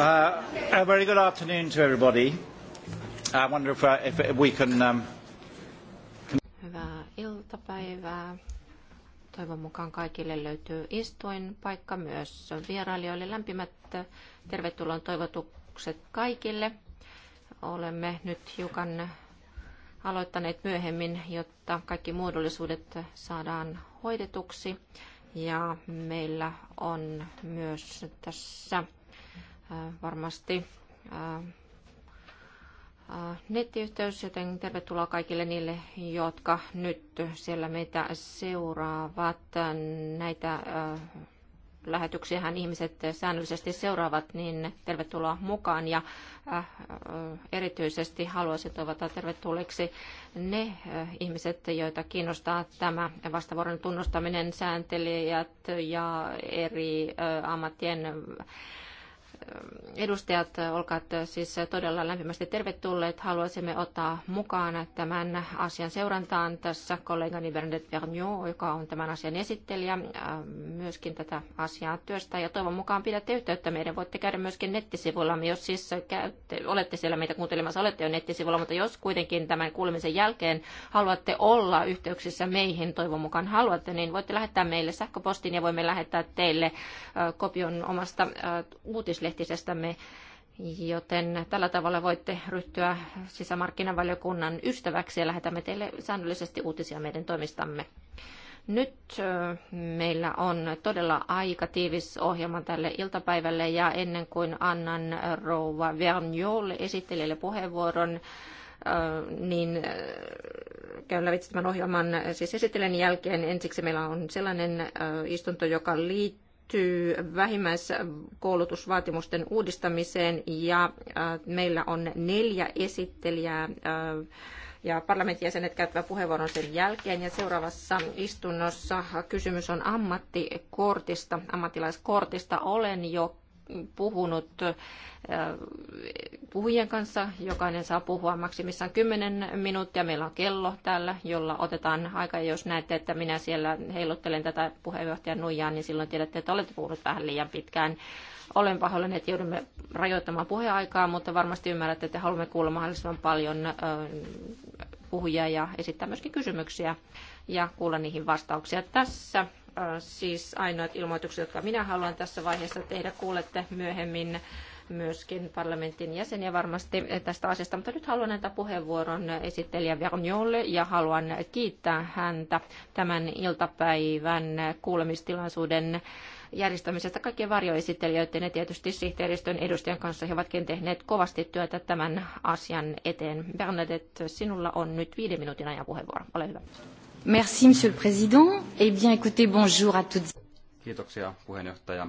Uh, a very good afternoon to everybody. I wonder if, uh, if we can... Um... Hyvää iltapäivää. Toivon mukaan kaikille löytyy istuinpaikka myös vierailijoille. Lämpimät tervetuloa toivotukset kaikille. Olemme nyt hiukan aloittaneet myöhemmin, jotta kaikki muodollisuudet saadaan hoidetuksi. Ja meillä on myös tässä varmasti nettiyhteys, joten tervetuloa kaikille niille, jotka nyt siellä meitä seuraavat. Näitä lähetyksiähän ihmiset säännöllisesti seuraavat, niin tervetuloa mukaan. Ja erityisesti haluaisin toivottaa tervetulleeksi ne ihmiset, joita kiinnostaa tämä vastavuoron tunnustaminen, sääntelijät ja eri ammattien edustajat, olkaat siis todella lämpimästi tervetulleet. Haluaisimme ottaa mukaan tämän asian seurantaan tässä kollegani Bernadette Vergniaud, joka on tämän asian esittelijä, äh, myöskin tätä asiaa työstä. Ja toivon mukaan pidätte yhteyttä meidän. Voitte käydä myöskin nettisivuilla, jos siis käytte, olette siellä meitä kuuntelemassa, olette jo nettisivulla, mutta jos kuitenkin tämän kuulemisen jälkeen haluatte olla yhteyksissä meihin, toivon mukaan haluatte, niin voitte lähettää meille sähköpostin ja voimme lähettää teille äh, kopion omasta äh, uutislehtiä lehtisestämme, joten tällä tavalla voitte ryhtyä sisämarkkinavaliokunnan ystäväksi ja lähetämme teille säännöllisesti uutisia meidän toimistamme. Nyt meillä on todella aika tiivis ohjelma tälle iltapäivälle ja ennen kuin annan rouva Vernjolle esittelijälle puheenvuoron, niin käyn lävitse tämän ohjelman siis esittelen jälkeen. Ensiksi meillä on sellainen istunto, joka liittyy liittyy vähimmäiskoulutusvaatimusten uudistamiseen ja äh, meillä on neljä esittelijää äh, ja parlamentin jäsenet käyttävät puheenvuoron sen jälkeen. Ja seuraavassa istunnossa kysymys on ammattikortista, ammattilaiskortista. Olen jo puhunut äh, puhujien kanssa. Jokainen saa puhua maksimissaan 10 minuuttia. Meillä on kello täällä, jolla otetaan aika. Ja jos näette, että minä siellä heiluttelen tätä puheenjohtajan nuijaa, niin silloin tiedätte, että olette puhunut vähän liian pitkään. Olen pahoillani, että joudumme rajoittamaan puheaikaa, mutta varmasti ymmärrätte, että haluamme kuulla mahdollisimman paljon puhujia ja esittää myöskin kysymyksiä ja kuulla niihin vastauksia. Tässä siis ainoat ilmoitukset, jotka minä haluan tässä vaiheessa tehdä. Kuulette myöhemmin myöskin parlamentin jäseniä varmasti tästä asiasta, mutta nyt haluan antaa puheenvuoron esittelijä Vernjolle ja haluan kiittää häntä tämän iltapäivän kuulemistilaisuuden järjestämisestä kaikkien varjoesittelijöiden ja tietysti sihteeristön edustajan kanssa. He ovatkin tehneet kovasti työtä tämän asian eteen. Bernadette, sinulla on nyt viiden minuutin ajan puheenvuoro. Ole hyvä. Merci, Monsieur le Président. Eh bien, écoutez, bonjour à toutes. Kiitoksia, puheenjohtaja.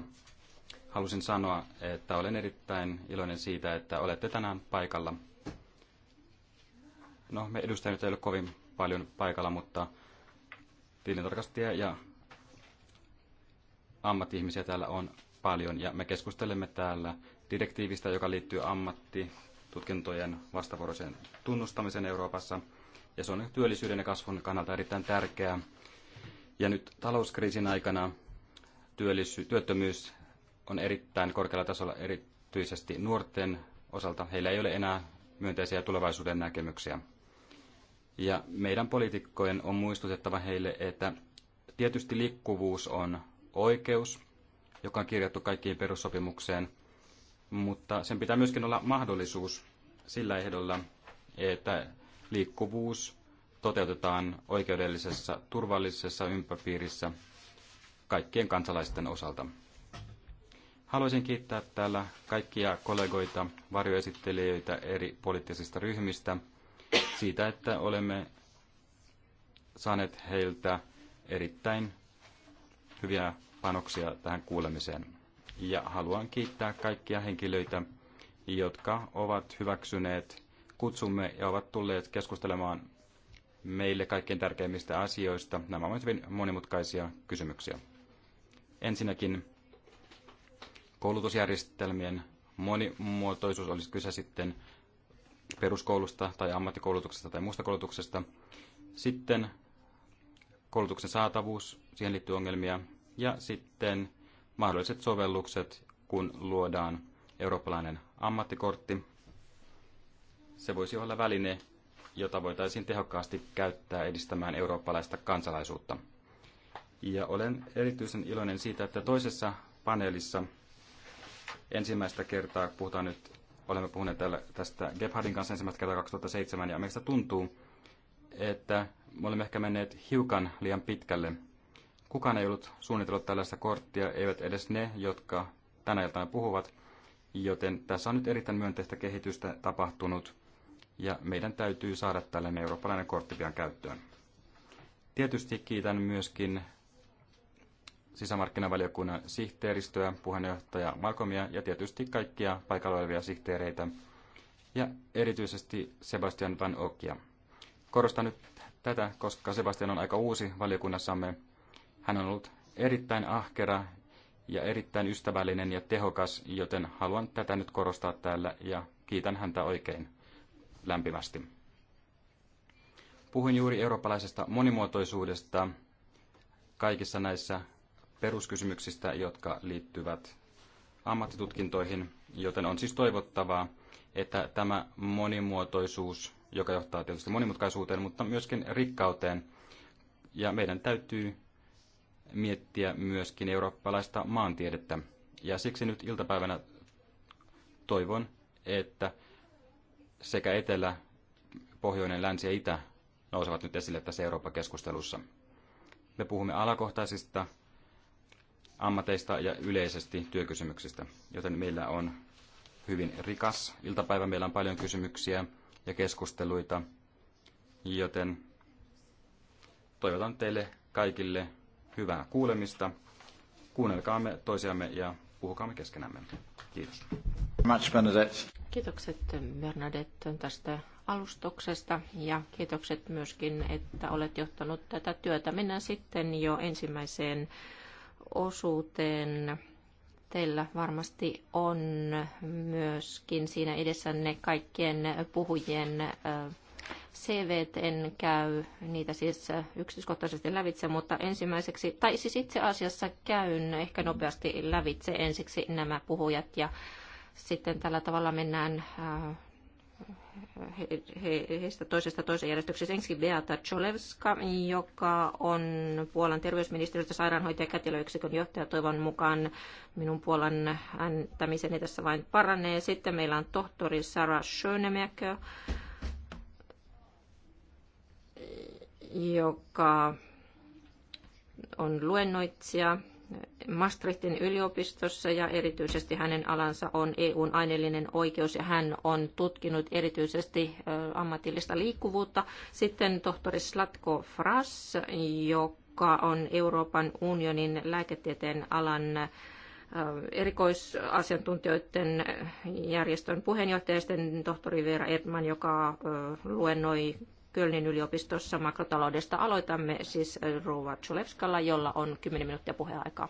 Halusin sanoa, että olen erittäin iloinen siitä, että olette tänään paikalla. No, me edustajat ei ole kovin paljon paikalla, mutta tilintarkastajia ja ammattiihmisiä täällä on paljon ja me keskustelemme täällä direktiivistä, joka liittyy ammattitutkintojen vastavuoroiseen tunnustamiseen Euroopassa – ja se on työllisyyden ja kasvun kannalta erittäin tärkeää. Ja nyt talouskriisin aikana työllisy- työttömyys on erittäin korkealla tasolla erityisesti nuorten osalta. Heillä ei ole enää myönteisiä tulevaisuuden näkemyksiä. Ja meidän poliitikkojen on muistutettava heille, että tietysti liikkuvuus on oikeus, joka on kirjattu kaikkiin perussopimukseen, mutta sen pitää myöskin olla mahdollisuus sillä ehdolla, että liikkuvuus toteutetaan oikeudellisessa turvallisessa ympäpiirissä kaikkien kansalaisten osalta. Haluaisin kiittää täällä kaikkia kollegoita, varjoesittelijöitä eri poliittisista ryhmistä siitä, että olemme saaneet heiltä erittäin hyviä panoksia tähän kuulemiseen. Ja haluan kiittää kaikkia henkilöitä, jotka ovat hyväksyneet kutsumme ja ovat tulleet keskustelemaan meille kaikkein tärkeimmistä asioista. Nämä ovat hyvin monimutkaisia kysymyksiä. Ensinnäkin koulutusjärjestelmien monimuotoisuus, olisi kyse sitten peruskoulusta tai ammattikoulutuksesta tai muusta koulutuksesta. Sitten koulutuksen saatavuus, siihen liittyy ongelmia. Ja sitten mahdolliset sovellukset, kun luodaan eurooppalainen ammattikortti. Se voisi olla väline, jota voitaisiin tehokkaasti käyttää edistämään eurooppalaista kansalaisuutta. Ja olen erityisen iloinen siitä, että toisessa paneelissa ensimmäistä kertaa puhutaan nyt, olemme puhuneet täällä, tästä Gebhardin kanssa ensimmäistä kertaa 2007, ja meistä tuntuu, että me olemme ehkä menneet hiukan liian pitkälle. Kukaan ei ollut suunnitellut tällaista korttia, eivät edes ne, jotka tänä iltana puhuvat, joten tässä on nyt erittäin myönteistä kehitystä tapahtunut ja meidän täytyy saada tällainen eurooppalainen kortti pian käyttöön. Tietysti kiitän myöskin sisämarkkinavaliokunnan sihteeristöä, puheenjohtaja Malcolmia ja tietysti kaikkia paikalla olevia sihteereitä ja erityisesti Sebastian Van Ockia. Korostan nyt tätä, koska Sebastian on aika uusi valiokunnassamme. Hän on ollut erittäin ahkera ja erittäin ystävällinen ja tehokas, joten haluan tätä nyt korostaa täällä ja kiitän häntä oikein lämpimästi. Puhuin juuri eurooppalaisesta monimuotoisuudesta kaikissa näissä peruskysymyksistä, jotka liittyvät ammattitutkintoihin, joten on siis toivottavaa, että tämä monimuotoisuus, joka johtaa tietysti monimutkaisuuteen, mutta myöskin rikkauteen, ja meidän täytyy miettiä myöskin eurooppalaista maantiedettä. Ja siksi nyt iltapäivänä toivon, että sekä etelä, pohjoinen, länsi ja itä nousevat nyt esille tässä Eurooppa-keskustelussa. Me puhumme alakohtaisista ammateista ja yleisesti työkysymyksistä, joten meillä on hyvin rikas iltapäivä. Meillä on paljon kysymyksiä ja keskusteluita, joten toivotan teille kaikille hyvää kuulemista. Kuunnelkaamme toisiamme ja puhukaamme keskenämme. Kiitos. Much Bernadette. Kiitokset Bernadette tästä alustuksesta ja kiitokset myöskin, että olet johtanut tätä työtä. Mennään sitten jo ensimmäiseen osuuteen. Teillä varmasti on myöskin siinä edessänne kaikkien puhujien en käy niitä siis yksityiskohtaisesti lävitse, mutta ensimmäiseksi, tai siis itse asiassa käyn ehkä nopeasti lävitse ensiksi nämä puhujat ja sitten tällä tavalla mennään äh, heistä toisesta toisen järjestyksessä. Ensin Beata Cholewska, joka on Puolan terveysministeriöstä sairaanhoitaja kätilöyksikön johtaja. Toivon mukaan minun Puolan ääntämiseni tässä vain paranee. Sitten meillä on tohtori Sara Schönemäkö, joka on luennoitsija Maastrichtin yliopistossa ja erityisesti hänen alansa on EUn aineellinen oikeus ja hän on tutkinut erityisesti ammatillista liikkuvuutta. Sitten tohtori Slatko Fras, joka on Euroopan unionin lääketieteen alan erikoisasiantuntijoiden järjestön puheenjohtaja, sitten tohtori Veera Edman, joka luennoi Kölnin yliopistossa makrotaloudesta. Aloitamme siis äh, Rouva Czulewskalla, jolla on 10 minuuttia puheaikaa.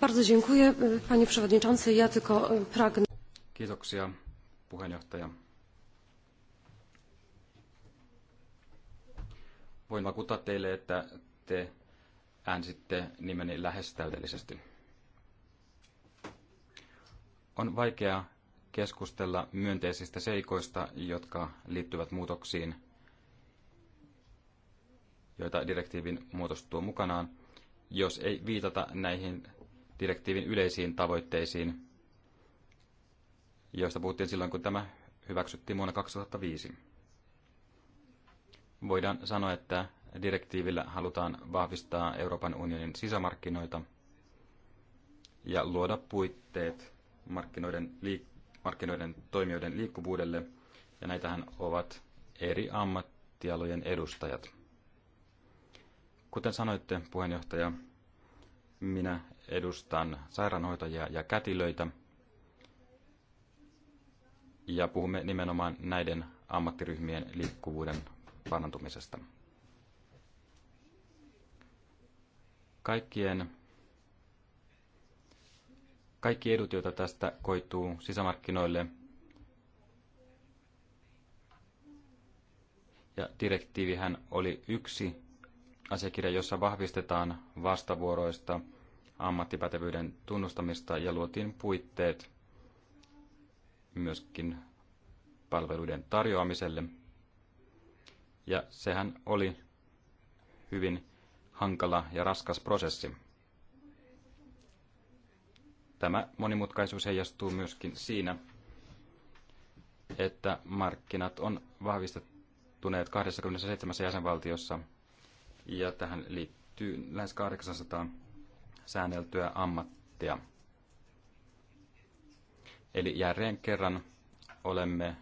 Bardzo dziękuję, e, panie przewodniczący. Ja tylko e, pragnę... Kiitoksia, puheenjohtaja. Voin vakuuttaa teille, että te äänsitte nimeni lähes täydellisesti. On vaikea keskustella myönteisistä seikoista, jotka liittyvät muutoksiin, joita direktiivin muutos tuo mukanaan, jos ei viitata näihin direktiivin yleisiin tavoitteisiin, joista puhuttiin silloin, kun tämä hyväksyttiin vuonna 2005. Voidaan sanoa, että direktiivillä halutaan vahvistaa Euroopan unionin sisämarkkinoita ja luoda puitteet markkinoiden liikkeelle markkinoiden toimijoiden liikkuvuudelle, ja näitähän ovat eri ammattialojen edustajat. Kuten sanoitte, puheenjohtaja, minä edustan sairaanhoitajia ja kätilöitä, ja puhumme nimenomaan näiden ammattiryhmien liikkuvuuden parantumisesta. Kaikkien kaikki edut, joita tästä koituu sisämarkkinoille. Ja direktiivihän oli yksi asiakirja, jossa vahvistetaan vastavuoroista ammattipätevyyden tunnustamista ja luotiin puitteet myöskin palveluiden tarjoamiselle. Ja sehän oli hyvin hankala ja raskas prosessi. Tämä monimutkaisuus heijastuu myöskin siinä, että markkinat on vahvistettuneet 27 jäsenvaltiossa ja tähän liittyy lähes 800 säänneltyä ammattia. Eli jälleen kerran olemme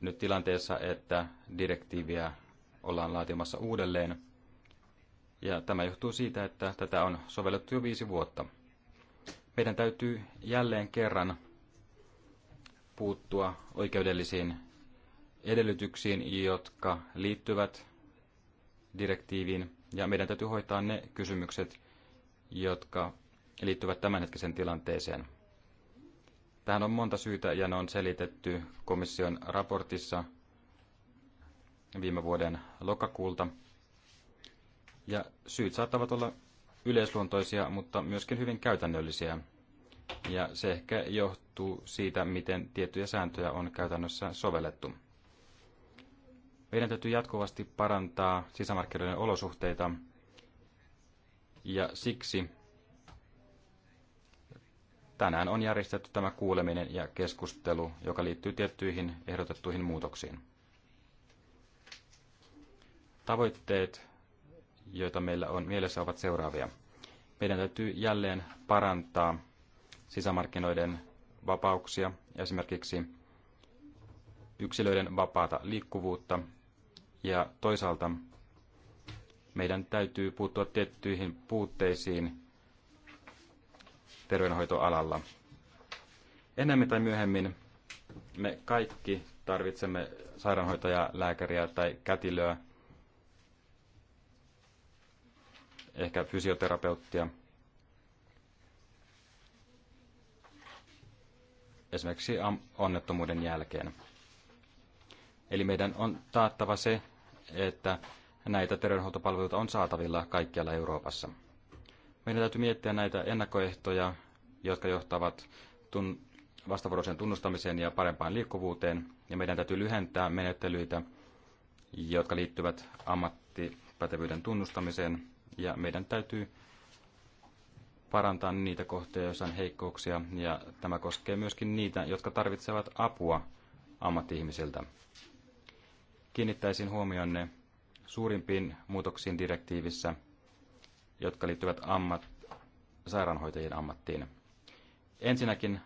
nyt tilanteessa, että direktiiviä ollaan laatimassa uudelleen – ja tämä johtuu siitä, että tätä on sovellettu jo viisi vuotta. Meidän täytyy jälleen kerran puuttua oikeudellisiin edellytyksiin, jotka liittyvät direktiiviin, ja meidän täytyy hoitaa ne kysymykset, jotka liittyvät tämänhetkisen tilanteeseen. Tähän on monta syytä, ja ne on selitetty komission raportissa viime vuoden lokakuulta – ja syyt saattavat olla yleisluontoisia, mutta myöskin hyvin käytännöllisiä. Ja se ehkä johtuu siitä, miten tiettyjä sääntöjä on käytännössä sovellettu. Meidän täytyy jatkuvasti parantaa sisämarkkinoiden olosuhteita, ja siksi tänään on järjestetty tämä kuuleminen ja keskustelu, joka liittyy tiettyihin ehdotettuihin muutoksiin. Tavoitteet joita meillä on mielessä, ovat seuraavia. Meidän täytyy jälleen parantaa sisämarkkinoiden vapauksia, esimerkiksi yksilöiden vapaata liikkuvuutta, ja toisaalta meidän täytyy puuttua tiettyihin puutteisiin terveydenhoitoalalla. Enemmän tai myöhemmin me kaikki tarvitsemme sairaanhoitajaa, lääkäriä tai kätilöä ehkä fysioterapeuttia. esimerkiksi onnettomuuden jälkeen. Eli meidän on taattava se, että näitä terveydenhuoltopalveluita on saatavilla kaikkialla Euroopassa. Meidän täytyy miettiä näitä ennakkoehtoja, jotka johtavat tun- vastavuoroisen tunnustamiseen ja parempaan liikkuvuuteen, ja meidän täytyy lyhentää menettelyitä, jotka liittyvät ammattipätevyyden tunnustamiseen, ja meidän täytyy parantaa niitä kohtia, joissa on heikkouksia, ja tämä koskee myöskin niitä, jotka tarvitsevat apua ammattiihmisiltä. Kiinnittäisin huomionne suurimpiin muutoksiin direktiivissä, jotka liittyvät ammat, sairaanhoitajien ammattiin. Ensinnäkin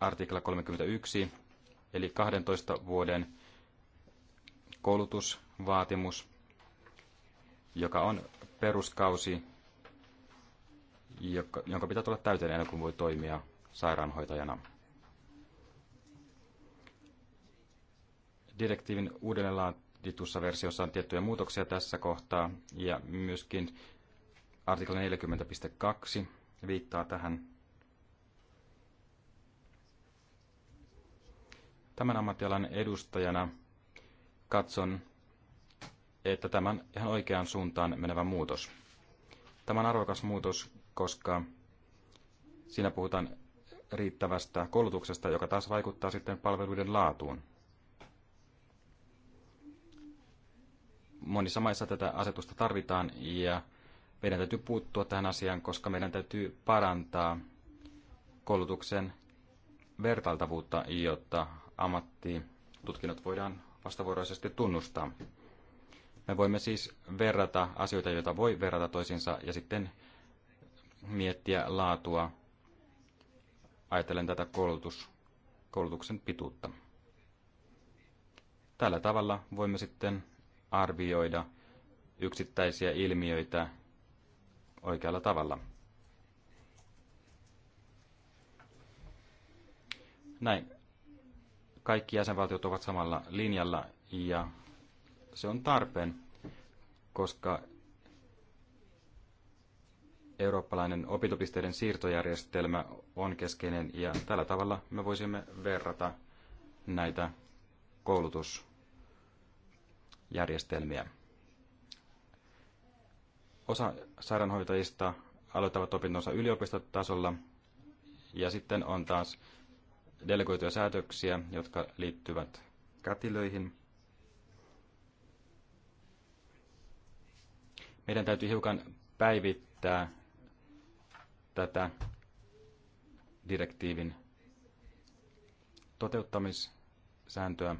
artikla 31, eli 12 vuoden koulutusvaatimus, joka on peruskausi, jonka pitää tulla täyteen ennen kuin voi toimia sairaanhoitajana. Direktiivin uudelleenlaaditussa versiossa on tiettyjä muutoksia tässä kohtaa ja myöskin artikla 40.2 viittaa tähän. Tämän ammattialan edustajana katson, että tämä on ihan oikeaan suuntaan menevä muutos. Tämä on arvokas muutos, koska siinä puhutaan riittävästä koulutuksesta, joka taas vaikuttaa sitten palveluiden laatuun. Monissa maissa tätä asetusta tarvitaan ja meidän täytyy puuttua tähän asiaan, koska meidän täytyy parantaa koulutuksen vertailtavuutta, jotta ammattitutkinnot voidaan vastavuoroisesti tunnustaa. Me voimme siis verrata asioita, joita voi verrata toisiinsa, ja sitten miettiä laatua. Ajatellen tätä koulutus, koulutuksen pituutta. Tällä tavalla voimme sitten arvioida yksittäisiä ilmiöitä oikealla tavalla. Näin kaikki jäsenvaltiot ovat samalla linjalla ja se on tarpeen, koska eurooppalainen opintopisteiden siirtojärjestelmä on keskeinen ja tällä tavalla me voisimme verrata näitä koulutusjärjestelmiä. Osa sairaanhoitajista aloittavat opintonsa yliopistotasolla ja sitten on taas delegoituja säätöksiä, jotka liittyvät kätilöihin – Meidän täytyy hiukan päivittää tätä direktiivin toteuttamissääntöä.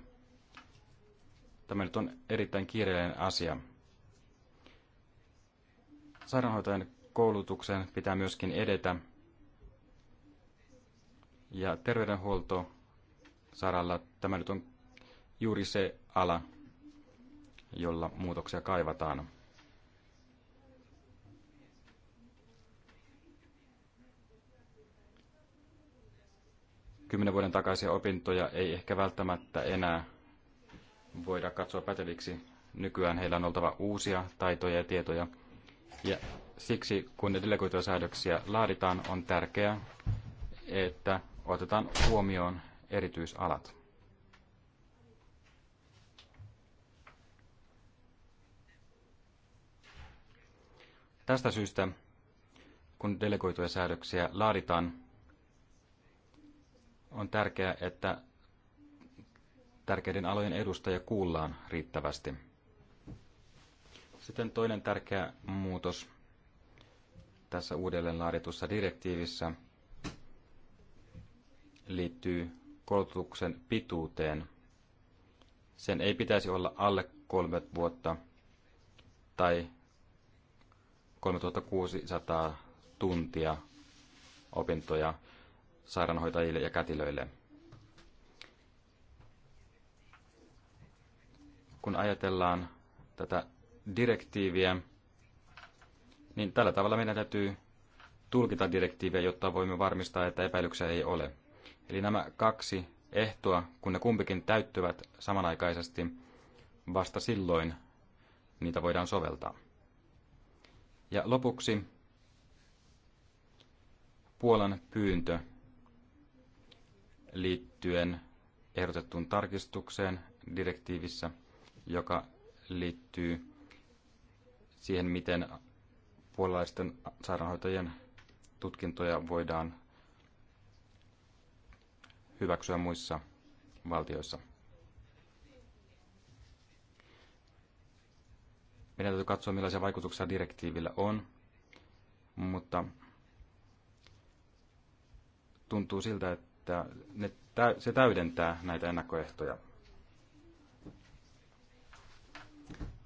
Tämä nyt on erittäin kiireellinen asia. Sairaanhoitajan koulutuksen pitää myöskin edetä. Ja terveydenhuolto saralla tämä nyt on juuri se ala, jolla muutoksia kaivataan. kymmenen vuoden takaisia opintoja ei ehkä välttämättä enää voida katsoa päteviksi. Nykyään heillä on oltava uusia taitoja ja tietoja. Ja siksi, kun delegoituja säädöksiä laaditaan, on tärkeää, että otetaan huomioon erityisalat. Tästä syystä, kun delegoituja säädöksiä laaditaan, on tärkeää, että tärkeiden alojen edustajia kuullaan riittävästi. Sitten toinen tärkeä muutos tässä uudelleen laaditussa direktiivissä liittyy koulutuksen pituuteen. Sen ei pitäisi olla alle kolme vuotta tai 3600 tuntia opintoja sairaanhoitajille ja kätilöille. Kun ajatellaan tätä direktiiviä, niin tällä tavalla meidän täytyy tulkita direktiiviä, jotta voimme varmistaa, että epäilyksiä ei ole. Eli nämä kaksi ehtoa, kun ne kumpikin täyttyvät samanaikaisesti, vasta silloin niitä voidaan soveltaa. Ja lopuksi Puolan pyyntö liittyen ehdotettuun tarkistukseen direktiivissä, joka liittyy siihen, miten puolalaisten sairaanhoitajien tutkintoja voidaan hyväksyä muissa valtioissa. Meidän täytyy katsoa, millaisia vaikutuksia direktiivillä on, mutta tuntuu siltä, että että ne, se täydentää näitä ennakkoehtoja.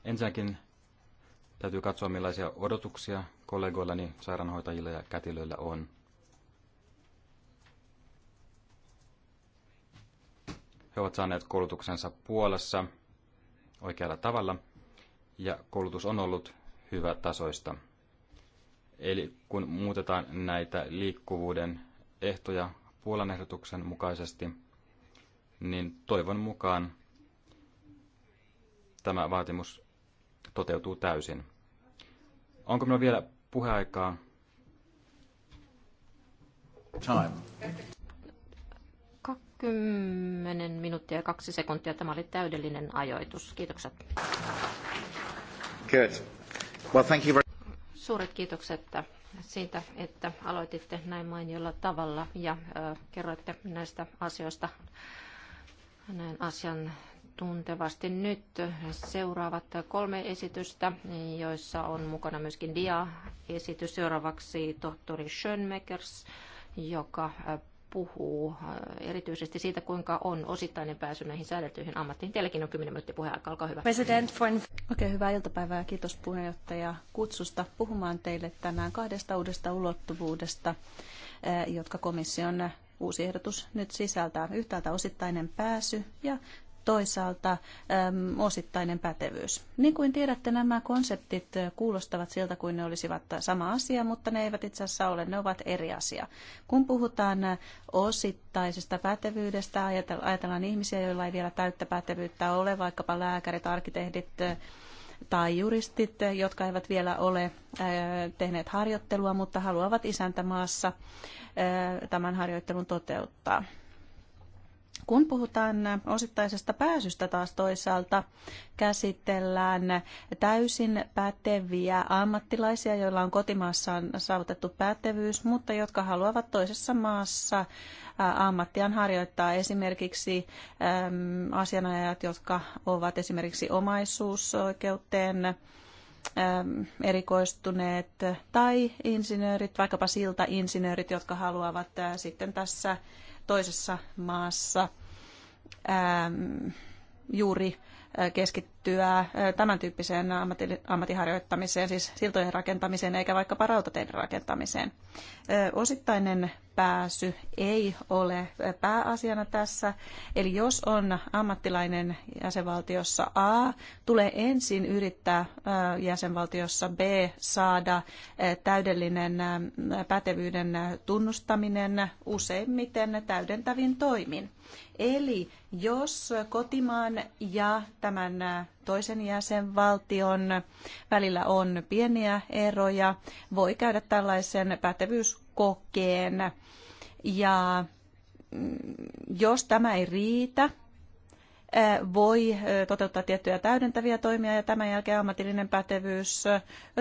Ensinnäkin täytyy katsoa, millaisia odotuksia kollegoillani, sairaanhoitajilla ja kätilöillä on. He ovat saaneet koulutuksensa puolessa oikealla tavalla ja koulutus on ollut hyvä tasoista. Eli kun muutetaan näitä liikkuvuuden ehtoja Puolan ehdotuksen mukaisesti, niin toivon mukaan tämä vaatimus toteutuu täysin. Onko minulla vielä puheaikaa? Time. 10 minuuttia ja kaksi sekuntia. Tämä oli täydellinen ajoitus. Kiitokset. Good. Well, thank you very... Suuret kiitokset siitä, että aloititte näin mainiolla tavalla ja kerroitte näistä asioista näin asian tuntevasti nyt. Seuraavat kolme esitystä, joissa on mukana myöskin dia-esitys. Seuraavaksi tohtori Schönmekers, joka puhuu äh, erityisesti siitä, kuinka on osittainen pääsy näihin säädettyihin ammattiin. Teilläkin on 10 minuuttia puheaikaa, olkaa hyvä. President for... Okei, okay, hyvää iltapäivää ja kiitos puheenjohtaja kutsusta puhumaan teille tänään kahdesta uudesta ulottuvuudesta, äh, jotka komission uusi ehdotus nyt sisältää. Yhtäältä osittainen pääsy ja toisaalta äm, osittainen pätevyys. Niin kuin tiedätte, nämä konseptit kuulostavat siltä kuin ne olisivat sama asia, mutta ne eivät itse asiassa ole, ne ovat eri asia. Kun puhutaan osittaisesta pätevyydestä, ajatellaan ihmisiä, joilla ei vielä täyttä pätevyyttä ole, vaikkapa lääkärit, arkkitehdit, tai juristit, jotka eivät vielä ole tehneet harjoittelua, mutta haluavat isäntämaassa tämän harjoittelun toteuttaa. Kun puhutaan osittaisesta pääsystä taas toisaalta, käsitellään täysin päteviä ammattilaisia, joilla on kotimaassaan saavutettu pätevyys, mutta jotka haluavat toisessa maassa ammattiaan harjoittaa. Esimerkiksi asianajajat, jotka ovat esimerkiksi omaisuusoikeuteen erikoistuneet tai insinöörit, vaikkapa siltainsinöörit, jotka haluavat sitten tässä toisessa maassa juuri keskittyy keskittyä tämän tyyppiseen ammattiharjoittamiseen, siis siltojen rakentamiseen eikä vaikkapa rautateiden rakentamiseen. Osittainen pääsy ei ole pääasiana tässä. Eli jos on ammattilainen jäsenvaltiossa A, tulee ensin yrittää jäsenvaltiossa B saada täydellinen pätevyyden tunnustaminen useimmiten täydentävin toimin. Eli jos kotimaan ja tämän toisen jäsenvaltion välillä on pieniä eroja, voi käydä tällaisen pätevyyskokeen. Ja mm, jos tämä ei riitä, voi toteuttaa tiettyjä täydentäviä toimia ja tämän jälkeen ammatillinen pätevyys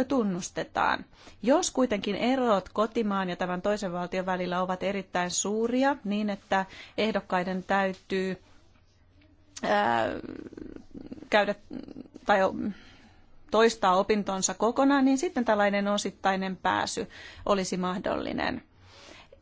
tunnustetaan. Jos kuitenkin erot kotimaan ja tämän toisen valtion välillä ovat erittäin suuria, niin että ehdokkaiden täytyy käydä tai toistaa opintonsa kokonaan, niin sitten tällainen osittainen pääsy olisi mahdollinen.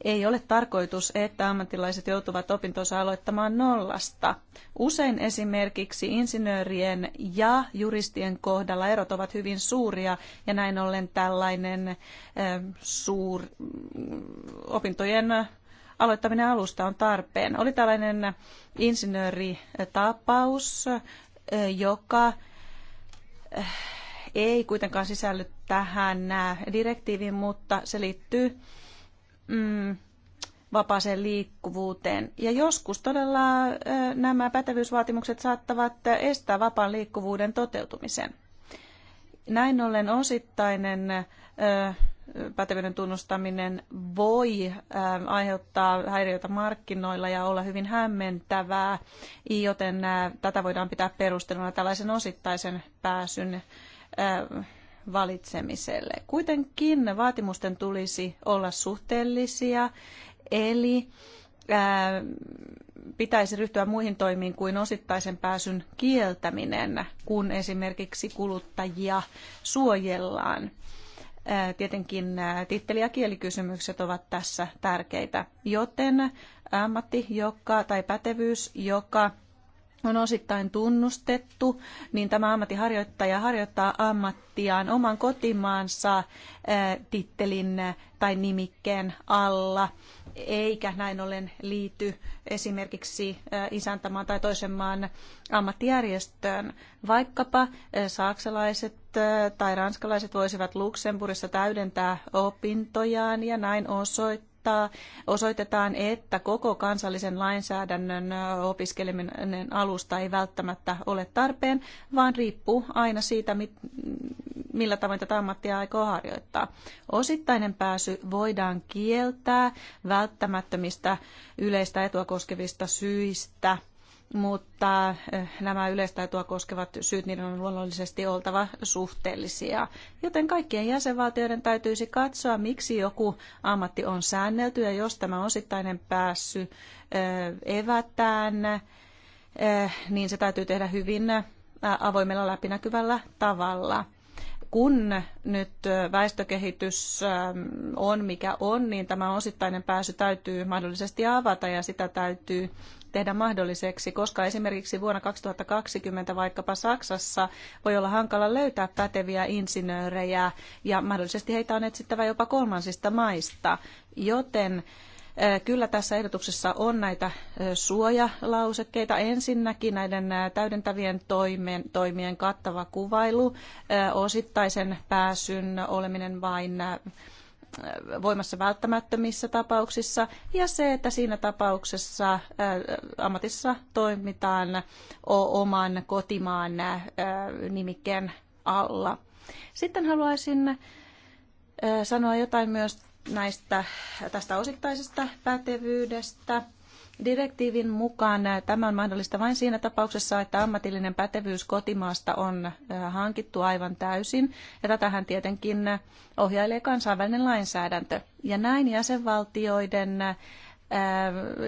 Ei ole tarkoitus, että ammattilaiset joutuvat opintonsa aloittamaan nollasta. Usein esimerkiksi insinöörien ja juristien kohdalla erot ovat hyvin suuria ja näin ollen tällainen suur, opintojen aloittaminen alusta on tarpeen. Oli tällainen insinööritapaus, eh, joka eh, ei kuitenkaan sisälly tähän eh, direktiiviin, mutta se liittyy mm, vapaaseen liikkuvuuteen. Ja joskus todella nämä pätevyysvaatimukset saattavat estää vapaan liikkuvuuden toteutumisen. Näin ollen osittainen pätevyyden tunnustaminen voi ähm, aiheuttaa häiriöitä markkinoilla ja olla hyvin hämmentävää, joten äh, tätä voidaan pitää perusteluna tällaisen osittaisen pääsyn äh, valitsemiselle. Kuitenkin vaatimusten tulisi olla suhteellisia, eli äh, pitäisi ryhtyä muihin toimiin kuin osittaisen pääsyn kieltäminen, kun esimerkiksi kuluttajia suojellaan tietenkin titteli- ja kielikysymykset ovat tässä tärkeitä, joten ammatti joka, tai pätevyys, joka on osittain tunnustettu, niin tämä ammattiharjoittaja harjoittaa ammattiaan oman kotimaansa tittelin tai nimikkeen alla eikä näin ollen liity esimerkiksi isäntämaan tai toisen maan ammattijärjestöön. Vaikkapa saksalaiset tai ranskalaiset voisivat Luxemburgissa täydentää opintojaan ja näin osoittaa, osoittaa, osoitetaan, että koko kansallisen lainsäädännön opiskeleminen alusta ei välttämättä ole tarpeen, vaan riippuu aina siitä, millä tavoin tätä ammattia aikoo harjoittaa. Osittainen pääsy voidaan kieltää välttämättömistä yleistä etua koskevista syistä – mutta eh, nämä yleistaitoa koskevat syyt, niiden on luonnollisesti oltava suhteellisia. Joten kaikkien jäsenvaltioiden täytyisi katsoa, miksi joku ammatti on säännelty ja jos tämä osittainen päässy eh, evätään, eh, niin se täytyy tehdä hyvin avoimella läpinäkyvällä tavalla kun nyt väestökehitys on mikä on, niin tämä osittainen pääsy täytyy mahdollisesti avata ja sitä täytyy tehdä mahdolliseksi, koska esimerkiksi vuonna 2020 vaikkapa Saksassa voi olla hankala löytää päteviä insinöörejä ja mahdollisesti heitä on etsittävä jopa kolmansista maista, joten Kyllä tässä ehdotuksessa on näitä suojalausekkeita. Ensinnäkin näiden täydentävien toimien, toimien kattava kuvailu, osittaisen pääsyn oleminen vain voimassa välttämättömissä tapauksissa ja se, että siinä tapauksessa ammatissa toimitaan oman kotimaan nimikkeen alla. Sitten haluaisin sanoa jotain myös näistä, tästä osittaisesta pätevyydestä. Direktiivin mukaan tämä on mahdollista vain siinä tapauksessa, että ammatillinen pätevyys kotimaasta on äh, hankittu aivan täysin, ja tätähän tietenkin ohjailee kansainvälinen lainsäädäntö. Ja näin jäsenvaltioiden äh,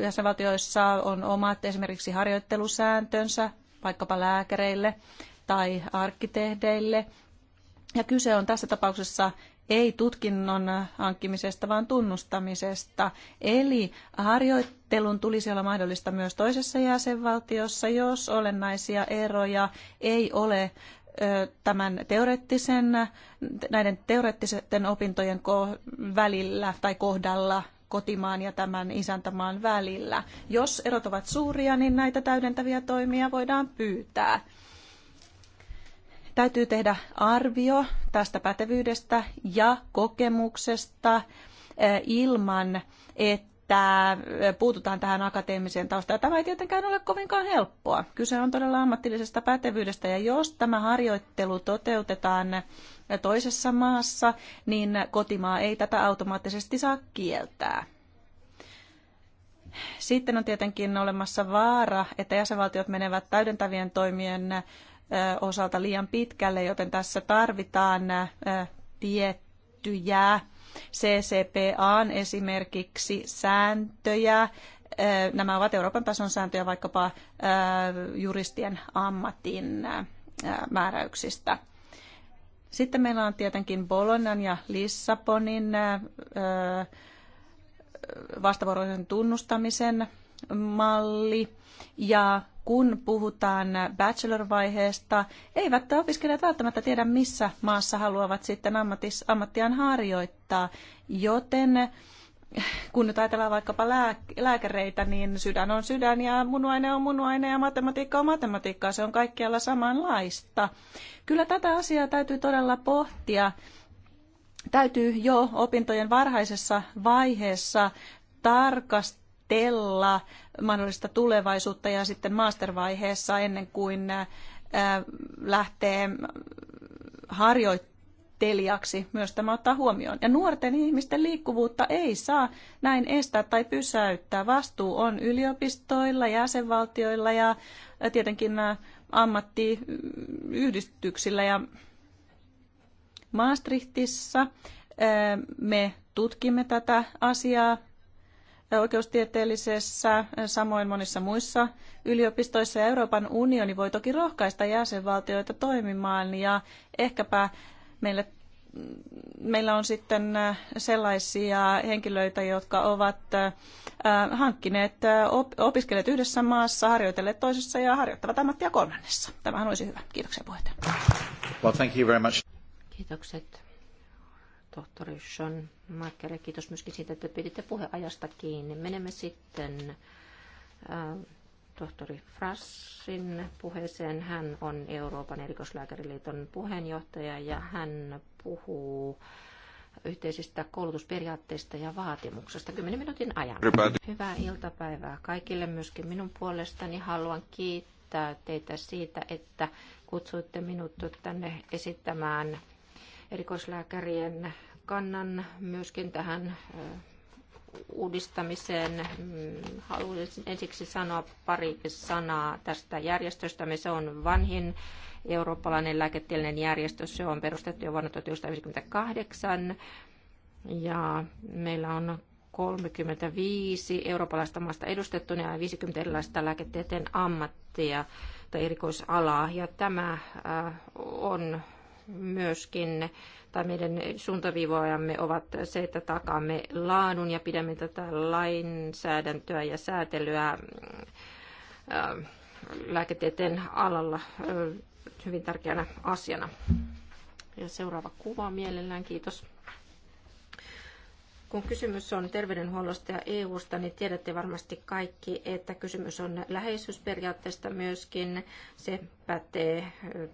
jäsenvaltioissa on omat esimerkiksi harjoittelusääntönsä, vaikkapa lääkäreille tai arkkitehdeille. Ja kyse on tässä tapauksessa ei tutkinnon hankkimisesta, vaan tunnustamisesta. Eli harjoittelun tulisi olla mahdollista myös toisessa jäsenvaltiossa, jos olennaisia eroja ei ole tämän teoreettisen, näiden teoreettisten opintojen välillä tai kohdalla kotimaan ja tämän isäntämaan välillä. Jos erot ovat suuria, niin näitä täydentäviä toimia voidaan pyytää. Täytyy tehdä arvio tästä pätevyydestä ja kokemuksesta eh, ilman, että eh, puututaan tähän akateemiseen taustaan. Tämä ei tietenkään ole kovinkaan helppoa. Kyse on todella ammatillisesta pätevyydestä ja jos tämä harjoittelu toteutetaan eh, toisessa maassa, niin kotimaa ei tätä automaattisesti saa kieltää. Sitten on tietenkin olemassa vaara, että jäsenvaltiot menevät täydentävien toimien osalta liian pitkälle, joten tässä tarvitaan tiettyjä CCPA esimerkiksi sääntöjä. Nämä ovat Euroopan tason sääntöjä vaikkapa juristien ammatin määräyksistä. Sitten meillä on tietenkin Bolonan ja Lissabonin vastavuoroisen tunnustamisen malli ja kun puhutaan bachelor-vaiheesta, eivät opiskelijat välttämättä tiedä, missä maassa haluavat sitten ammatis, ammattiaan harjoittaa, joten kun nyt ajatellaan vaikkapa lääkäreitä, niin sydän on sydän ja munuaine on munuaine ja matematiikka on matematiikkaa. Se on kaikkialla samanlaista. Kyllä tätä asiaa täytyy todella pohtia. Täytyy jo opintojen varhaisessa vaiheessa tarkastella mahdollista tulevaisuutta ja sitten mastervaiheessa ennen kuin äh, lähtee harjoittelijaksi myös tämä ottaa huomioon. Ja nuorten ihmisten liikkuvuutta ei saa näin estää tai pysäyttää. Vastuu on yliopistoilla, jäsenvaltioilla ja äh, tietenkin äh, ammattiyhdistyksillä ja Maastrichtissa me tutkimme tätä asiaa oikeustieteellisessä, samoin monissa muissa yliopistoissa. Ja Euroopan unioni voi toki rohkaista jäsenvaltioita toimimaan ja ehkäpä meille meillä on sitten äh, sellaisia henkilöitä, jotka ovat äh, hankkineet, äh, opiskelijat yhdessä maassa, harjoitelleet toisessa ja harjoittavat ammattia kolmannessa. Tämähän olisi hyvä. Kiitoksia puheenjohtaja. Well, thank you very much. Kiitokset tohtori Sean Markkele. Kiitos myöskin siitä, että piditte puheajasta kiinni. Menemme sitten äh, tohtori Frassin puheeseen. Hän on Euroopan erikoislääkäriliiton puheenjohtaja ja hän puhuu yhteisistä koulutusperiaatteista ja vaatimuksesta 10 minuutin ajan. Hyvää iltapäivää kaikille myöskin minun puolestani. Haluan kiittää teitä siitä, että kutsuitte minut tänne esittämään erikoislääkärien kannan myöskin tähän uudistamiseen. Mm, haluaisin ensiksi sanoa pari sanaa tästä järjestöstä. Se on vanhin eurooppalainen lääketieteellinen järjestö. Se on perustettu jo vuonna 1958 ja meillä on 35 eurooppalaista maasta edustettuna ja 50 erilaista lääketieteen ammattia tai erikoisalaa. Ja tämä on myöskin, tai meidän suuntaviivoamme ovat se, että takaamme laadun ja pidämme tätä lainsäädäntöä ja säätelyä äh, lääketieteen alalla äh, hyvin tärkeänä asiana. Ja seuraava kuva mielellään, kiitos. Kun kysymys on terveydenhuollosta ja EUsta, niin tiedätte varmasti kaikki, että kysymys on läheisyysperiaatteesta myöskin. Se pätee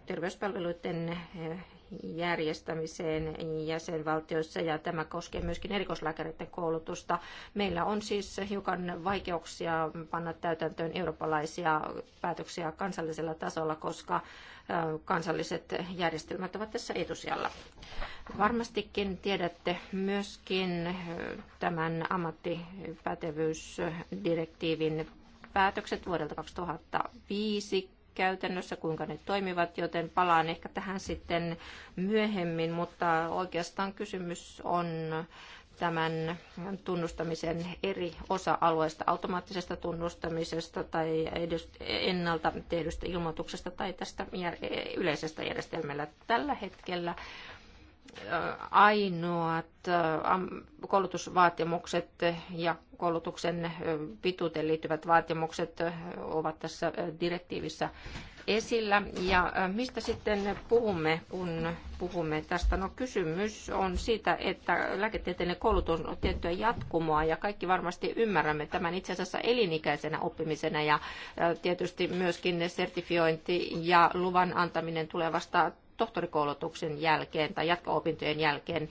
terveyspalveluiden järjestämiseen jäsenvaltioissa ja tämä koskee myöskin erikoislääkäreiden koulutusta. Meillä on siis hiukan vaikeuksia panna täytäntöön eurooppalaisia päätöksiä kansallisella tasolla, koska kansalliset järjestelmät ovat tässä etusijalla. Varmastikin tiedätte myöskin tämän ammattipätevyysdirektiivin päätökset vuodelta 2005 käytännössä, kuinka ne toimivat, joten palaan ehkä tähän sitten myöhemmin, mutta oikeastaan kysymys on tämän tunnustamisen eri osa-alueista, automaattisesta tunnustamisesta tai ennalta tehdystä ilmoituksesta tai tästä yleisestä järjestelmällä. Tällä hetkellä ainoat koulutusvaatimukset ja koulutuksen pituuteen liittyvät vaatimukset ovat tässä direktiivissä esillä. Ja mistä sitten puhumme, kun puhumme tästä? No kysymys on siitä, että lääketieteellinen koulutus on tiettyä jatkumoa ja kaikki varmasti ymmärrämme tämän itse asiassa elinikäisenä oppimisena ja tietysti myöskin sertifiointi ja luvan antaminen tulevasta tohtorikoulutuksen jälkeen tai jatko-opintojen jälkeen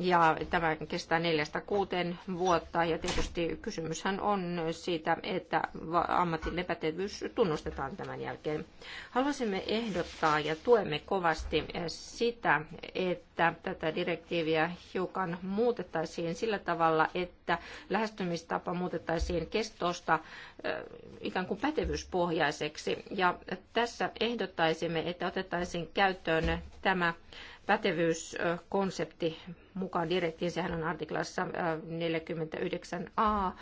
ja tämä kestää neljästä kuuteen vuotta ja tietysti kysymyshän on siitä, että ammatin pätevyys tunnustetaan tämän jälkeen. Haluaisimme ehdottaa ja tuemme kovasti sitä, että tätä direktiiviä hiukan muutettaisiin sillä tavalla, että lähestymistapa muutettaisiin kestosta eh, ikään kuin pätevyyspohjaiseksi ja tässä ehdottaisimme, että otettaisiin käyttöön tämä pätevyyskonsepti mukaan direktiiviin. Sehän on artiklassa 49a äh,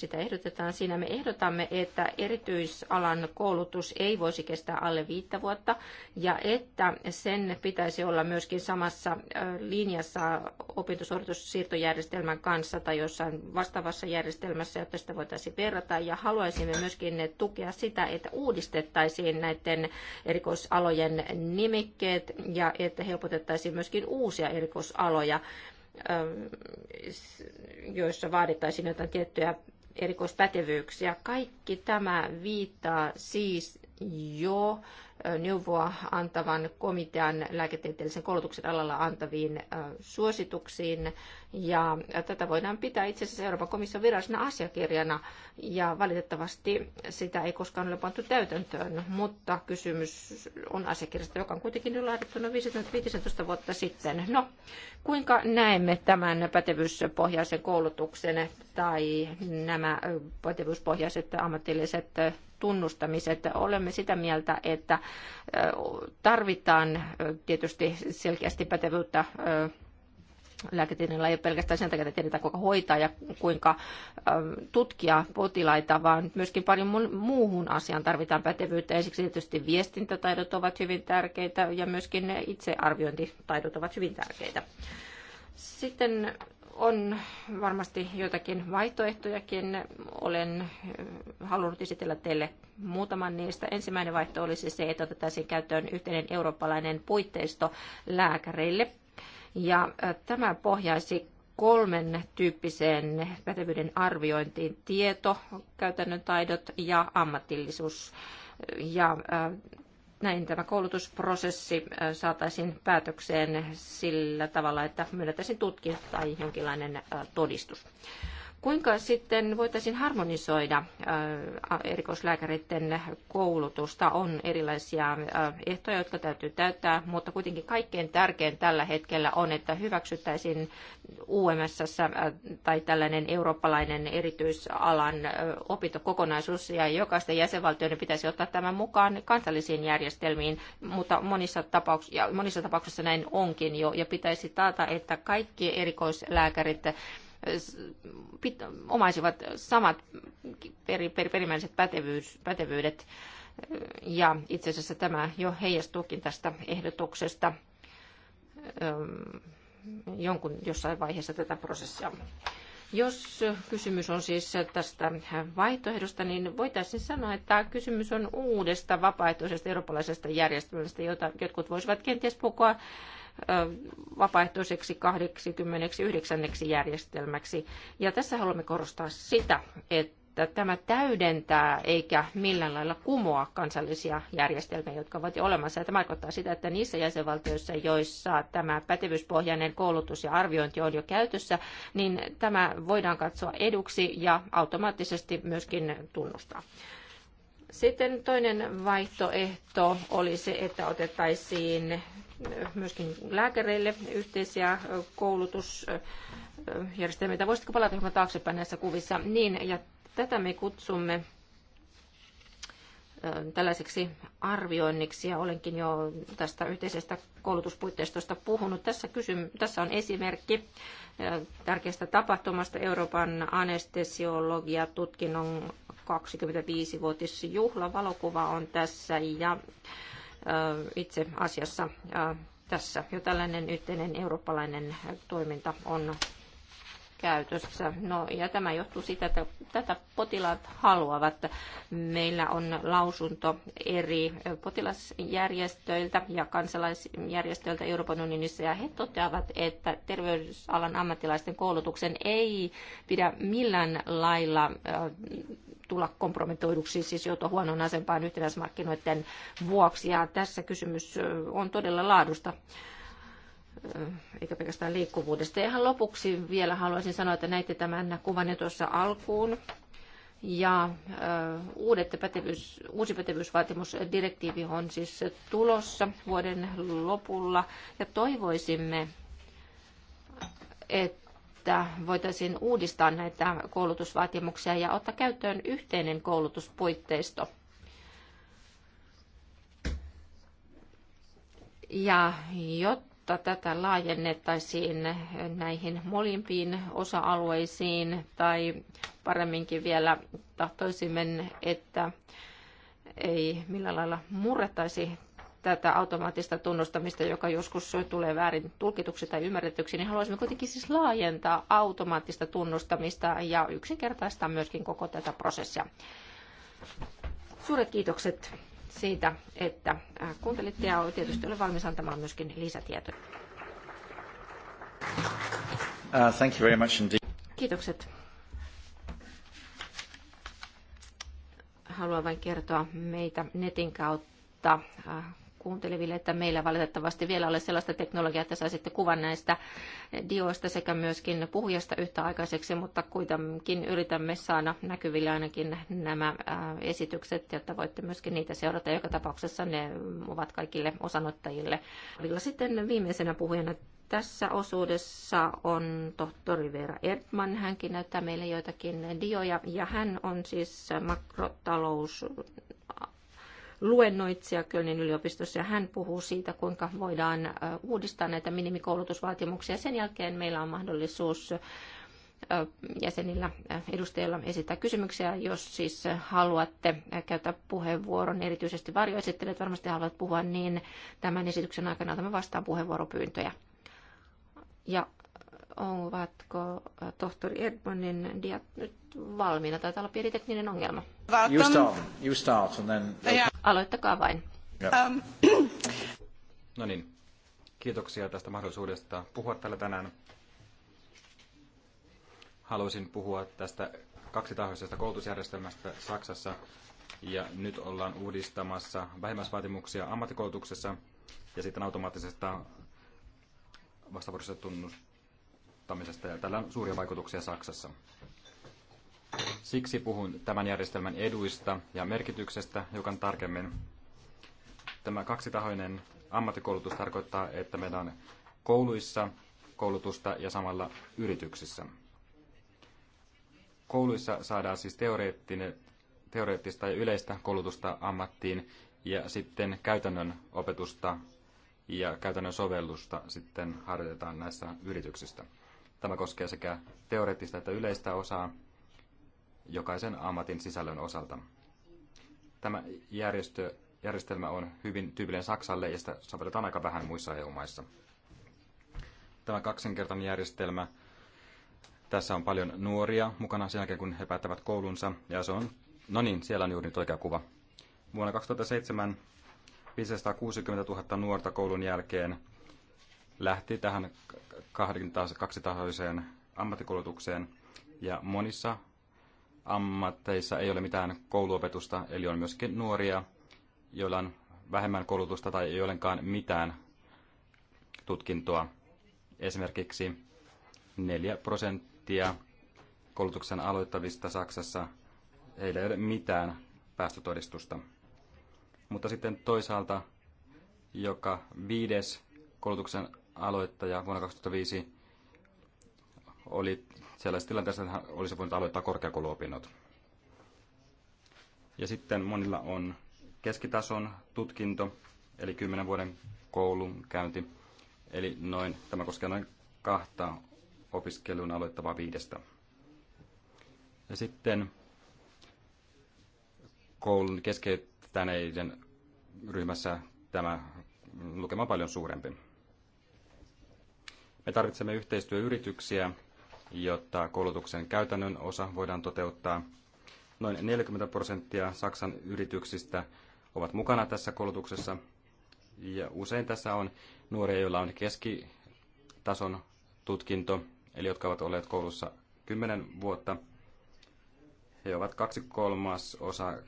sitä ehdotetaan. Siinä me ehdotamme, että erityisalan koulutus ei voisi kestää alle viittä vuotta ja että sen pitäisi olla myöskin samassa linjassa opintosuoritussiirtojärjestelmän kanssa tai jossain vastaavassa järjestelmässä, jotta sitä voitaisiin verrata. Ja haluaisimme myöskin tukea sitä, että uudistettaisiin näiden erikoisalojen nimikkeet ja että helpotettaisiin myöskin uusia erikoisaloja joissa vaadittaisiin jotain tiettyjä erikoispätevyyksiä. Kaikki tämä viittaa siis jo neuvoa antavan komitean lääketieteellisen koulutuksen alalla antaviin suosituksiin. Ja tätä voidaan pitää itse asiassa Euroopan komission virallisena asiakirjana ja valitettavasti sitä ei koskaan ole pantu täytäntöön, mutta kysymys on asiakirjasta, joka on kuitenkin jo laadittu noin 15 vuotta sitten. No, kuinka näemme tämän pätevyyspohjaisen koulutuksen tai nämä pätevyyspohjaiset ammatilliset tunnustamiset. Olemme sitä mieltä, että tarvitaan tietysti selkeästi pätevyyttä lääketieteellä ei ole pelkästään sen takia, että tiedetään kuinka hoitaa ja kuinka tutkia potilaita, vaan myöskin paljon muuhun asiaan tarvitaan pätevyyttä. Esimerkiksi tietysti viestintätaidot ovat hyvin tärkeitä ja myöskin itsearviointitaidot ovat hyvin tärkeitä. Sitten on varmasti joitakin vaihtoehtojakin. Olen eh, halunnut esitellä teille muutaman niistä. Ensimmäinen vaihtoehto olisi se, että otettaisiin käyttöön yhteinen eurooppalainen puitteisto lääkäreille. Ja eh, tämä pohjaisi kolmen tyyppiseen pätevyyden arviointiin tieto, käytännön taidot ja ammatillisuus. Ja eh, näin tämä koulutusprosessi äh, saataisiin päätökseen sillä tavalla, että myönnettäisiin tutkinto tai jonkinlainen äh, todistus. Kuinka sitten voitaisiin harmonisoida äh, erikoislääkäreiden koulutusta? On erilaisia äh, ehtoja, jotka täytyy täyttää, mutta kuitenkin kaikkein tärkein tällä hetkellä on, että hyväksyttäisiin UMSS äh, tai tällainen eurooppalainen erityisalan opintokokonaisuus, ja jokaista jäsenvaltioiden pitäisi ottaa tämän mukaan kansallisiin järjestelmiin, mutta monissa tapauksissa, monissa tapauksissa näin onkin jo, ja pitäisi taata, että kaikki erikoislääkärit omaisivat samat per, per, perimmäiset pätevyys, pätevyydet. Ja itse asiassa tämä jo heijastuukin tästä ehdotuksesta jonkun jossain vaiheessa tätä prosessia. Jos kysymys on siis tästä vaihtoehdosta, niin voitaisiin sanoa, että kysymys on uudesta vapaaehtoisesta eurooppalaisesta järjestelmästä, jota jotkut voisivat kenties pukoa vapaaehtoiseksi 89. järjestelmäksi. Ja tässä haluamme korostaa sitä, että tämä täydentää eikä millään lailla kumoa kansallisia järjestelmiä, jotka ovat jo olemassa. Ja tämä tarkoittaa sitä, että niissä jäsenvaltioissa, joissa tämä pätevyyspohjainen koulutus ja arviointi on jo käytössä, niin tämä voidaan katsoa eduksi ja automaattisesti myöskin tunnustaa. Sitten toinen vaihtoehto oli se, että otettaisiin myöskin lääkäreille yhteisiä koulutusjärjestelmiä. Voisitko palata hieman taaksepäin näissä kuvissa? Niin, ja tätä me kutsumme tällaiseksi arvioinniksi ja olenkin jo tästä yhteisestä koulutuspuitteistosta puhunut. Tässä, kysym- tässä on esimerkki tärkeästä tapahtumasta Euroopan anestesiologiatutkinnon 25-vuotisjuhla. Valokuva on tässä ja itse asiassa tässä jo tällainen yhteinen eurooppalainen toiminta on käytössä. No, ja tämä johtuu siitä, että tätä potilaat haluavat. Meillä on lausunto eri potilasjärjestöiltä ja kansalaisjärjestöiltä Euroopan unionissa, ja he toteavat, että terveysalan ammattilaisten koulutuksen ei pidä millään lailla tulla kompromitoiduksi, siis joutua huonoon asempaan yhtenäismarkkinoiden vuoksi. Ja tässä kysymys on todella laadusta eikä pelkästään liikkuvuudesta. Ja ihan lopuksi vielä haluaisin sanoa, että näitte tämän kuvan jo tuossa alkuun. Ja uudet pätevyys, uusi pätevyysvaatimusdirektiivi on siis tulossa vuoden lopulla. Ja toivoisimme, että voitaisiin uudistaa näitä koulutusvaatimuksia ja ottaa käyttöön yhteinen koulutuspuitteisto. Ja jotta jotta tätä laajennettaisiin näihin molimpiin osa-alueisiin tai paremminkin vielä tahtoisimme, että ei millään lailla murrettaisi tätä automaattista tunnustamista, joka joskus tulee väärin tulkituksi tai ymmärretyksi, niin haluaisimme kuitenkin siis laajentaa automaattista tunnustamista ja yksinkertaistaa myöskin koko tätä prosessia. Suuret kiitokset siitä, että kuuntelitte ja tietysti olen valmis antamaan myöskin lisätietoja. Uh, thank you very much indeed. Kiitokset. Haluan vain kertoa meitä netin kautta kuunteleville, että meillä valitettavasti vielä ole sellaista teknologiaa, että saisitte kuvan näistä dioista sekä myöskin puhujasta yhtä mutta kuitenkin yritämme saada näkyville ainakin nämä äh, esitykset, jotta voitte myöskin niitä seurata. Joka tapauksessa ne ovat kaikille osanottajille. Sitten viimeisenä puhujana tässä osuudessa on tohtori Vera Erdman. Hänkin näyttää meille joitakin dioja ja hän on siis makrotalous luennoitsija Kölnin yliopistossa ja hän puhuu siitä, kuinka voidaan uudistaa näitä minimikoulutusvaatimuksia. Sen jälkeen meillä on mahdollisuus jäsenillä, edustajilla esittää kysymyksiä. Jos siis haluatte käyttää puheenvuoron, erityisesti varjoesittelijät varmasti haluavat puhua, niin tämän esityksen aikana otamme vastaan puheenvuoropyyntöjä. Ja ovatko tohtori Edmonin diat nyt valmiina? Taitaa olla pieni tekninen ongelma. You start, you start and then they'll Aloittakaa vain. Ähm. No niin, kiitoksia tästä mahdollisuudesta puhua täällä tänään. Haluaisin puhua tästä kaksitahoisesta koulutusjärjestelmästä Saksassa. Ja nyt ollaan uudistamassa vähimmäisvaatimuksia ammattikoulutuksessa ja sitten automaattisesta vastavuoroisesta tunnustamisesta. Ja tällä on suuria vaikutuksia Saksassa. Siksi puhun tämän järjestelmän eduista ja merkityksestä hiukan tarkemmin. Tämä kaksitahoinen ammattikoulutus tarkoittaa, että meillä on kouluissa koulutusta ja samalla yrityksissä. Kouluissa saadaan siis teoreettista ja yleistä koulutusta ammattiin ja sitten käytännön opetusta ja käytännön sovellusta sitten harjoitetaan näissä yrityksissä. Tämä koskee sekä teoreettista että yleistä osaa jokaisen ammatin sisällön osalta. Tämä järjestö, järjestelmä on hyvin tyypillinen Saksalle ja sitä sovelletaan aika vähän muissa EU-maissa. Tämä kaksinkertainen järjestelmä, tässä on paljon nuoria mukana sen jälkeen, kun he päättävät koulunsa. Ja se on, no niin, siellä on juuri nyt oikea kuva. Vuonna 2007 560 000 nuorta koulun jälkeen lähti tähän kaksitahoiseen ammattikoulutukseen ja monissa ammatteissa ei ole mitään kouluopetusta, eli on myöskin nuoria, joilla on vähemmän koulutusta tai ei olekaan mitään tutkintoa. Esimerkiksi 4 prosenttia koulutuksen aloittavista Saksassa, heillä ei ole mitään päästötodistusta. Mutta sitten toisaalta joka viides koulutuksen aloittaja vuonna 2005 oli Sellaisessa tilanteessa hän olisi voinut aloittaa korkeakouluopinnot. Ja sitten monilla on keskitason tutkinto, eli 10 vuoden koulun käynti. Eli noin, tämä koskee noin kahta opiskelun aloittavaa viidestä. Ja sitten koulun keskeyttäneiden ryhmässä tämä lukema on paljon suurempi. Me tarvitsemme yhteistyöyrityksiä jotta koulutuksen käytännön osa voidaan toteuttaa. Noin 40 prosenttia Saksan yrityksistä ovat mukana tässä koulutuksessa. Ja usein tässä on nuoria, joilla on keskitason tutkinto, eli jotka ovat olleet koulussa 10 vuotta. He ovat kaksi kolmas osa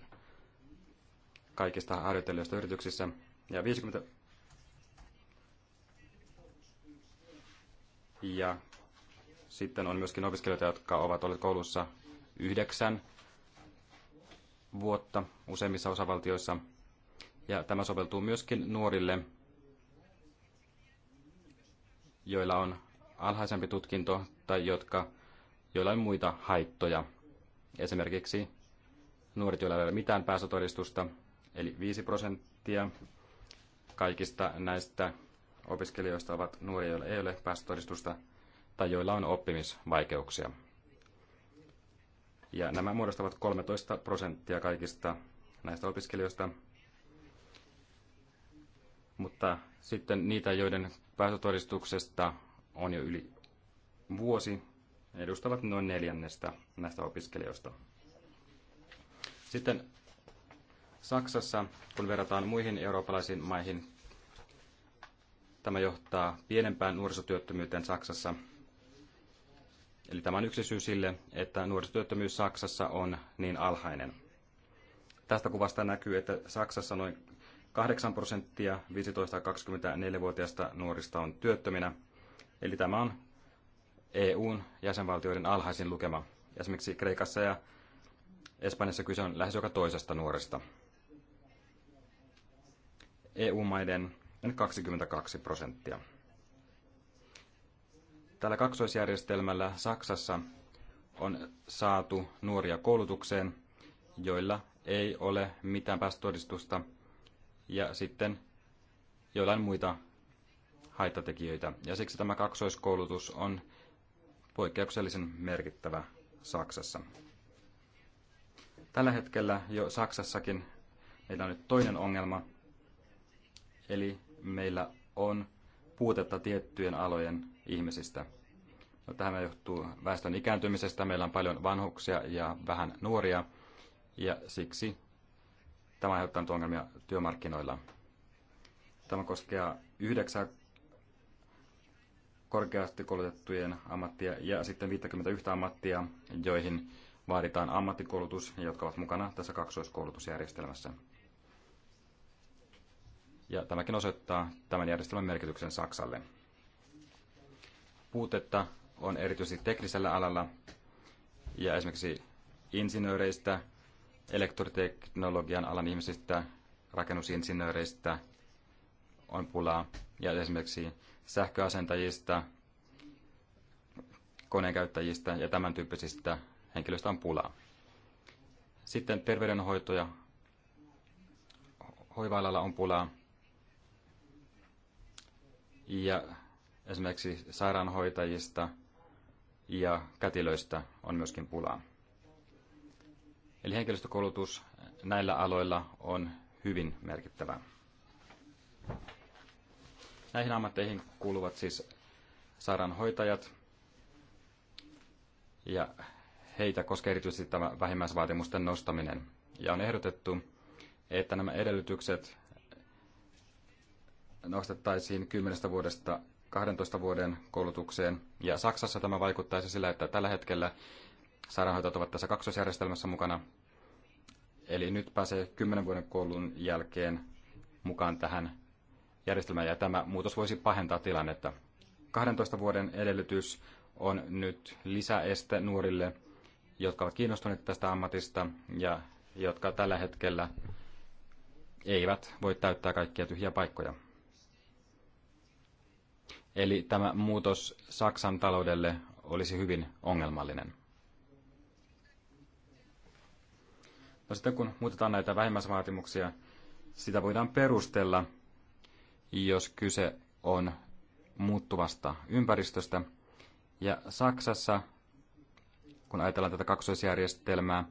kaikista harjoittelijoista yrityksissä. Ja 50 ja sitten on myöskin opiskelijoita, jotka ovat olleet koulussa yhdeksän vuotta useimmissa osavaltioissa. Ja tämä soveltuu myöskin nuorille, joilla on alhaisempi tutkinto tai jotka, joilla on muita haittoja. Esimerkiksi nuoret, joilla ei ole mitään pääsytodistusta, eli 5 prosenttia kaikista näistä opiskelijoista ovat nuoria, joilla ei ole pääsytodistusta – tai joilla on oppimisvaikeuksia. Ja nämä muodostavat 13 prosenttia kaikista näistä opiskelijoista, mutta sitten niitä, joiden pääsytodistuksesta on jo yli vuosi, edustavat noin neljännestä näistä opiskelijoista. Sitten Saksassa, kun verrataan muihin eurooppalaisiin maihin, tämä johtaa pienempään nuorisotyöttömyyteen Saksassa – Eli tämä on yksi syy sille, että nuorisotyöttömyys Saksassa on niin alhainen. Tästä kuvasta näkyy, että Saksassa noin 8 prosenttia 15-24-vuotiaista nuorista on työttöminä. Eli tämä on EUn jäsenvaltioiden alhaisin lukema. Esimerkiksi Kreikassa ja Espanjassa kyse on lähes joka toisesta nuoresta. EU-maiden 22 prosenttia. Tällä kaksoisjärjestelmällä Saksassa on saatu nuoria koulutukseen, joilla ei ole mitään päästötodistusta ja sitten joillain muita haittatekijöitä. Ja siksi tämä kaksoiskoulutus on poikkeuksellisen merkittävä Saksassa. Tällä hetkellä jo Saksassakin meillä on nyt toinen ongelma, eli meillä on puutetta tiettyjen alojen ihmisistä. No, tähän johtuu väestön ikääntymisestä. Meillä on paljon vanhuksia ja vähän nuoria, ja siksi tämä aiheuttaa ongelmia työmarkkinoilla. Tämä koskee yhdeksää korkeasti koulutettujen ammattia ja sitten 51 ammattia, joihin vaaditaan ammattikoulutus ja jotka ovat mukana tässä kaksoiskoulutusjärjestelmässä. Ja tämäkin osoittaa tämän järjestelmän merkityksen Saksalle puutetta on erityisesti teknisellä alalla ja esimerkiksi insinööreistä, elektroteknologian alan ihmisistä, rakennusinsinööreistä on pulaa ja esimerkiksi sähköasentajista, koneenkäyttäjistä ja tämän tyyppisistä henkilöistä on pulaa. Sitten terveydenhoito ja hoiva on pulaa. Ja Esimerkiksi sairaanhoitajista ja kätilöistä on myöskin pulaa. Eli henkilöstökoulutus näillä aloilla on hyvin merkittävä. Näihin ammatteihin kuuluvat siis sairaanhoitajat, ja heitä koskee erityisesti tämä vähimmäisvaatimusten nostaminen. Ja on ehdotettu, että nämä edellytykset nostettaisiin 10 vuodesta 12 vuoden koulutukseen. Ja Saksassa tämä vaikuttaisi sillä, että tällä hetkellä sairaanhoitajat ovat tässä kaksosjärjestelmässä mukana. Eli nyt pääsee 10 vuoden koulun jälkeen mukaan tähän järjestelmään, ja tämä muutos voisi pahentaa tilannetta. 12 vuoden edellytys on nyt lisäeste nuorille, jotka ovat kiinnostuneet tästä ammatista ja jotka tällä hetkellä eivät voi täyttää kaikkia tyhjiä paikkoja. Eli tämä muutos Saksan taloudelle olisi hyvin ongelmallinen. No sitten kun muutetaan näitä vähimmäisvaatimuksia, sitä voidaan perustella, jos kyse on muuttuvasta ympäristöstä. Ja Saksassa, kun ajatellaan tätä kaksoisjärjestelmää,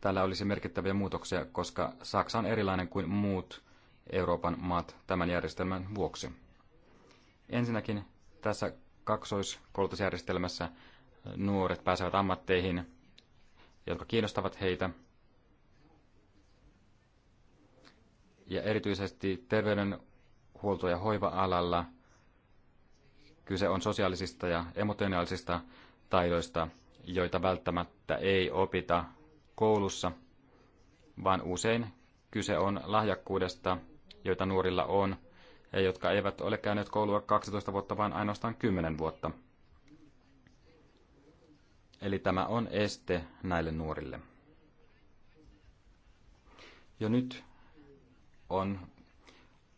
tällä olisi merkittäviä muutoksia, koska Saksa on erilainen kuin muut Euroopan maat tämän järjestelmän vuoksi. Ensinnäkin tässä kaksoiskoulutusjärjestelmässä nuoret pääsevät ammatteihin, jotka kiinnostavat heitä. Ja erityisesti terveydenhuolto- ja hoiva-alalla kyse on sosiaalisista ja emotionaalisista taidoista, joita välttämättä ei opita koulussa, vaan usein kyse on lahjakkuudesta, joita nuorilla on – ja jotka eivät ole käyneet koulua 12 vuotta, vaan ainoastaan 10 vuotta. Eli tämä on este näille nuorille. Jo nyt on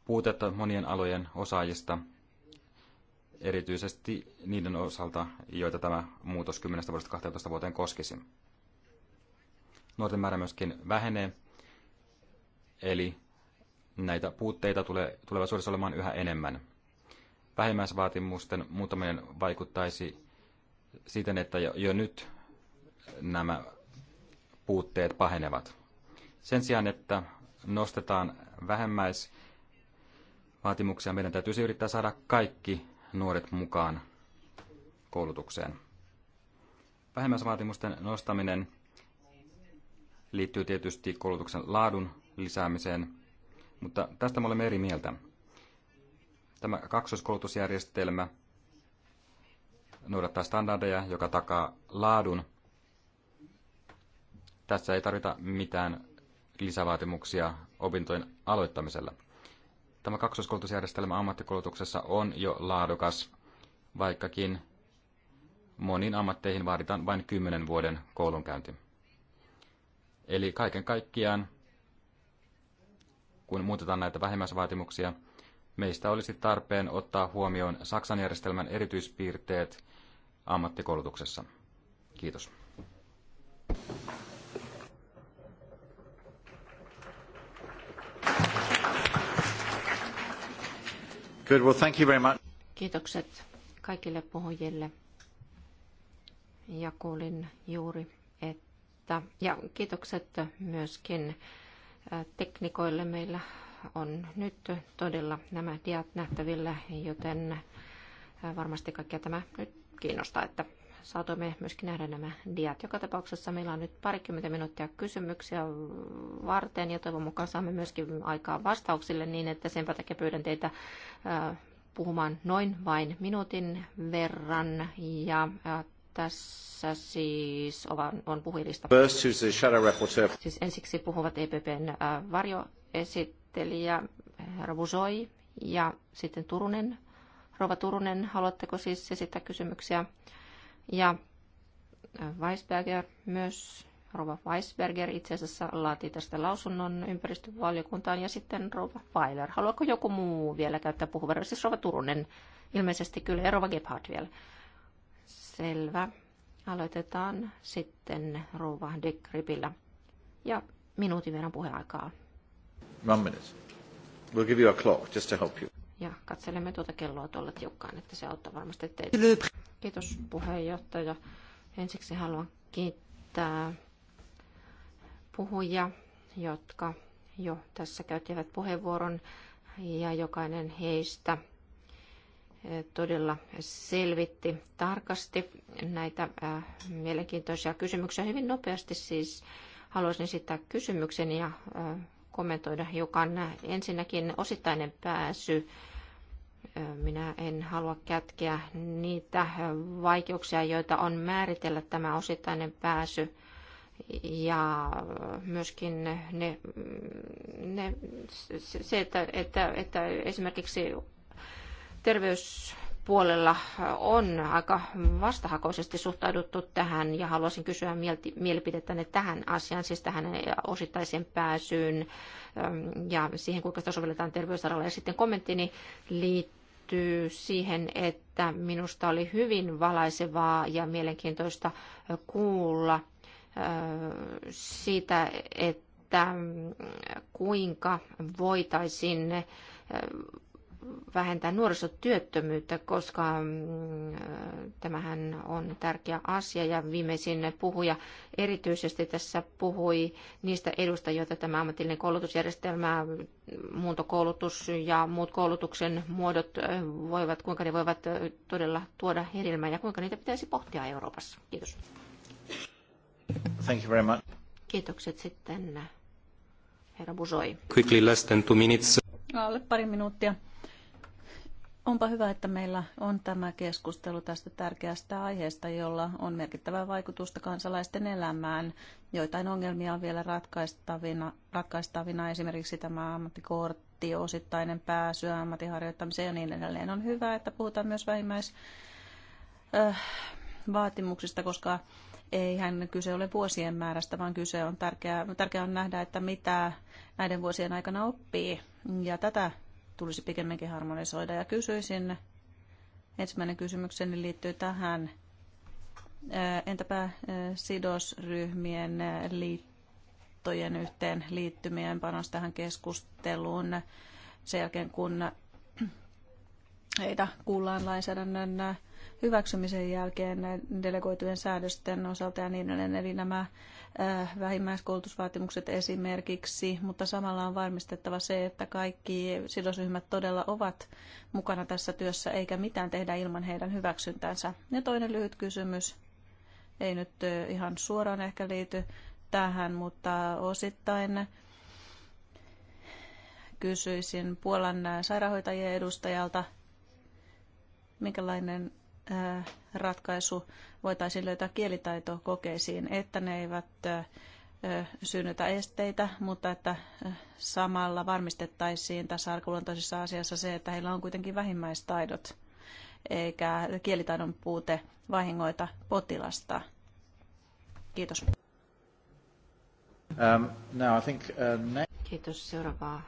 puutetta monien alojen osaajista, erityisesti niiden osalta, joita tämä muutos 10 vuodesta 12 vuoteen koskisi. Nuorten määrä myöskin vähenee, eli näitä puutteita tulee tulevaisuudessa olemaan yhä enemmän. Vähimmäisvaatimusten muutaminen vaikuttaisi siten, että jo, jo nyt nämä puutteet pahenevat. Sen sijaan, että nostetaan vähemmäisvaatimuksia, meidän täytyisi siis yrittää saada kaikki nuoret mukaan koulutukseen. Vähemmäisvaatimusten nostaminen liittyy tietysti koulutuksen laadun lisäämiseen – mutta tästä me olemme eri mieltä. Tämä kaksoiskoulutusjärjestelmä noudattaa standardeja, joka takaa laadun. Tässä ei tarvita mitään lisävaatimuksia opintojen aloittamisella. Tämä kaksoiskoulutusjärjestelmä ammattikoulutuksessa on jo laadukas, vaikkakin moniin ammatteihin vaaditaan vain 10 vuoden koulunkäynti. Eli kaiken kaikkiaan kun muutetaan näitä vähimmäisvaatimuksia, meistä olisi tarpeen ottaa huomioon Saksan järjestelmän erityispiirteet ammattikoulutuksessa. Kiitos. Good. Well, thank you very much. Kiitokset kaikille puhujille. Ja kuulin juuri, että... Ja kiitokset myöskin teknikoille. Meillä on nyt todella nämä diat nähtävillä, joten varmasti kaikkia tämä nyt kiinnostaa, että saatoimme myöskin nähdä nämä diat. Joka tapauksessa meillä on nyt parikymmentä minuuttia kysymyksiä varten ja toivon mukaan saamme myöskin aikaa vastauksille niin, että sen takia pyydän teitä puhumaan noin vain minuutin verran ja tässä siis on, on puhujilista. First, who's the shadow rapporteur. Siis ensiksi puhuvat EPPn varjoesittelijä herra Busoi ja sitten Turunen. Rova Turunen, haluatteko siis esittää kysymyksiä? Ja Weisberger myös, Rova Weisberger itse asiassa laati tästä lausunnon ympäristövaliokuntaan ja sitten Rova Weiler. Haluaako joku muu vielä käyttää puheenvuoron? Siis Rova Turunen ilmeisesti kyllä ja Rova Gebhardt vielä. Selvä. Aloitetaan sitten Rouva Dekripillä. Ja minuutin verran puheaikaa. One minute. We'll give you a clock just to help you. Ja katselemme tuota kelloa tuolla tiukkaan, että se auttaa varmasti teitä. Kiitos puheenjohtaja. Ensiksi haluan kiittää puhujia, jotka jo tässä käyttivät puheenvuoron ja jokainen heistä – todella selvitti tarkasti näitä mielenkiintoisia kysymyksiä. Hyvin nopeasti siis haluaisin sitä kysymyksen ja kommentoida hiukan. Ensinnäkin osittainen pääsy. Minä en halua kätkeä niitä vaikeuksia, joita on määritellä tämä osittainen pääsy ja myöskin ne, ne, se, että, että, että esimerkiksi terveyspuolella on aika vastahakoisesti suhtauduttu tähän ja haluaisin kysyä mielipidettänne tähän asiaan, siis tähän osittaiseen pääsyyn ähm, ja siihen, kuinka sitä sovelletaan terveysalalla. Ja sitten kommenttini liittyy liittyy siihen, että minusta oli hyvin valaisevaa ja mielenkiintoista kuulla äh, siitä, että kuinka voitaisiin äh, vähentää nuorisotyöttömyyttä, koska mm, tämähän on tärkeä asia ja viimeisin puhuja erityisesti tässä puhui niistä edusta, joita tämä ammatillinen koulutusjärjestelmä, muuntokoulutus ja muut koulutuksen muodot äh, voivat, kuinka ne voivat äh, todella tuoda hedelmää ja kuinka niitä pitäisi pohtia Euroopassa. Kiitos. Thank you very much. Kiitokset sitten äh, herra Busoi. Quickly less than two minutes. Alle pari minuuttia. Onpa hyvä, että meillä on tämä keskustelu tästä tärkeästä aiheesta, jolla on merkittävää vaikutusta kansalaisten elämään. Joitain ongelmia on vielä ratkaistavina, ratkaistavina esimerkiksi tämä ammattikortti, osittainen pääsy ammattiharjoittamiseen ja niin edelleen. On hyvä, että puhutaan myös vähimmäisvaatimuksista, äh, koska eihän kyse ole vuosien määrästä, vaan kyse on tärkeää, tärkeää on nähdä, että mitä näiden vuosien aikana oppii. Ja tätä tulisi pikemminkin harmonisoida. Ja kysyisin, ensimmäinen kysymykseni liittyy tähän, äh, entäpä äh, sidosryhmien äh, liittojen yhteen liittymien panos tähän keskusteluun sen jälkeen, kun heitä kuullaan lainsäädännön hyväksymisen jälkeen delegoitujen säädösten osalta ja niin edelleen. Eli nämä Äh, vähimmäiskoulutusvaatimukset esimerkiksi, mutta samalla on varmistettava se, että kaikki sidosryhmät todella ovat mukana tässä työssä, eikä mitään tehdä ilman heidän hyväksyntänsä. Ja toinen lyhyt kysymys, ei nyt äh, ihan suoraan ehkä liity tähän, mutta osittain kysyisin Puolan sairaanhoitajien edustajalta, minkälainen ratkaisu voitaisiin löytää kokeisiin, että ne eivät synnytä esteitä, mutta että samalla varmistettaisiin tässä arkaluontoisessa asiassa se, että heillä on kuitenkin vähimmäistaidot, eikä kielitaidon puute vahingoita potilasta. Kiitos. Um, no, I think, uh, ne- Kiitos. Seuraavana,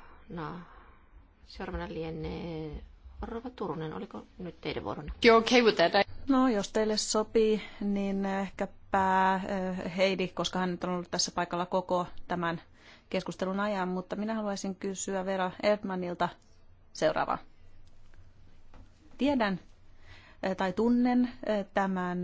seuraavana lienee Rova Turunen, oliko nyt teidän vuoronne? You're okay with that. I... No, jos teille sopii, niin ehkäpä eh, Heidi, koska hän on ollut tässä paikalla koko tämän keskustelun ajan, mutta minä haluaisin kysyä Vera Erdmanilta seuraavaa. Tiedän eh, tai tunnen eh, tämän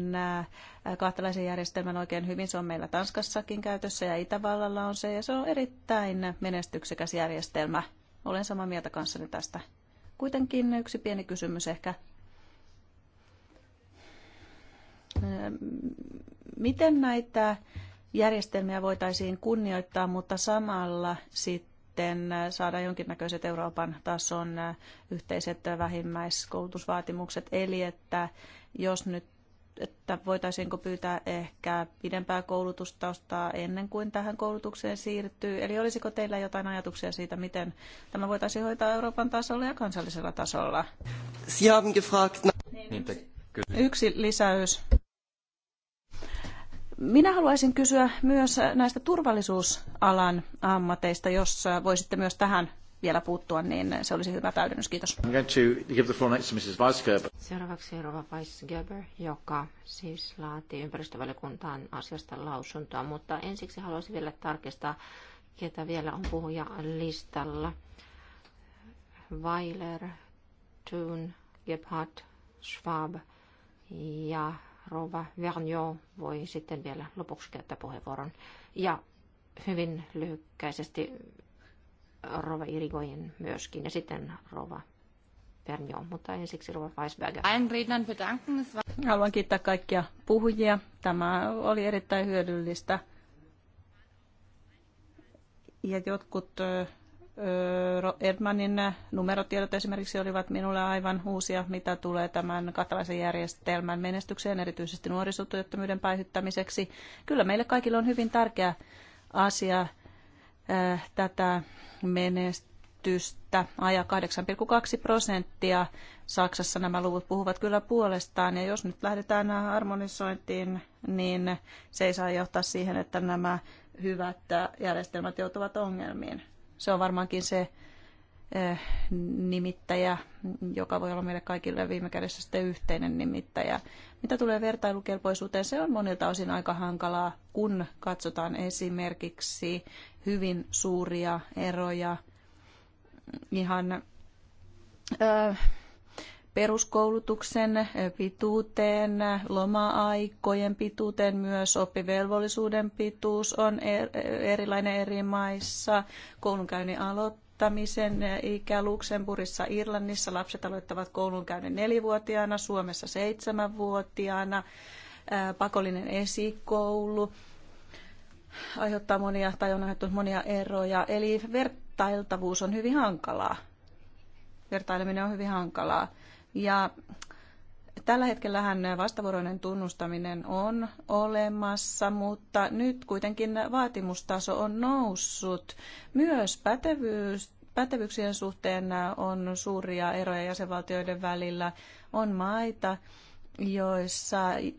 kahtalaisen järjestelmän oikein hyvin. Se on meillä Tanskassakin käytössä ja Itävallalla on se ja se on erittäin menestyksekäs järjestelmä. Olen samaa mieltä kanssani tästä Kuitenkin yksi pieni kysymys ehkä. Miten näitä järjestelmiä voitaisiin kunnioittaa, mutta samalla sitten saada jonkinnäköiset Euroopan tason yhteiset vähimmäiskoulutusvaatimukset. Eli että jos nyt että voitaisiinko pyytää ehkä pidempää koulutustaustaa ennen kuin tähän koulutukseen siirtyy. Eli olisiko teillä jotain ajatuksia siitä, miten tämä voitaisiin hoitaa Euroopan tasolla ja kansallisella tasolla? Sie haben gefragt. Niin, Yksi lisäys. Minä haluaisin kysyä myös näistä turvallisuusalan ammateista, jos voisitte myös tähän vielä puuttua, niin se olisi hyvä täydennys. Kiitos. Seuraavaksi Rova Weisgerber, joka siis laati ympäristövaliokuntaan asiasta lausuntoa, mutta ensiksi haluaisin vielä tarkistaa, ketä vielä on puhuja listalla. Weiler, Thun, Gebhardt, Schwab ja Rova Vernio voi sitten vielä lopuksi käyttää puheenvuoron. Ja hyvin lyhykkäisesti Rova Irigoyen myöskin ja sitten Rova Pernio, mutta ensiksi Rova Weisberger. Haluan kiittää kaikkia puhujia. Tämä oli erittäin hyödyllistä. Ja jotkut Edmanin numerotiedot esimerkiksi olivat minulle aivan uusia, mitä tulee tämän katalaisen järjestelmän menestykseen, erityisesti nuorisotyöttömyyden päihyttämiseksi. Kyllä meille kaikille on hyvin tärkeä asia Äh, tätä menestystä ajaa 8,2 prosenttia. Saksassa nämä luvut puhuvat kyllä puolestaan, ja jos nyt lähdetään harmonisointiin, niin se ei saa johtaa siihen, että nämä hyvät järjestelmät joutuvat ongelmiin. Se on varmaankin se äh, nimittäjä, joka voi olla meille kaikille viime kädessä sitten yhteinen nimittäjä. Mitä tulee vertailukelpoisuuteen, se on monilta osin aika hankalaa, kun katsotaan esimerkiksi hyvin suuria eroja ihan ö, peruskoulutuksen pituuteen, loma-aikojen pituuteen, myös oppivelvollisuuden pituus on e- e- erilainen eri maissa, koulunkäynnin aloittaminen aloittamisen ikä Luxemburissa, Irlannissa lapset aloittavat koulunkäynnin nelivuotiaana, Suomessa seitsemänvuotiaana, pakollinen esikoulu aiheuttaa monia tai on aiheuttanut monia eroja. Eli vertailtavuus on hyvin hankalaa. Vertaileminen on hyvin hankalaa. Ja Tällä hetkellähän vastavuoroinen tunnustaminen on olemassa, mutta nyt kuitenkin vaatimustaso on noussut. Myös pätevyys, pätevyyksien suhteen on suuria eroja jäsenvaltioiden välillä. On maita, joissa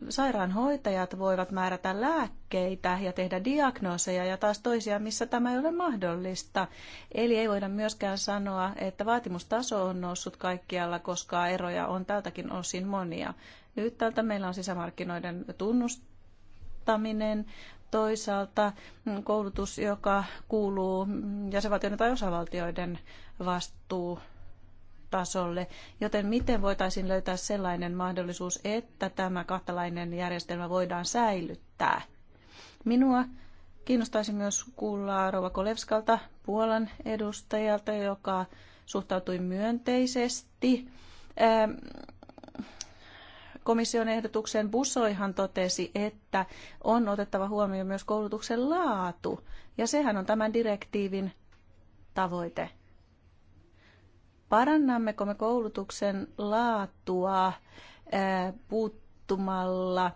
sairaanhoitajat voivat määrätä lääkkeitä ja tehdä diagnooseja ja taas toisia, missä tämä ei ole mahdollista. Eli ei voida myöskään sanoa, että vaatimustaso on noussut kaikkialla, koska eroja on tältäkin osin monia. Nyt tältä meillä on sisämarkkinoiden tunnustaminen, toisaalta koulutus, joka kuuluu jäsenvaltioiden tai osavaltioiden vastuu tasolle. Joten miten voitaisiin löytää sellainen mahdollisuus, että tämä kahtalainen järjestelmä voidaan säilyttää? Minua kiinnostaisi myös kuulla Rova Kolevskalta, Puolan edustajalta, joka suhtautui myönteisesti ähm, komission ehdotuksen Busoihan totesi, että on otettava huomioon myös koulutuksen laatu, ja sehän on tämän direktiivin tavoite. Parannammeko me koulutuksen laatua puuttumalla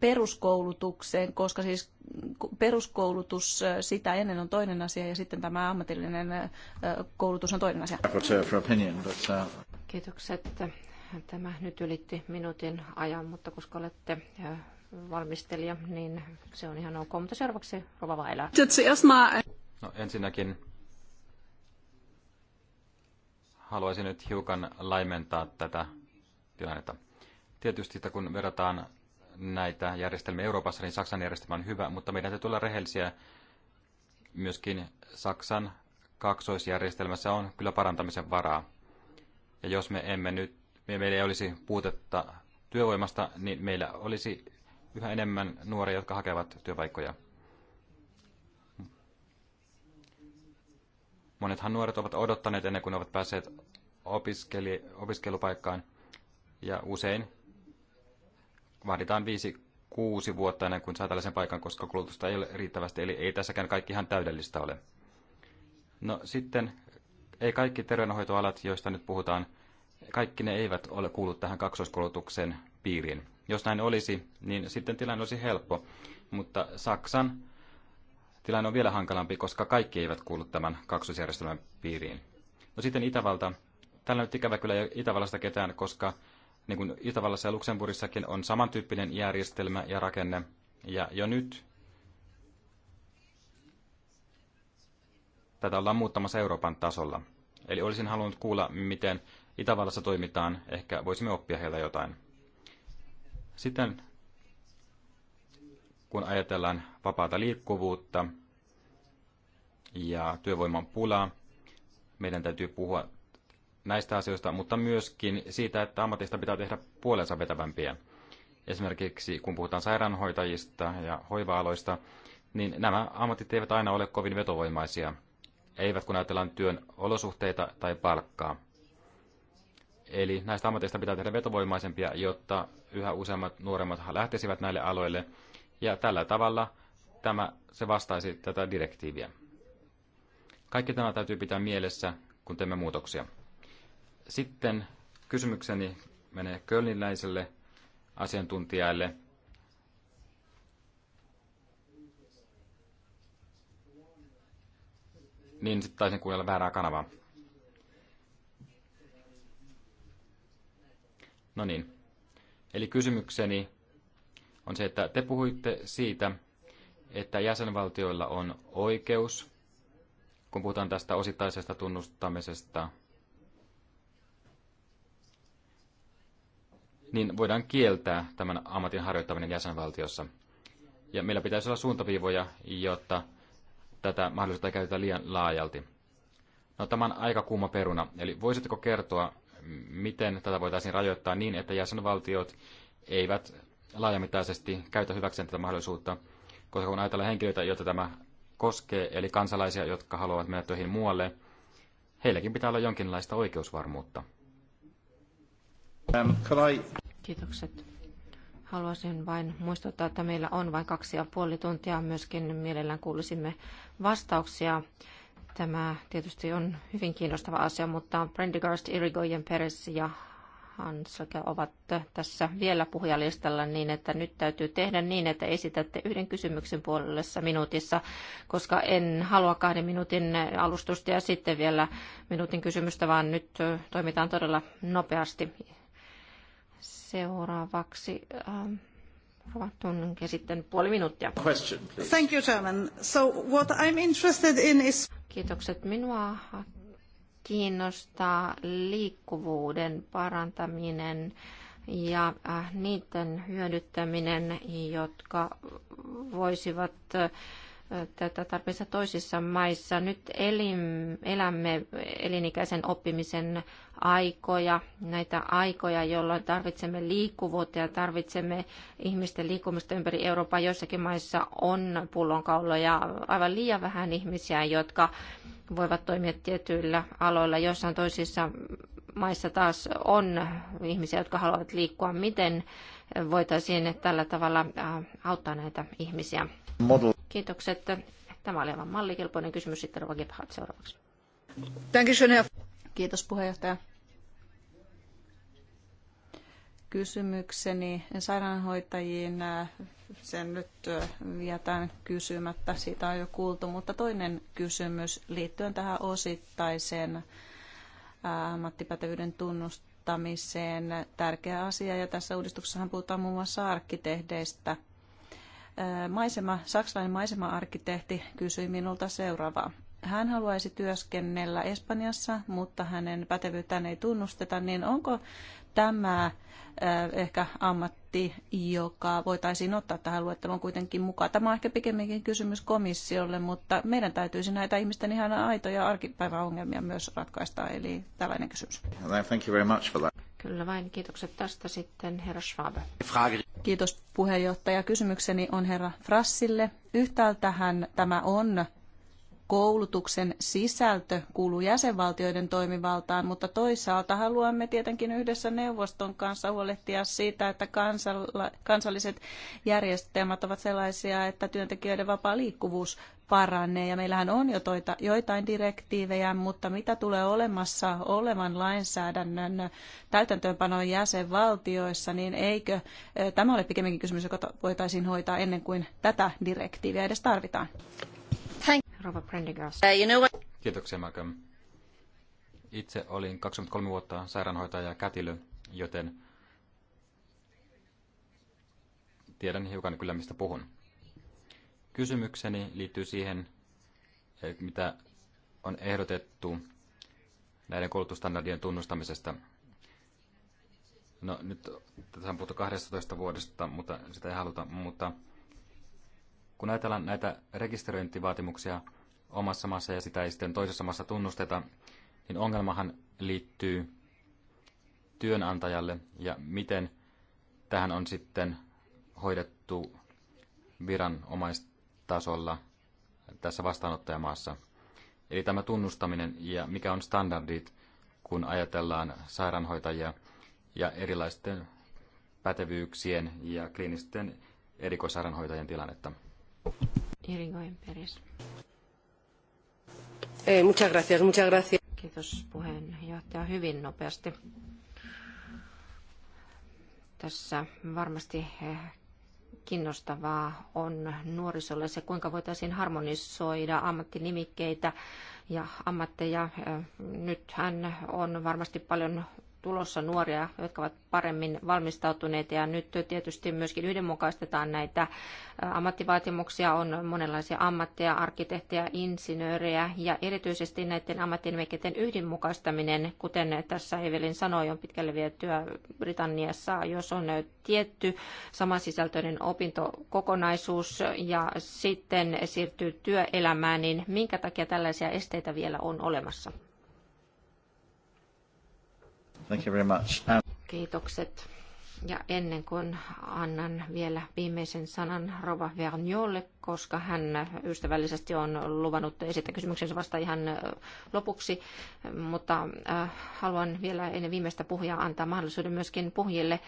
peruskoulutukseen, koska siis peruskoulutus sitä ennen on toinen asia ja sitten tämä ammatillinen koulutus on toinen asia. Uh, Kiitokset. Tämä nyt ylitti minuutin ajan, mutta koska olette valmistelija, niin se on ihan ok. Mutta seuraavaksi Rova Vaila. No ensinnäkin haluaisin nyt hiukan laimentaa tätä tilannetta. Tietysti, että kun verrataan näitä järjestelmiä Euroopassa, niin Saksan järjestelmä on hyvä, mutta meidän täytyy olla rehellisiä. Myöskin Saksan kaksoisjärjestelmässä on kyllä parantamisen varaa. Ja jos me emme nyt, meillä ei olisi puutetta työvoimasta, niin meillä olisi yhä enemmän nuoria, jotka hakevat työpaikkoja. Monethan nuoret ovat odottaneet ennen kuin ovat päässeet opiskeli, opiskelupaikkaan. Ja usein vaaditaan viisi kuusi vuotta ennen kuin saa tällaisen paikan, koska kulutusta ei ole riittävästi, eli ei tässäkään kaikki ihan täydellistä ole. No sitten, ei kaikki terveydenhoitoalat, joista nyt puhutaan, kaikki ne eivät ole kuulu tähän kaksoiskulutuksen piiriin. Jos näin olisi, niin sitten tilanne olisi helppo, mutta Saksan tilanne on vielä hankalampi, koska kaikki eivät kuulu tämän kaksosjärjestelmän piiriin. No sitten Itävalta. Tällä nyt ikävä kyllä ei Itävallasta ketään, koska niin kuin Itävallassa ja Luxemburgissakin on samantyyppinen järjestelmä ja rakenne. Ja jo nyt tätä ollaan muuttamassa Euroopan tasolla. Eli olisin halunnut kuulla, miten Itävallassa toimitaan. Ehkä voisimme oppia heiltä jotain. Sitten kun ajatellaan vapaata liikkuvuutta ja työvoiman pulaa, meidän täytyy puhua näistä asioista, mutta myöskin siitä, että ammatista pitää tehdä puolensa vetävämpiä. Esimerkiksi kun puhutaan sairaanhoitajista ja hoiva-aloista, niin nämä ammatit eivät aina ole kovin vetovoimaisia, eivät kun ajatellaan työn olosuhteita tai palkkaa. Eli näistä ammateista pitää tehdä vetovoimaisempia, jotta yhä useammat nuoremmat lähtisivät näille aloille – ja tällä tavalla tämä, se vastaisi tätä direktiiviä. Kaikki tämä täytyy pitää mielessä, kun teemme muutoksia. Sitten kysymykseni menee kölniläiselle asiantuntijalle. Niin sitten taisin kuulla väärää kanavaa. No niin. Eli kysymykseni on se, että te puhuitte siitä, että jäsenvaltioilla on oikeus, kun puhutaan tästä osittaisesta tunnustamisesta, niin voidaan kieltää tämän ammatin harjoittaminen jäsenvaltiossa. Ja meillä pitäisi olla suuntaviivoja, jotta tätä mahdollisuutta käytetään liian laajalti. No tämä on aika kuuma peruna, eli voisitteko kertoa, miten tätä voitaisiin rajoittaa niin, että jäsenvaltiot eivät laajamittaisesti käytä hyväkseen tätä mahdollisuutta, koska kun ajatellaan henkilöitä, joita tämä koskee, eli kansalaisia, jotka haluavat mennä töihin muualle, heilläkin pitää olla jonkinlaista oikeusvarmuutta. Um, Kiitokset. Haluaisin vain muistuttaa, että meillä on vain kaksi ja puoli tuntia. Myöskin mielellään kuulisimme vastauksia. Tämä tietysti on hyvin kiinnostava asia, mutta Brendigarst, Irigoyen, Peres ja Hanselka ovat tässä vielä puhujalistalla niin, että nyt täytyy tehdä niin, että esitätte yhden kysymyksen puolessa minuutissa, koska en halua kahden minuutin alustusta ja sitten vielä minuutin kysymystä, vaan nyt toimitaan todella nopeasti. Seuraavaksi ähm, Ravatun sitten puoli minuuttia. Question, Thank you, Chairman. So what I'm interested in is... Kiitokset. Minua kiinnostaa liikkuvuuden parantaminen ja äh, niiden hyödyttäminen, jotka voisivat äh, tätä tarpeessa toisissa maissa. Nyt elim, elämme elinikäisen oppimisen aikoja, näitä aikoja, jolloin tarvitsemme liikkuvuutta ja tarvitsemme ihmisten liikkumista ympäri Eurooppaa. Joissakin maissa on pullonkauloja, aivan liian vähän ihmisiä, jotka voivat toimia tietyillä aloilla. Jossain toisissa maissa taas on ihmisiä, jotka haluavat liikkua. Miten voitaisiin tällä tavalla auttaa näitä ihmisiä? Model. Kiitokset. Tämä oli aivan mallikelpoinen kysymys. Sitten Rova Gebhardt seuraavaksi. Kiitos puheenjohtaja. Kysymykseni sairaanhoitajiin, äh, sen nyt äh, jätän kysymättä, siitä on jo kuultu, mutta toinen kysymys liittyen tähän osittaiseen äh, ammattipätevyyden tunnustamiseen. Tärkeä asia ja tässä uudistuksessahan puhutaan muun muassa arkkitehdeistä – maisema, saksalainen maisema-arkkitehti kysyi minulta seuraavaa. Hän haluaisi työskennellä Espanjassa, mutta hänen pätevyyttään ei tunnusteta, niin onko tämä äh, ehkä ammatti, joka voitaisiin ottaa tähän luetteloon kuitenkin mukaan. Tämä on ehkä pikemminkin kysymys komissiolle, mutta meidän täytyisi näitä ihmisten ihan aitoja arkipäiväongelmia myös ratkaista, eli tällainen kysymys. Thank you very much for that. Kyllä vain. Kiitokset tästä sitten, herra Schwab. Kiitos puheenjohtaja. Kysymykseni on herra Frassille. Yhtäältähän tämä on koulutuksen sisältö kuuluu jäsenvaltioiden toimivaltaan, mutta toisaalta haluamme tietenkin yhdessä neuvoston kanssa huolehtia siitä, että kansalliset järjestelmät ovat sellaisia, että työntekijöiden vapaa liikkuvuus paranee. Ja meillähän on jo toita, joitain direktiivejä, mutta mitä tulee olemassa olevan lainsäädännön täytäntöönpanon jäsenvaltioissa, niin eikö eh, tämä ole pikemminkin kysymys, joka voitaisiin hoitaa ennen kuin tätä direktiiviä edes tarvitaan? Rova Prendergast. Uh, Kiitoksia, Malcolm. Itse olin 23 vuotta sairaanhoitaja ja kätilö, joten tiedän hiukan kyllä, mistä puhun. Kysymykseni liittyy siihen, eh, mitä on ehdotettu näiden koulutusstandardien tunnustamisesta. No nyt tässä on puhuttu 12 vuodesta, mutta sitä ei haluta, mutta kun ajatellaan näitä rekisteröintivaatimuksia omassa maassa ja sitä ei sitten toisessa maassa tunnusteta, niin ongelmahan liittyy työnantajalle ja miten tähän on sitten hoidettu viranomaistasolla tässä vastaanottajamaassa. Eli tämä tunnustaminen ja mikä on standardit, kun ajatellaan sairaanhoitajia ja erilaisten pätevyyksien ja kliinisten erikoissairaanhoitajien tilannetta. Irigoyen Peres. Eh, muchas gracias, muchas gracias. Kiitos puheenjohtaja hyvin nopeasti. Tässä varmasti eh, kiinnostavaa on nuorisolle se, kuinka voitaisiin harmonisoida ammattinimikkeitä ja ammatteja. Eh, nythän on varmasti paljon tulossa nuoria, jotka ovat paremmin valmistautuneita ja nyt tietysti myöskin yhdenmukaistetaan näitä ammattivaatimuksia. On monenlaisia ammatteja, arkkitehtejä, insinöörejä ja erityisesti näiden ammattinimikkeiden yhdenmukaistaminen, kuten tässä Evelin sanoi, on pitkälle vietyä Britanniassa, jos on tietty samansisältöinen opintokokonaisuus ja sitten siirtyy työelämään, niin minkä takia tällaisia esteitä vielä on olemassa? Thank you very much. Um, Kiitokset. Ja ennen kuin annan vielä viimeisen sanan Rova Verniolle, koska hän ystävällisesti on luvannut esittää kysymyksensä vasta ihan lopuksi, mutta haluan vielä ennen viimeistä puhujaa antaa mahdollisuuden myöskin puhujille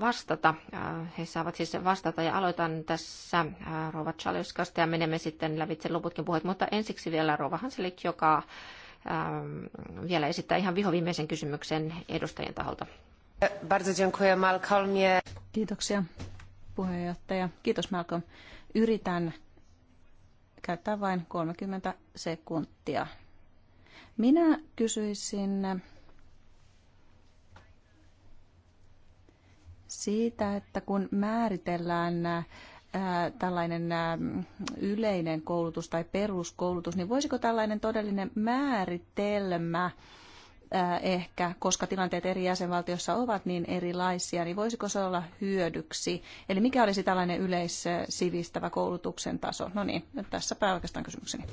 vastata. He saavat siis vastata ja aloitan tässä Rova Chalioskasta ja menemme sitten lävitse loputkin puheet, mutta ensiksi vielä Rova Hanselik, joka Ähm, vielä esittää ihan vihoviimeisen kysymyksen edustajien taholta. Kiitoksia puheenjohtaja. Kiitos Malcolm. Yritän käyttää vain 30 sekuntia. Minä kysyisin siitä, että kun määritellään tällainen yleinen koulutus tai peruskoulutus, niin voisiko tällainen todellinen määritelmä ehkä, koska tilanteet eri jäsenvaltioissa ovat niin erilaisia, niin voisiko se olla hyödyksi? Eli mikä olisi tällainen yleissivistävä koulutuksen taso? No niin, tässäpä oikeastaan kysymykseni.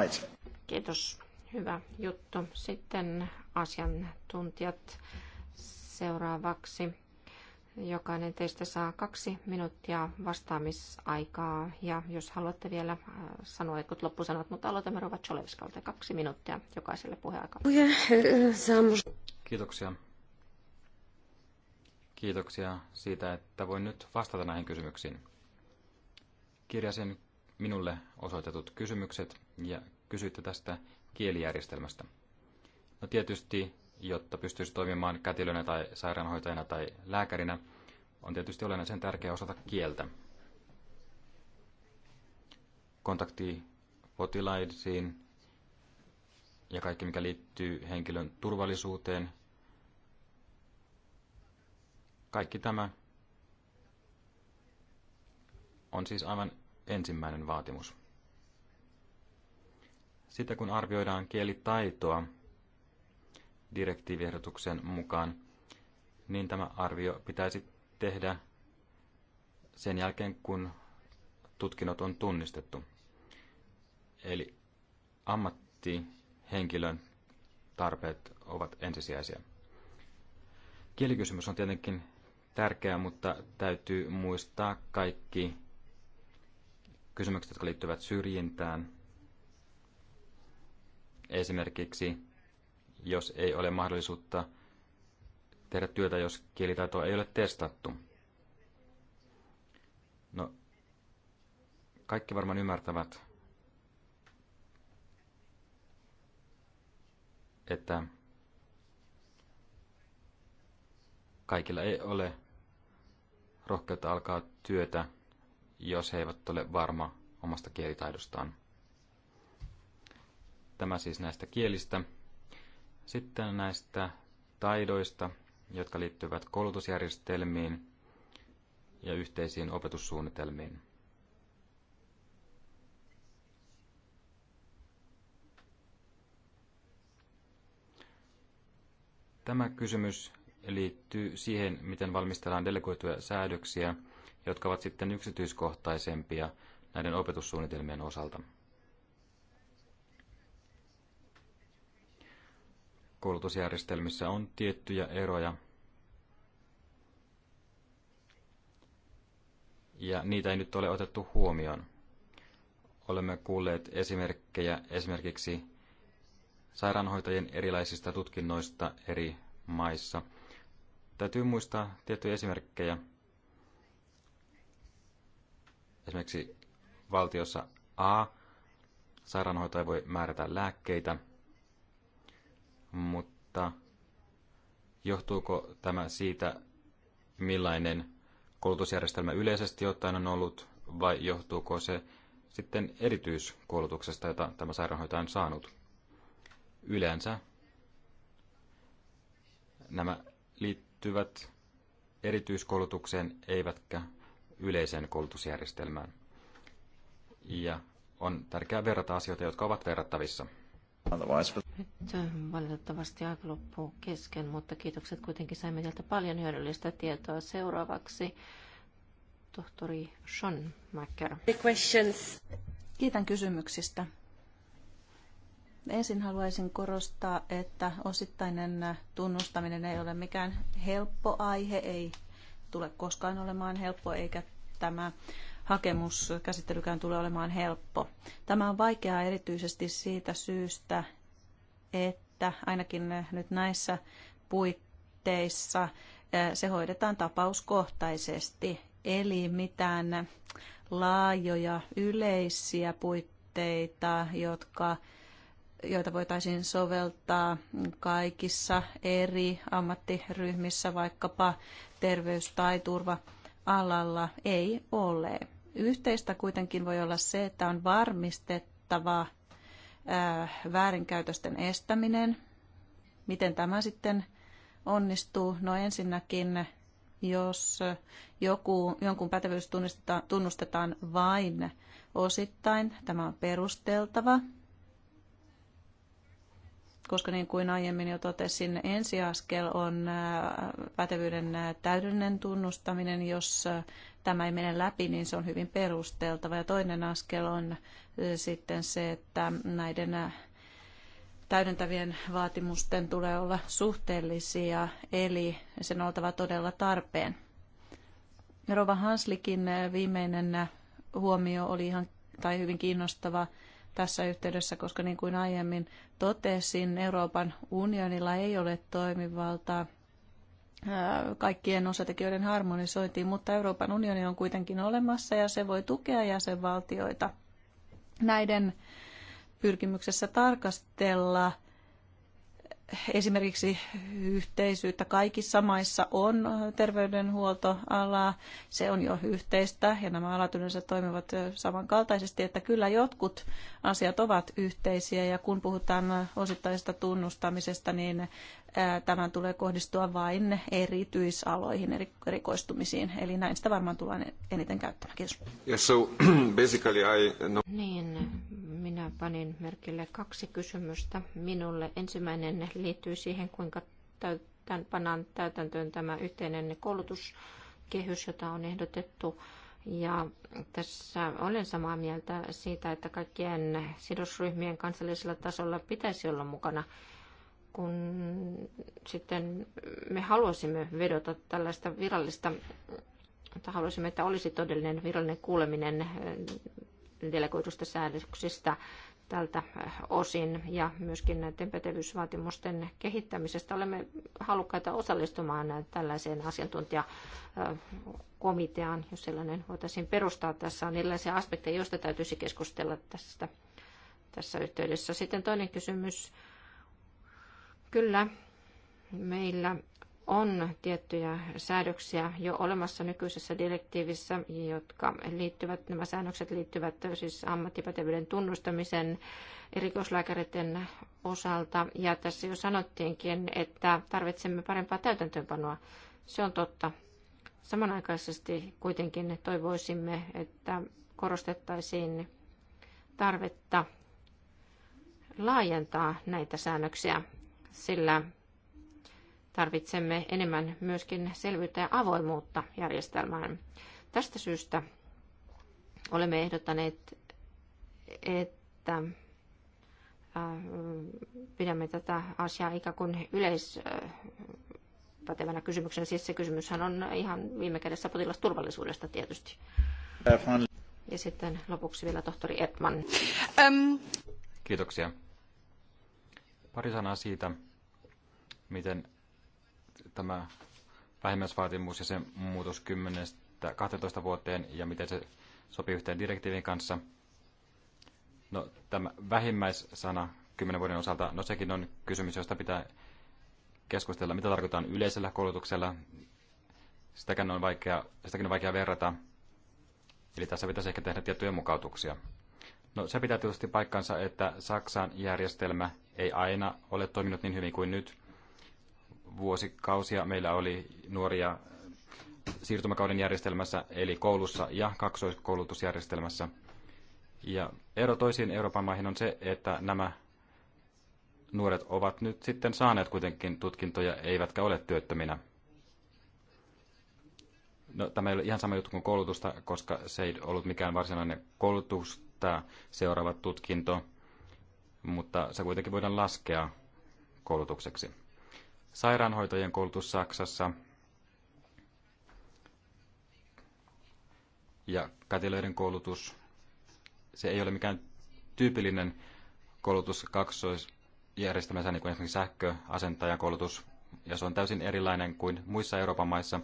Right. Kiitos. Hyvä juttu. Sitten asiantuntijat seuraavaksi. Jokainen teistä saa kaksi minuuttia vastaamisaikaa ja jos haluatte vielä äh, sanoa jotkut loppusanat, mutta aloitamme Rova Cholevskalta kaksi minuuttia jokaiselle puheaikaa. Kiitoksia. Kiitoksia siitä, että voin nyt vastata näihin kysymyksiin. Kirjasin minulle osoitetut kysymykset ja kysyitte tästä kielijärjestelmästä. No tietysti jotta pystyisi toimimaan kätilönä tai sairaanhoitajana tai lääkärinä, on tietysti olennaisen tärkeää osata kieltä. Kontakti potilaisiin ja kaikki, mikä liittyy henkilön turvallisuuteen, kaikki tämä on siis aivan ensimmäinen vaatimus. Sitten kun arvioidaan kielitaitoa, direktiiviehdotuksen mukaan, niin tämä arvio pitäisi tehdä sen jälkeen, kun tutkinnot on tunnistettu. Eli ammattihenkilön tarpeet ovat ensisijaisia. Kielikysymys on tietenkin tärkeä, mutta täytyy muistaa kaikki kysymykset, jotka liittyvät syrjintään. Esimerkiksi jos ei ole mahdollisuutta tehdä työtä, jos kielitaitoa ei ole testattu. No, kaikki varmaan ymmärtävät, että kaikilla ei ole rohkeutta alkaa työtä, jos he eivät ole varma omasta kielitaidostaan. Tämä siis näistä kielistä. Sitten näistä taidoista, jotka liittyvät koulutusjärjestelmiin ja yhteisiin opetussuunnitelmiin. Tämä kysymys liittyy siihen, miten valmistellaan delegoituja säädöksiä, jotka ovat sitten yksityiskohtaisempia näiden opetussuunnitelmien osalta. koulutusjärjestelmissä on tiettyjä eroja. Ja niitä ei nyt ole otettu huomioon. Olemme kuulleet esimerkkejä esimerkiksi sairaanhoitajien erilaisista tutkinnoista eri maissa. Täytyy muistaa tiettyjä esimerkkejä. Esimerkiksi valtiossa A sairaanhoitaja voi määrätä lääkkeitä – mutta johtuuko tämä siitä, millainen koulutusjärjestelmä yleisesti ottaen on ollut, vai johtuuko se sitten erityiskoulutuksesta, jota tämä sairaanhoitaja on saanut? Yleensä nämä liittyvät erityiskoulutukseen eivätkä yleiseen koulutusjärjestelmään. Ja on tärkeää verrata asioita, jotka ovat verrattavissa. Äh, valitettavasti aika loppuu kesken, mutta kiitokset kuitenkin saimme sieltä paljon hyödyllistä tietoa. Seuraavaksi tohtori Sean Macker. Kiitän kysymyksistä. Ensin haluaisin korostaa, että osittainen tunnustaminen ei ole mikään helppo aihe, ei tule koskaan olemaan helppo, eikä tämä hakemuskäsittelykään tulee olemaan helppo. Tämä on vaikeaa erityisesti siitä syystä, että ainakin nyt näissä puitteissa eh, se hoidetaan tapauskohtaisesti, eli mitään laajoja yleisiä puitteita, jotka joita voitaisiin soveltaa kaikissa eri ammattiryhmissä, vaikkapa terveys- tai turva alalla ei ole. Yhteistä kuitenkin voi olla se, että on varmistettava äh, väärinkäytösten estäminen. Miten tämä sitten onnistuu? No ensinnäkin, jos joku, jonkun pätevyys tunnustetaan, tunnustetaan vain osittain, tämä on perusteltava koska niin kuin aiemmin jo totesin, ensiaskel on äh, pätevyyden äh, täydellinen tunnustaminen. Jos äh, tämä ei mene läpi, niin se on hyvin perusteltava. Ja toinen askel on sitten se, että näiden täydentävien vaatimusten tulee olla suhteellisia, eli sen oltava todella tarpeen. Rova Hanslikin viimeinen huomio oli ihan tai hyvin kiinnostava tässä yhteydessä, koska niin kuin aiemmin totesin, Euroopan unionilla ei ole toimivaltaa kaikkien osatekijöiden harmonisointiin, mutta Euroopan unioni on kuitenkin olemassa ja se voi tukea jäsenvaltioita näiden pyrkimyksessä tarkastella – esimerkiksi yhteisyyttä kaikissa maissa on terveydenhuoltoala, se on jo yhteistä ja nämä alat yleensä toimivat samankaltaisesti, että kyllä jotkut asiat ovat yhteisiä ja kun puhutaan osittaisesta tunnustamisesta, niin tämän tulee kohdistua vain erityisaloihin, erikoistumisiin. Eli näin sitä varmaan tullaan eniten käyttämään. Kiitos. Yeah, so basically I... No. Niin, minä panin merkille kaksi kysymystä minulle. Ensimmäinen liittyy siihen, kuinka täytän, panan täytäntöön tämä yhteinen koulutuskehys, jota on ehdotettu. Ja tässä olen samaa mieltä siitä, että kaikkien sidosryhmien kansallisella tasolla pitäisi olla mukana – kun sitten me haluaisimme vedota tällaista virallista, että haluaisimme, että olisi todellinen virallinen kuuleminen eh, delegoidusta säädöksistä tältä eh, osin ja myöskin näiden pätevyysvaatimusten kehittämisestä. Olemme halukkaita osallistumaan tällaiseen asiantuntijakomiteaan, eh, jos sellainen voitaisiin perustaa. Tässä on erilaisia aspekteja, joista täytyisi keskustella tästä, tässä yhteydessä. Sitten toinen kysymys Kyllä, meillä on tiettyjä säädöksiä jo olemassa nykyisessä direktiivissä, jotka liittyvät, nämä säännökset liittyvät siis ammattipätevyyden tunnustamisen erikoislääkäreiden osalta. Ja tässä jo sanottiinkin, että tarvitsemme parempaa täytäntöönpanoa. Se on totta. Samanaikaisesti kuitenkin toivoisimme, että korostettaisiin tarvetta laajentaa näitä säännöksiä sillä tarvitsemme enemmän myöskin selvyyttä ja avoimuutta järjestelmään. Tästä syystä olemme ehdottaneet, että pidämme tätä asiaa ikään kuin yleispätevänä kysymyksenä. Siis se kysymyshän on ihan viime kädessä potilasturvallisuudesta tietysti. Ja sitten lopuksi vielä tohtori Edman. Kiitoksia. Pari sanaa siitä, miten tämä vähimmäisvaatimus ja sen muutos 10-12 vuoteen ja miten se sopii yhteen direktiivin kanssa. No, tämä vähimmäissana 10 vuoden osalta, no sekin on kysymys, josta pitää keskustella, mitä tarkoitetaan yleisellä koulutuksella. Sitäkin on vaikea, sitäkin on vaikea verrata. Eli tässä pitäisi ehkä tehdä tiettyjä mukautuksia. No se pitää tietysti paikkansa, että Saksan järjestelmä ei aina ole toiminut niin hyvin kuin nyt. Vuosikausia meillä oli nuoria siirtymäkauden järjestelmässä, eli koulussa ja kaksoiskoulutusjärjestelmässä. Ja ero toisiin Euroopan maihin on se, että nämä nuoret ovat nyt sitten saaneet kuitenkin tutkintoja, eivätkä ole työttöminä. No, tämä ei ole ihan sama juttu kuin koulutusta, koska se ei ollut mikään varsinainen koulutus, järjestää seuraava tutkinto, mutta se kuitenkin voidaan laskea koulutukseksi. Sairaanhoitajien koulutus Saksassa ja kätilöiden koulutus, se ei ole mikään tyypillinen koulutus kaksoisjärjestelmässä, niin kuin esimerkiksi sähköasentajan koulutus, ja se on täysin erilainen kuin muissa Euroopan maissa,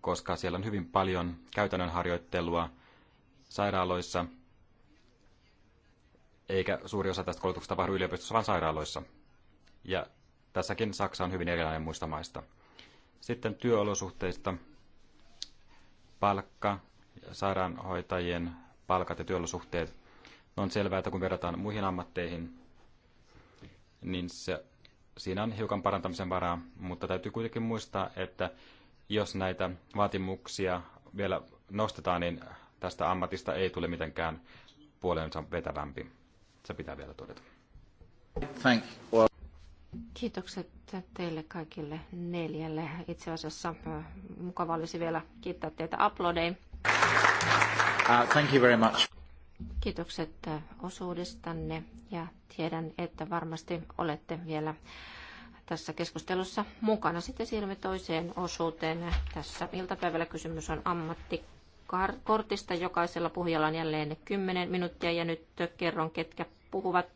koska siellä on hyvin paljon käytännön harjoittelua sairaaloissa – eikä suuri osa tästä koulutuksesta tapahdu yliopistossa, vaan sairaaloissa. Ja tässäkin Saksa on hyvin erilainen muista maista. Sitten työolosuhteista. Palkka, sairaanhoitajien palkat ja työolosuhteet. No, on selvää, että kun verrataan muihin ammatteihin, niin se, siinä on hiukan parantamisen varaa, mutta täytyy kuitenkin muistaa, että jos näitä vaatimuksia vielä nostetaan, niin tästä ammatista ei tule mitenkään puolensa vetävämpi. Se pitää vielä todeta. Thank you. Kiitokset teille kaikille neljälle. Itse asiassa äh, mukava olisi vielä kiittää teitä uploadein. Uh, thank you very much. Kiitokset äh, osuudestanne ja tiedän, että varmasti olette vielä tässä keskustelussa mukana. Sitten siirrymme toiseen osuuteen. Tässä iltapäivällä kysymys on ammatti kortista. Jokaisella puhujalla on jälleen 10 minuuttia ja nyt kerron, ketkä puhuvat.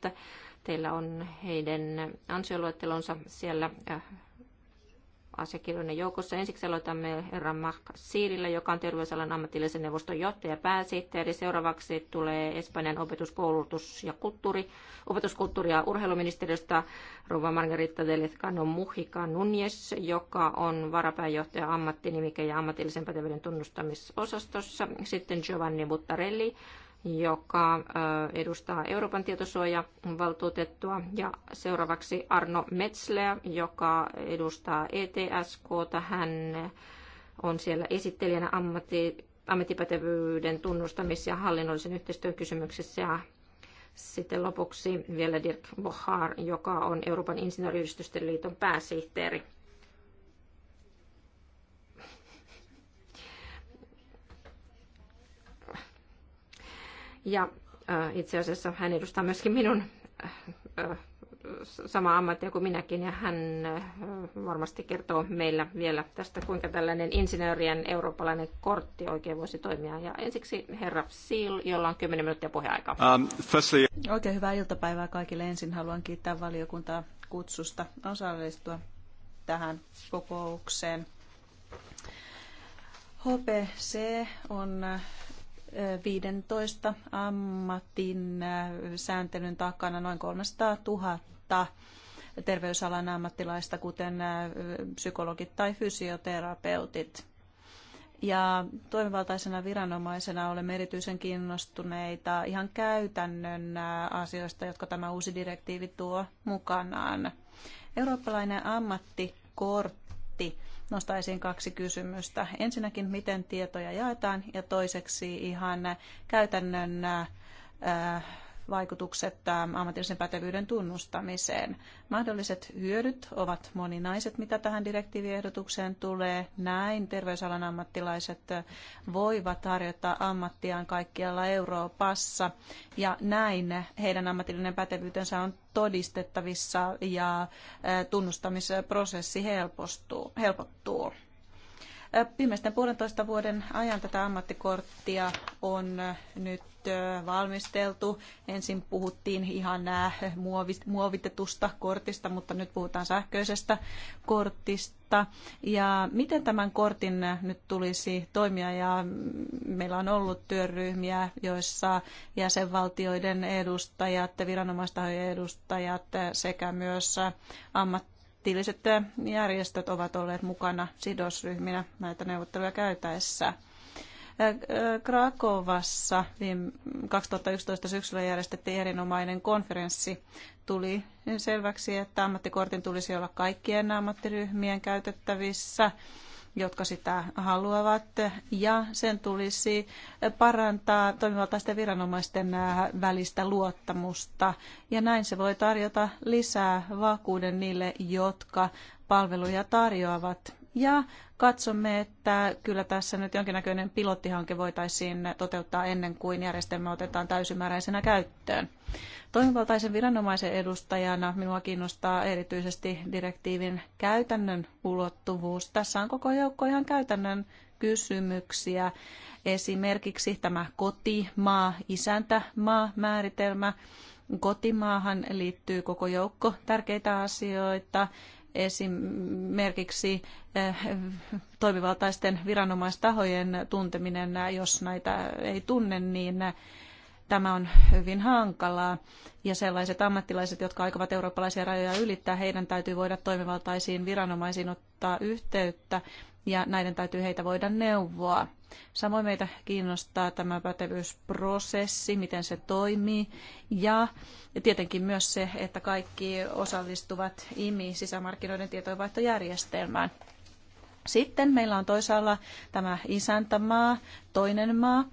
Teillä on heidän ansioluettelonsa siellä äh, asiakirjojen joukossa. Ensiksi aloitamme herran Mark Siirillä, joka on terveysalan ammatillisen neuvoston johtaja ja pääsihteeri. Seuraavaksi tulee Espanjan opetuskoulutus ja kulttuuri, opetuskulttuuri- ja urheiluministeriöstä rouva Margarita de Lezcano Mujica Nunes, joka on varapääjohtaja ammattinimike ja ammatillisen pätevyyden tunnustamisosastossa. Sitten Giovanni Buttarelli, joka edustaa Euroopan tietosuojavaltuutettua, ja seuraavaksi Arno Metsle, joka edustaa ETSK. Hän on siellä esittelijänä ammatti, ammattipätevyyden tunnustamis- ja hallinnollisen yhteistyön kysymyksissä. Ja sitten lopuksi vielä Dirk Bohar, joka on Euroopan insinööriyhdistysten liiton pääsihteeri. Ja äh, itse asiassa hän edustaa myöskin minun äh, äh, sama ammattia kuin minäkin ja hän varmasti kertoo meillä vielä tästä, kuinka tällainen insinöörien eurooppalainen kortti oikein voisi toimia. Ja ensiksi herra Seal, jolla on 10 minuuttia puheaikaa. Um, firstly... Oikein hyvää iltapäivää kaikille. Ensin haluan kiittää valiokuntaa kutsusta osallistua tähän kokoukseen. HPC on 15 ammatin äh, sääntelyn takana noin 300 000 terveysalan ammattilaista, kuten äh, psykologit tai fysioterapeutit. Ja toimivaltaisena viranomaisena olemme erityisen kiinnostuneita ihan käytännön äh, asioista, jotka tämä uusi direktiivi tuo mukanaan. Eurooppalainen ammattikortti nostaisin kaksi kysymystä. Ensinnäkin, miten tietoja jaetaan ja toiseksi ihan käytännön äh, vaikutukset ähm, ammatillisen pätevyyden tunnustamiseen. Mahdolliset hyödyt ovat moninaiset, mitä tähän direktiiviehdotukseen tulee. Näin terveysalan ammattilaiset äh, voivat harjoittaa ammattiaan kaikkialla Euroopassa ja näin heidän ammatillinen pätevyytensä on todistettavissa ja äh, tunnustamisprosessi helpostuu, helpottuu. Äh, viimeisten puolentoista vuoden ajan tätä ammattikorttia on nyt valmisteltu. Ensin puhuttiin ihan nämä muovitetusta kortista, mutta nyt puhutaan sähköisestä kortista. Ja miten tämän kortin nyt tulisi toimia? Ja meillä on ollut työryhmiä, joissa jäsenvaltioiden edustajat, viranomaistahojen edustajat sekä myös ammat Tilliset järjestöt ovat olleet mukana sidosryhminä näitä neuvotteluja käytäessä. Krakovassa 2011 syksyllä järjestettiin erinomainen konferenssi. Tuli selväksi, että ammattikortin tulisi olla kaikkien ammattiryhmien käytettävissä jotka sitä haluavat, ja sen tulisi parantaa toimivaltaisten viranomaisten välistä luottamusta. Ja näin se voi tarjota lisää vakuuden niille, jotka palveluja tarjoavat ja katsomme, että kyllä tässä nyt jonkinnäköinen pilottihanke voitaisiin toteuttaa ennen kuin järjestelmä otetaan täysimääräisenä käyttöön. Toimivaltaisen viranomaisen edustajana minua kiinnostaa erityisesti direktiivin käytännön ulottuvuus. Tässä on koko joukko ihan käytännön kysymyksiä. Esimerkiksi tämä kotimaa, isäntämaa määritelmä. Kotimaahan liittyy koko joukko tärkeitä asioita, esimerkiksi eh, toimivaltaisten viranomaistahojen tunteminen, jos näitä ei tunne, niin tämä on hyvin hankalaa. Ja sellaiset ammattilaiset, jotka aikovat eurooppalaisia rajoja ylittää, heidän täytyy voida toimivaltaisiin viranomaisiin ottaa yhteyttä ja näiden täytyy heitä voida neuvoa. Samoin meitä kiinnostaa tämä pätevyysprosessi, miten se toimii ja tietenkin myös se, että kaikki osallistuvat IMI sisämarkkinoiden tietojenvaihtojärjestelmään. Sitten meillä on toisaalla tämä isäntämaa, toinen maa,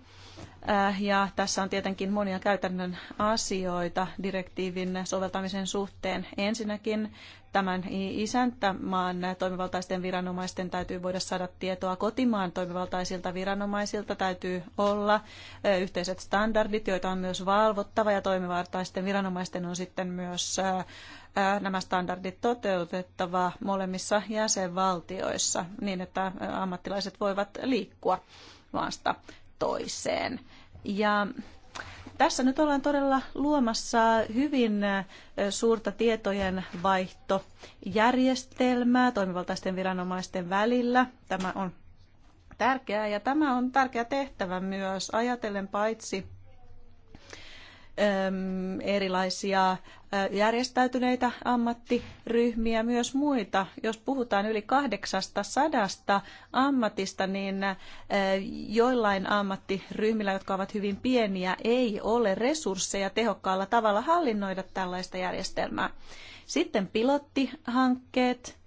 Äh, ja tässä on tietenkin monia käytännön asioita direktiivin soveltamisen suhteen. Ensinnäkin tämän isäntämaan toimivaltaisten viranomaisten täytyy voida saada tietoa kotimaan toimivaltaisilta viranomaisilta. Täytyy olla äh, yhteiset standardit, joita on myös valvottava ja toimivaltaisten viranomaisten on sitten myös äh, nämä standardit toteutettava molemmissa jäsenvaltioissa niin, että ammattilaiset voivat liikkua maasta toiseen. Ja tässä nyt ollaan todella luomassa hyvin suurta tietojen vaihtojärjestelmää toimivaltaisten viranomaisten välillä. Tämä on tärkeää ja tämä on tärkeä tehtävä myös ajatellen paitsi erilaisia järjestäytyneitä ammattiryhmiä, myös muita. Jos puhutaan yli 800 ammatista, niin joillain ammattiryhmillä, jotka ovat hyvin pieniä, ei ole resursseja tehokkaalla tavalla hallinnoida tällaista järjestelmää. Sitten pilottihankkeet,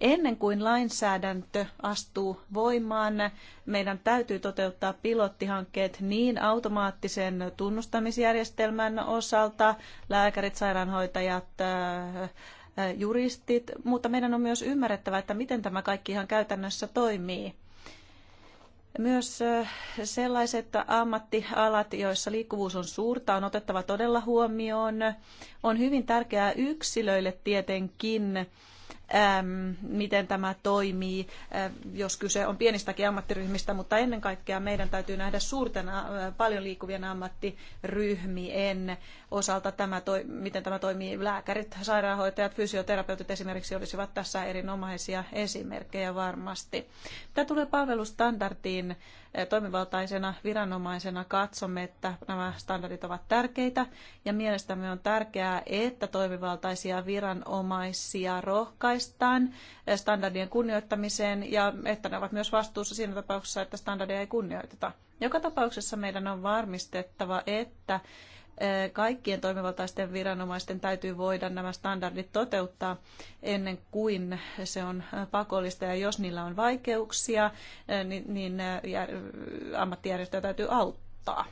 Ennen kuin lainsäädäntö astuu voimaan, meidän täytyy toteuttaa pilottihankkeet niin automaattisen tunnustamisjärjestelmän osalta, lääkärit, sairaanhoitajat, äh, äh, juristit, mutta meidän on myös ymmärrettävä, että miten tämä kaikki ihan käytännössä toimii. Myös äh, sellaiset ammattialat, joissa liikkuvuus on suurta, on otettava todella huomioon. On hyvin tärkeää yksilöille tietenkin miten tämä toimii, jos kyse on pienistäkin ammattiryhmistä, mutta ennen kaikkea meidän täytyy nähdä suurten, paljon liikkuvien ammattiryhmien osalta, tämä toi, miten tämä toimii. Lääkärit, sairaanhoitajat, fysioterapeutit esimerkiksi olisivat tässä erinomaisia esimerkkejä varmasti. Tämä tulee palvelustandardiin, toimivaltaisena viranomaisena katsomme, että nämä standardit ovat tärkeitä ja mielestämme on tärkeää, että toimivaltaisia viranomaisia rohkaistaan kansalaistaan eh, standardien kunnioittamiseen ja että ne ovat myös vastuussa siinä tapauksessa, että standardia ei kunnioiteta. Joka tapauksessa meidän on varmistettava, että eh, kaikkien toimivaltaisten viranomaisten täytyy voida nämä standardit toteuttaa ennen kuin se on eh, pakollista. Ja jos niillä on vaikeuksia, niin ammattijärjestöä täytyy auttaa.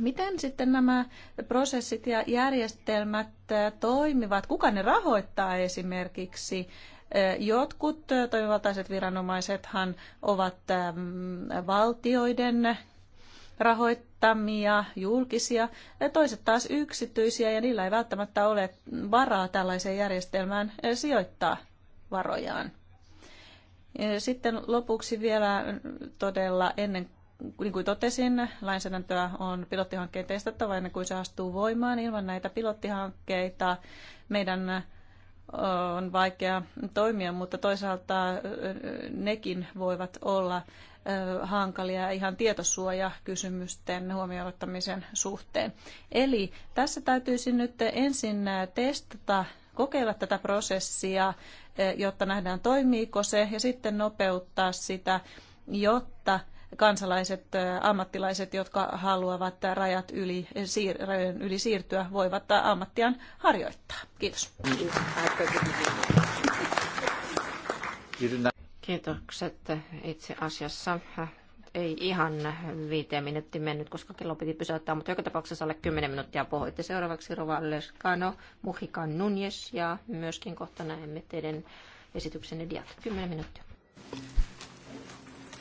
Miten sitten nämä prosessit ja järjestelmät toimivat? Kuka ne rahoittaa esimerkiksi? Jotkut toimivaltaiset viranomaisethan ovat valtioiden rahoittamia julkisia, ja toiset taas yksityisiä, ja niillä ei välttämättä ole varaa tällaiseen järjestelmään sijoittaa varojaan. Sitten lopuksi vielä todella ennen niin kuin totesin, lainsäädäntöä on pilottihankkeen testattava ennen kuin se astuu voimaan. Ilman näitä pilottihankkeita meidän on vaikea toimia, mutta toisaalta nekin voivat olla hankalia ihan tietosuojakysymysten huomioon ottamisen suhteen. Eli tässä täytyisi nyt ensin testata, kokeilla tätä prosessia, jotta nähdään toimiiko se ja sitten nopeuttaa sitä, jotta kansalaiset, ammattilaiset, jotka haluavat rajat yli, siir, rajojen yli siirtyä, voivat ammattiaan harjoittaa. Kiitos. Kiitokset. Itse asiassa äh, ei ihan viiteen minuuttiin mennyt, koska kello piti pysäyttää, mutta joka tapauksessa alle 10 minuuttia puhuitte. Seuraavaksi Rova Leskano, Muhikan Nunes ja myöskin kohta näemme teidän esityksenne diat. 10 minuuttia.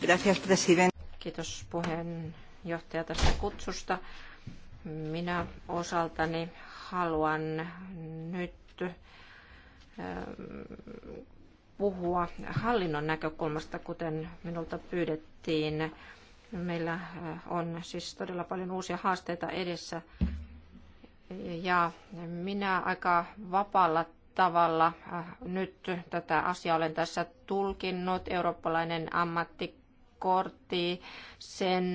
Gracias, presidente. Kiitos puheenjohtaja tästä kutsusta. Minä osaltani haluan nyt ähm, puhua hallinnon näkökulmasta, kuten minulta pyydettiin. Meillä äh, on siis todella paljon uusia haasteita edessä ja minä aika vapaalla tavalla äh, nyt tätä asiaa olen tässä tulkinnut. Eurooppalainen ammatti kortti, sen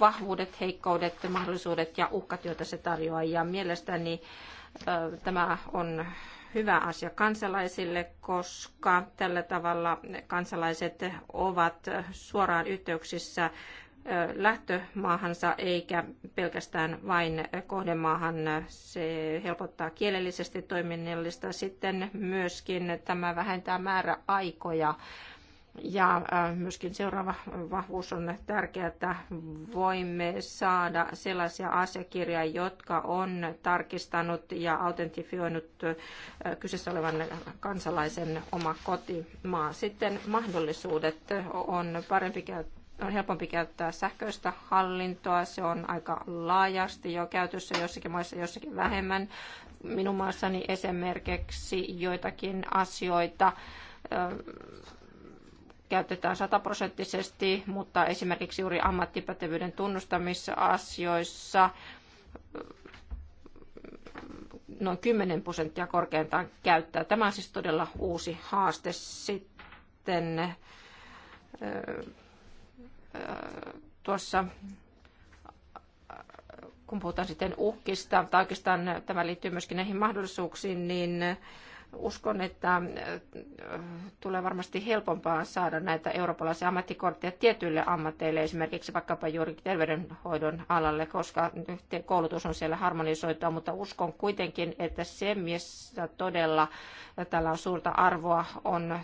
vahvuudet, heikkoudet, mahdollisuudet ja uhkat, joita se tarjoaa. Ja mielestäni tämä on hyvä asia kansalaisille, koska tällä tavalla kansalaiset ovat suoraan yhteyksissä lähtömaahansa eikä pelkästään vain kohdemaahan. Se helpottaa kielellisesti toiminnallista. Sitten myöskin tämä vähentää määräaikoja. aikoja ja myöskin seuraava vahvuus on tärkeää, että voimme saada sellaisia asiakirjoja, jotka on tarkistanut ja autentifioinut kyseessä olevan kansalaisen oma kotimaa. Sitten mahdollisuudet on parempi käyttää on helpompi käyttää sähköistä hallintoa. Se on aika laajasti jo käytössä jossakin maissa, jossakin vähemmän. Minun maassani esimerkiksi joitakin asioita käytetään sataprosenttisesti, mutta esimerkiksi juuri ammattipätevyyden asioissa mm, noin 10 prosenttia korkeintaan käyttää. Tämä on siis todella uusi haaste sitten tuossa kun puhutaan sitten uhkista, tai oikeastaan tämä liittyy myöskin näihin mahdollisuuksiin, niin uskon, että äh, tulee varmasti helpompaa saada näitä eurooppalaisia ammattikortteja tietyille ammateille, esimerkiksi vaikkapa juuri terveydenhoidon alalle, koska koulutus on siellä harmonisoitua, mutta uskon kuitenkin, että se, missä todella tällä on suurta arvoa, on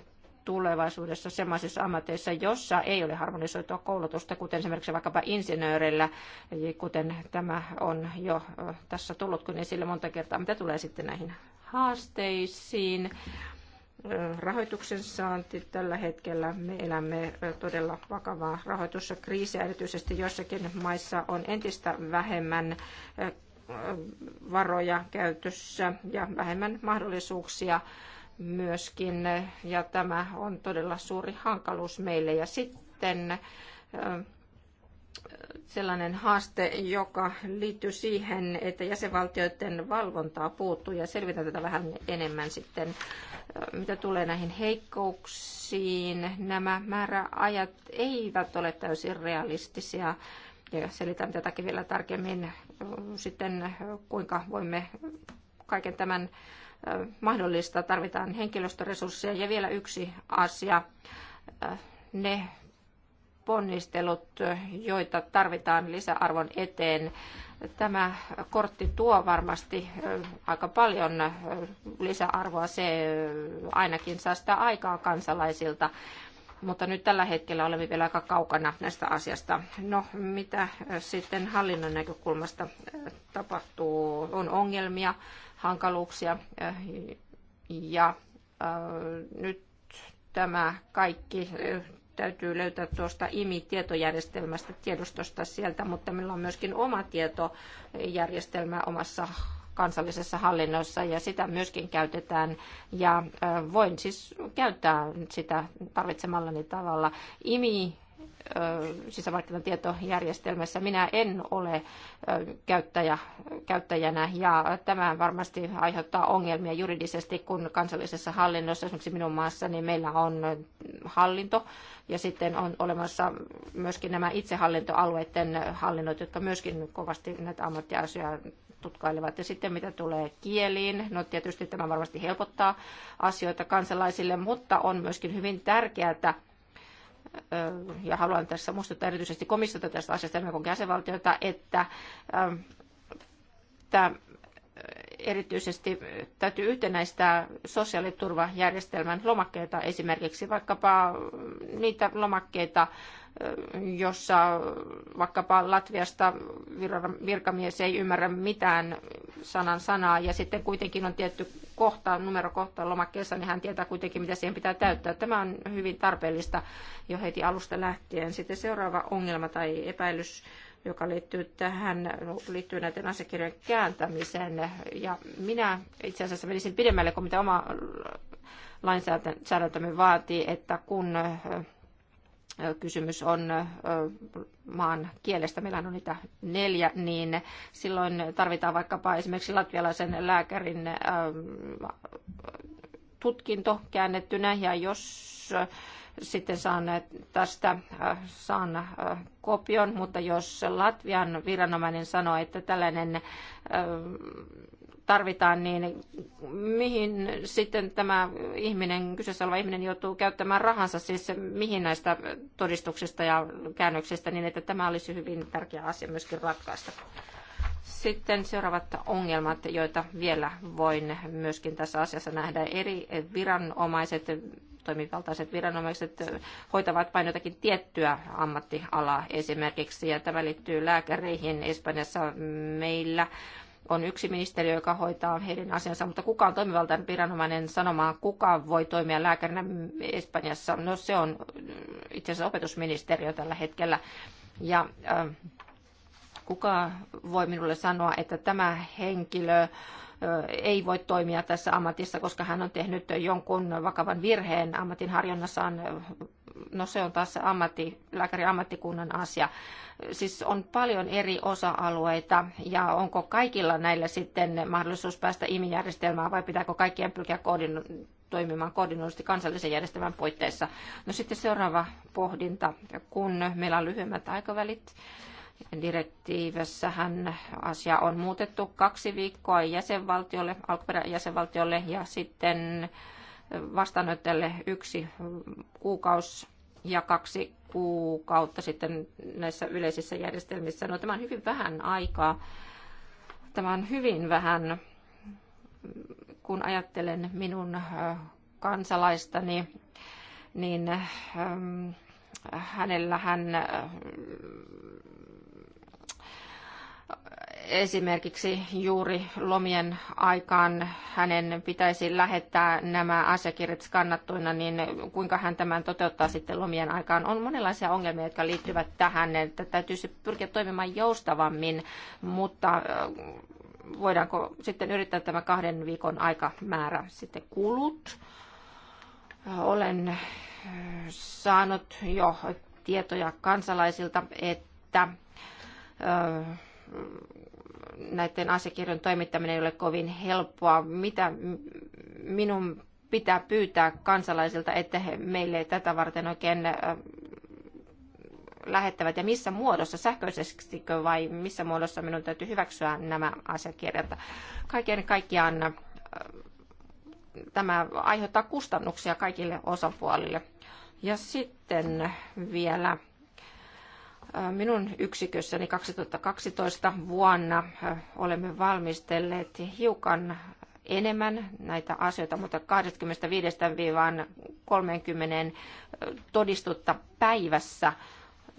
tulevaisuudessa sellaisissa ammateissa, jossa ei ole harmonisoitua koulutusta, kuten esimerkiksi vaikkapa insinöörillä, kuten tämä on jo äh, tässä tullutkin esille monta kertaa, mitä tulee sitten näihin haasteisiin. Rahoituksen saanti tällä hetkellä me elämme todella vakavaa rahoituskriisiä, erityisesti jossakin maissa on entistä vähemmän varoja käytössä ja vähemmän mahdollisuuksia myöskin, ja tämä on todella suuri hankaluus meille. Ja sitten sellainen haaste, joka liittyy siihen, että jäsenvaltioiden valvontaa puuttuu ja selvitän tätä vähän enemmän sitten, mitä tulee näihin heikkouksiin. Nämä määräajat eivät ole täysin realistisia ja selitän tätäkin vielä tarkemmin sitten, kuinka voimme kaiken tämän mahdollista. Tarvitaan henkilöstöresursseja ja vielä yksi asia. Ne ponnistelut, joita tarvitaan lisäarvon eteen. Tämä kortti tuo varmasti aika paljon lisäarvoa. Se ainakin sitä aikaa kansalaisilta mutta nyt tällä hetkellä olemme vielä aika kaukana näistä asiasta. No, mitä sitten hallinnon näkökulmasta tapahtuu? On ongelmia, hankaluuksia ja nyt tämä kaikki täytyy löytää tuosta IMI-tietojärjestelmästä, tiedostosta sieltä, mutta meillä on myöskin oma tietojärjestelmä omassa kansallisessa hallinnossa ja sitä myöskin käytetään ja voin siis käyttää sitä tarvitsemallani tavalla. IMI sisämarkkinatietojärjestelmässä. Minä en ole käyttäjä, käyttäjänä ja tämä varmasti aiheuttaa ongelmia juridisesti, kun kansallisessa hallinnossa, esimerkiksi minun maassa, niin meillä on hallinto ja sitten on olemassa myöskin nämä itsehallintoalueiden hallinnot, jotka myöskin kovasti näitä ammattiasioita tutkailevat. Ja sitten mitä tulee kieliin, no tietysti tämä varmasti helpottaa asioita kansalaisille, mutta on myöskin hyvin tärkeää, ja haluan tässä muistuttaa erityisesti komissiota tästä asiasta enemmän jäsenvaltiota, että, että erityisesti täytyy yhtenäistää sosiaaliturvajärjestelmän lomakkeita, esimerkiksi vaikkapa niitä lomakkeita, jossa vaikkapa Latviasta virkamies ei ymmärrä mitään sanan sanaa ja sitten kuitenkin on tietty numero kohta lomakkeessa, niin hän tietää kuitenkin, mitä siihen pitää täyttää. Tämä on hyvin tarpeellista jo heti alusta lähtien. Sitten seuraava ongelma tai epäilys joka liittyy tähän, liittyy näiden asiakirjojen kääntämiseen. Ja minä itse asiassa menisin pidemmälle kuin mitä oma lainsäädäntömme vaatii, että kun kysymys on maan kielestä, meillä on niitä neljä, niin silloin tarvitaan vaikkapa esimerkiksi latvialaisen lääkärin tutkinto käännettynä, ja jos sitten saan tästä saan kopion, mutta jos Latvian viranomainen sanoo, että tällainen tarvitaan, niin mihin sitten tämä ihminen, kyseessä oleva ihminen joutuu käyttämään rahansa, siis mihin näistä todistuksista ja käännöksistä, niin että tämä olisi hyvin tärkeä asia myöskin ratkaista. Sitten seuraavat ongelmat, joita vielä voin myöskin tässä asiassa nähdä. Eri viranomaiset, toimivaltaiset viranomaiset hoitavat vain jotakin tiettyä ammattialaa esimerkiksi, ja tämä liittyy lääkäreihin Espanjassa meillä on yksi ministeriö, joka hoitaa heidän asiansa, mutta kuka on toimivaltainen viranomainen sanomaan, kuka voi toimia lääkärinä Espanjassa? No se on äh, itse asiassa opetusministeriö tällä hetkellä. Ja äh, kuka voi minulle sanoa, että tämä henkilö ei voi toimia tässä ammatissa, koska hän on tehnyt jonkun vakavan virheen ammatin harjonnassaan. No se on taas ammatti, lääkäri ammattikunnan asia. Siis on paljon eri osa-alueita ja onko kaikilla näillä sitten mahdollisuus päästä IMI-järjestelmään vai pitääkö kaikkien pyrkiä koordino- toimimaan koordinoidusti kansallisen järjestelmän puitteissa. No sitten seuraava pohdinta, kun meillä on lyhyemmät aikavälit, Direktiivissähän asia on muutettu kaksi viikkoa jäsenvaltiolle, alkuperäjäsenvaltiolle ja sitten vastaanottajalle yksi kuukausi ja kaksi kuukautta sitten näissä yleisissä järjestelmissä. No tämä on hyvin vähän aikaa. Tämä on hyvin vähän, kun ajattelen minun äh, kansalaistani, niin ähm, hänellähän äh, esimerkiksi juuri lomien aikaan hänen pitäisi lähettää nämä asiakirjat skannattuina, niin kuinka hän tämän toteuttaa sitten lomien aikaan? On monenlaisia ongelmia, jotka liittyvät tähän, että täytyisi pyrkiä toimimaan joustavammin, mutta äh, voidaanko sitten yrittää tämä kahden viikon aikamäärä sitten kulut? Olen äh, saanut jo tietoja kansalaisilta, että äh, näiden asiakirjojen toimittaminen ei ole kovin helppoa. Mitä minun pitää pyytää kansalaisilta, että he meille tätä varten oikein lähettävät ja missä muodossa, sähköisesti vai missä muodossa minun täytyy hyväksyä nämä asiakirjat. Kaiken kaikkiaan tämä aiheuttaa kustannuksia kaikille osapuolille. Ja sitten vielä minun yksikössäni 2012 vuonna olemme valmistelleet hiukan enemmän näitä asioita, mutta 25-30 todistutta päivässä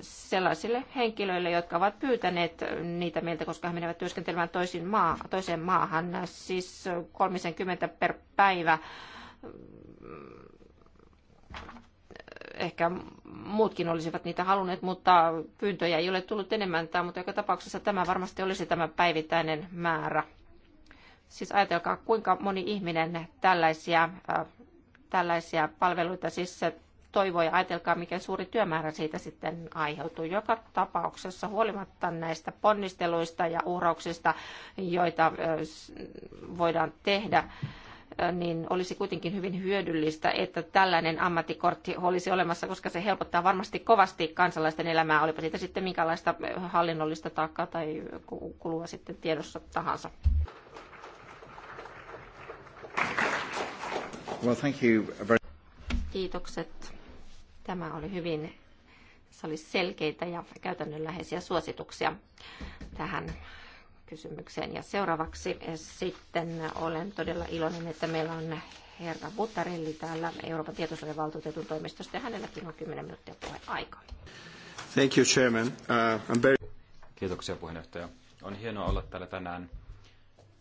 sellaisille henkilöille, jotka ovat pyytäneet niitä meiltä, koska he menevät työskentelemään toisin maa, toiseen maahan, siis 30 per päivä Ehkä muutkin olisivat niitä halunneet, mutta pyyntöjä ei ole tullut enemmän, mutta joka tapauksessa tämä varmasti olisi tämä päivittäinen määrä. Siis ajatelkaa, kuinka moni ihminen tällaisia, äh, tällaisia palveluita siis toivoi ja ajatelkaa, mikä suuri työmäärä siitä sitten aiheutuu. Joka tapauksessa huolimatta näistä ponnisteluista ja uhrauksista, joita voidaan tehdä, niin olisi kuitenkin hyvin hyödyllistä, että tällainen ammattikortti olisi olemassa, koska se helpottaa varmasti kovasti kansalaisten elämää, olipa siitä sitten minkälaista hallinnollista taakkaa tai kulua sitten tiedossa tahansa. Well, thank you very... Kiitokset. Tämä oli hyvin se oli selkeitä ja käytännönläheisiä suosituksia tähän kysymykseen. Ja seuraavaksi sitten olen todella iloinen, että meillä on herra Buttarelli täällä Euroopan tietosuojavaltuutetun toimistosta ja hänelläkin on 10 minuuttia puheaikaa. Thank you, Chairman. Uh, I'm very... Kiitoksia puheenjohtaja. On hienoa olla täällä tänään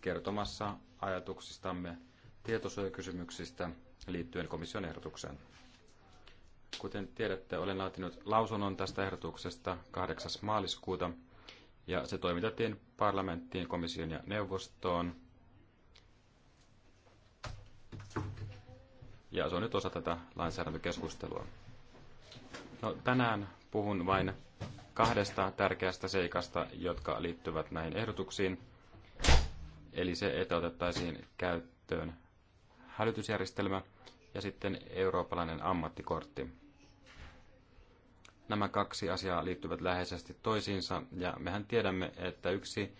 kertomassa ajatuksistamme tietosuojakysymyksistä liittyen komission ehdotukseen. Kuten tiedätte, olen laatinut lausunnon tästä ehdotuksesta 8. maaliskuuta – ja se toimitettiin parlamenttiin, komission ja neuvostoon. Ja se on nyt osa tätä lainsäädäntökeskustelua. No, tänään puhun vain kahdesta tärkeästä seikasta, jotka liittyvät näihin ehdotuksiin. Eli se, että otettaisiin käyttöön hälytysjärjestelmä ja sitten eurooppalainen ammattikortti. Nämä kaksi asiaa liittyvät läheisesti toisiinsa ja mehän tiedämme, että yksi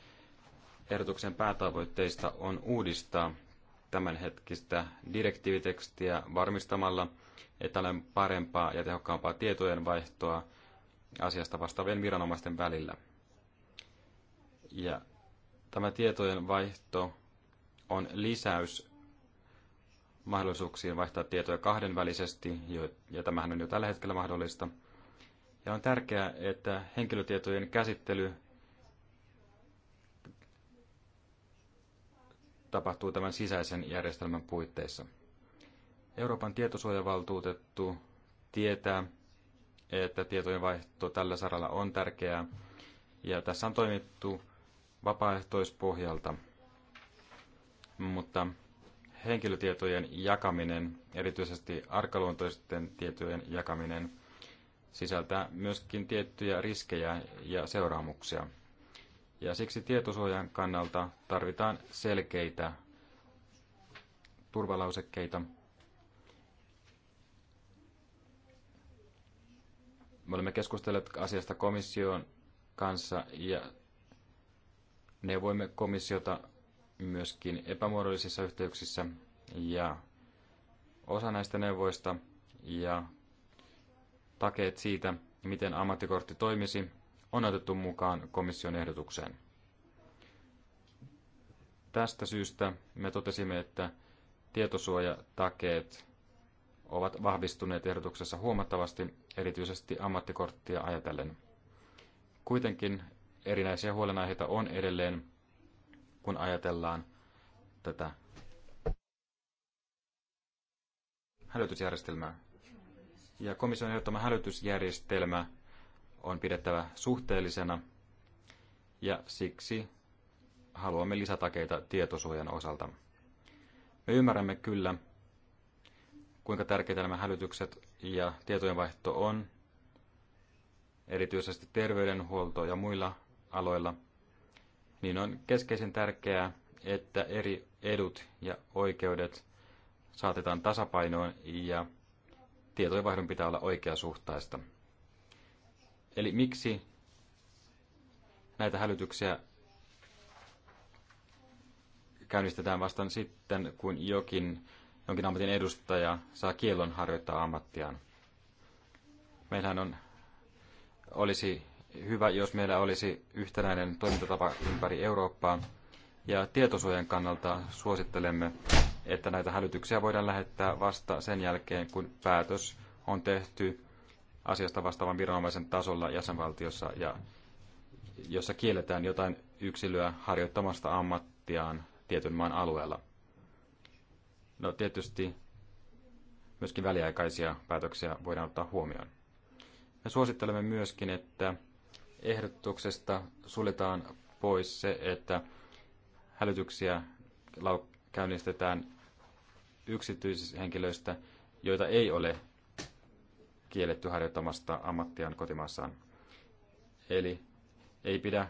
ehdotuksen päätavoitteista on uudistaa tämänhetkistä direktiivitekstiä varmistamalla, että on parempaa ja tehokkaampaa tietojen vaihtoa asiasta vastaavien viranomaisten välillä. Ja tämä tietojen vaihto on lisäys mahdollisuuksiin vaihtaa tietoja kahdenvälisesti, ja tämähän on jo tällä hetkellä mahdollista – ja on tärkeää, että henkilötietojen käsittely tapahtuu tämän sisäisen järjestelmän puitteissa. Euroopan tietosuojavaltuutettu tietää, että tietojen vaihto tällä saralla on tärkeää, ja tässä on toimittu vapaaehtoispohjalta. Mutta henkilötietojen jakaminen, erityisesti arkaluontoisten tietojen jakaminen, sisältää myöskin tiettyjä riskejä ja seuraamuksia. Ja siksi tietosuojan kannalta tarvitaan selkeitä turvalausekkeita. Me olemme keskustelleet asiasta komission kanssa ja neuvoimme komissiota myöskin epämuodollisissa yhteyksissä ja osa näistä neuvoista ja takeet siitä, miten ammattikortti toimisi, on otettu mukaan komission ehdotukseen. Tästä syystä me totesimme, että tietosuojatakeet ovat vahvistuneet ehdotuksessa huomattavasti, erityisesti ammattikorttia ajatellen. Kuitenkin erinäisiä huolenaiheita on edelleen, kun ajatellaan tätä hälytysjärjestelmää. Ja komission ehdottama hälytysjärjestelmä on pidettävä suhteellisena ja siksi haluamme lisätakeita tietosuojan osalta. Me ymmärrämme kyllä, kuinka tärkeitä nämä hälytykset ja tietojenvaihto on, erityisesti terveydenhuolto ja muilla aloilla, niin on keskeisen tärkeää, että eri edut ja oikeudet saatetaan tasapainoon ja tietojenvaihdon pitää olla oikeasuhtaista. Eli miksi näitä hälytyksiä käynnistetään vasta sitten, kun jokin, jonkin ammatin edustaja saa kiellon harjoittaa ammattiaan? Meillähän on, olisi hyvä, jos meillä olisi yhtenäinen toimintatapa ympäri Eurooppaa, ja tietosuojan kannalta suosittelemme että näitä hälytyksiä voidaan lähettää vasta sen jälkeen, kun päätös on tehty asiasta vastaavan viranomaisen tasolla jäsenvaltiossa ja jossa kielletään jotain yksilöä harjoittamasta ammattiaan tietyn maan alueella. No tietysti myöskin väliaikaisia päätöksiä voidaan ottaa huomioon. Me suosittelemme myöskin, että ehdotuksesta suljetaan pois se, että hälytyksiä käynnistetään yksityishenkilöistä, joita ei ole kielletty harjoittamasta ammattiaan kotimaassaan. Eli ei pidä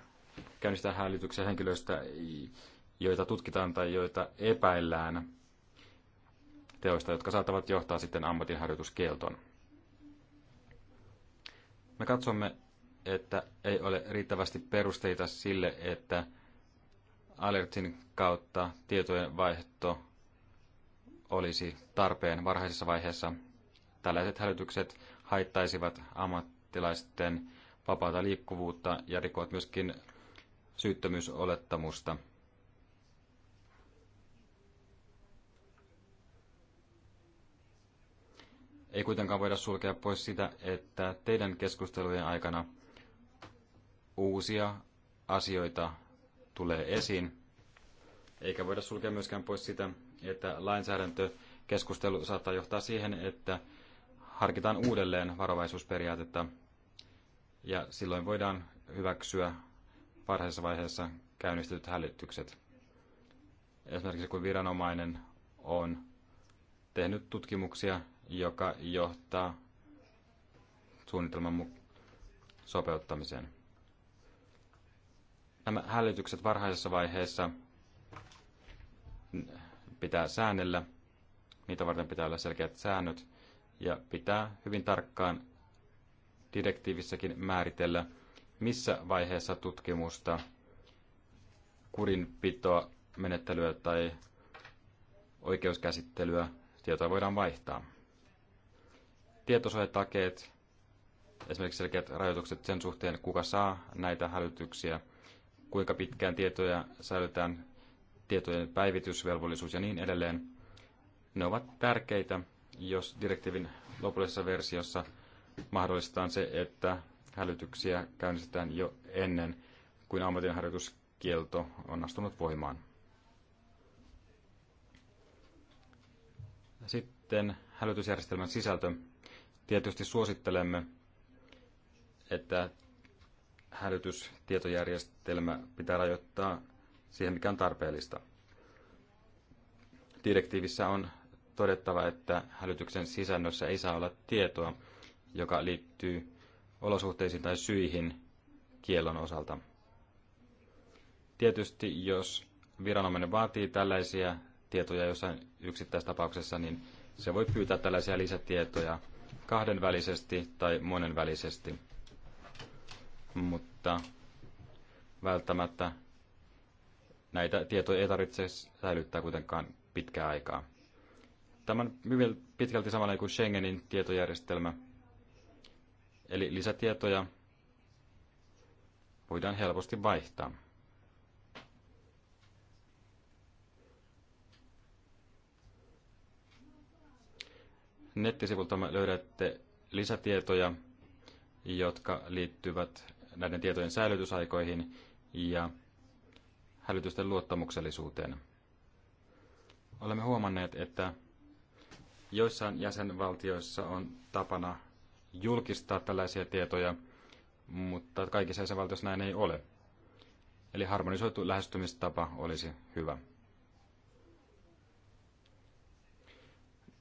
käynnistää hälytyksiä henkilöistä, joita tutkitaan tai joita epäillään teoista, jotka saattavat johtaa sitten ammatinharjoituskieltoon. Me katsomme, että ei ole riittävästi perusteita sille, että alertin kautta tietojen vaihto olisi tarpeen varhaisessa vaiheessa. Tällaiset hälytykset haittaisivat ammattilaisten vapaata liikkuvuutta ja rikovat myöskin syyttömyysolettamusta. Ei kuitenkaan voida sulkea pois sitä, että teidän keskustelujen aikana uusia asioita tulee esiin. Eikä voida sulkea myöskään pois sitä, että lainsäädäntökeskustelu saattaa johtaa siihen, että harkitaan uudelleen varovaisuusperiaatetta ja silloin voidaan hyväksyä varhaisessa vaiheessa käynnistetyt hälytykset. Esimerkiksi kun viranomainen on tehnyt tutkimuksia, joka johtaa suunnitelman sopeuttamiseen nämä hälytykset varhaisessa vaiheessa pitää säännellä. Niitä varten pitää olla selkeät säännöt ja pitää hyvin tarkkaan direktiivissäkin määritellä, missä vaiheessa tutkimusta, kurinpitoa, menettelyä tai oikeuskäsittelyä tietoa voidaan vaihtaa. Tietosuojatakeet, esimerkiksi selkeät rajoitukset sen suhteen, kuka saa näitä hälytyksiä kuinka pitkään tietoja säilytään, tietojen päivitysvelvollisuus ja niin edelleen. Ne ovat tärkeitä, jos direktiivin lopullisessa versiossa mahdollistetaan se, että hälytyksiä käynnistetään jo ennen kuin ammatinharjoituskielto on astunut voimaan. Sitten hälytysjärjestelmän sisältö. Tietysti suosittelemme, että hälytystietojärjestelmä pitää rajoittaa siihen, mikä on tarpeellista. Direktiivissä on todettava, että hälytyksen sisännössä ei saa olla tietoa, joka liittyy olosuhteisiin tai syihin kiellon osalta. Tietysti jos viranomainen vaatii tällaisia tietoja jossain yksittäistapauksessa, niin se voi pyytää tällaisia lisätietoja kahdenvälisesti tai monenvälisesti mutta välttämättä näitä tietoja ei tarvitse säilyttää kuitenkaan pitkää aikaa. Tämä on hyvin pitkälti samalla kuin Schengenin tietojärjestelmä. Eli lisätietoja voidaan helposti vaihtaa. Nettisivulta löydätte lisätietoja, jotka liittyvät näiden tietojen säilytysaikoihin ja hälytysten luottamuksellisuuteen. Olemme huomanneet, että joissain jäsenvaltioissa on tapana julkistaa tällaisia tietoja, mutta kaikissa jäsenvaltioissa näin ei ole. Eli harmonisoitu lähestymistapa olisi hyvä.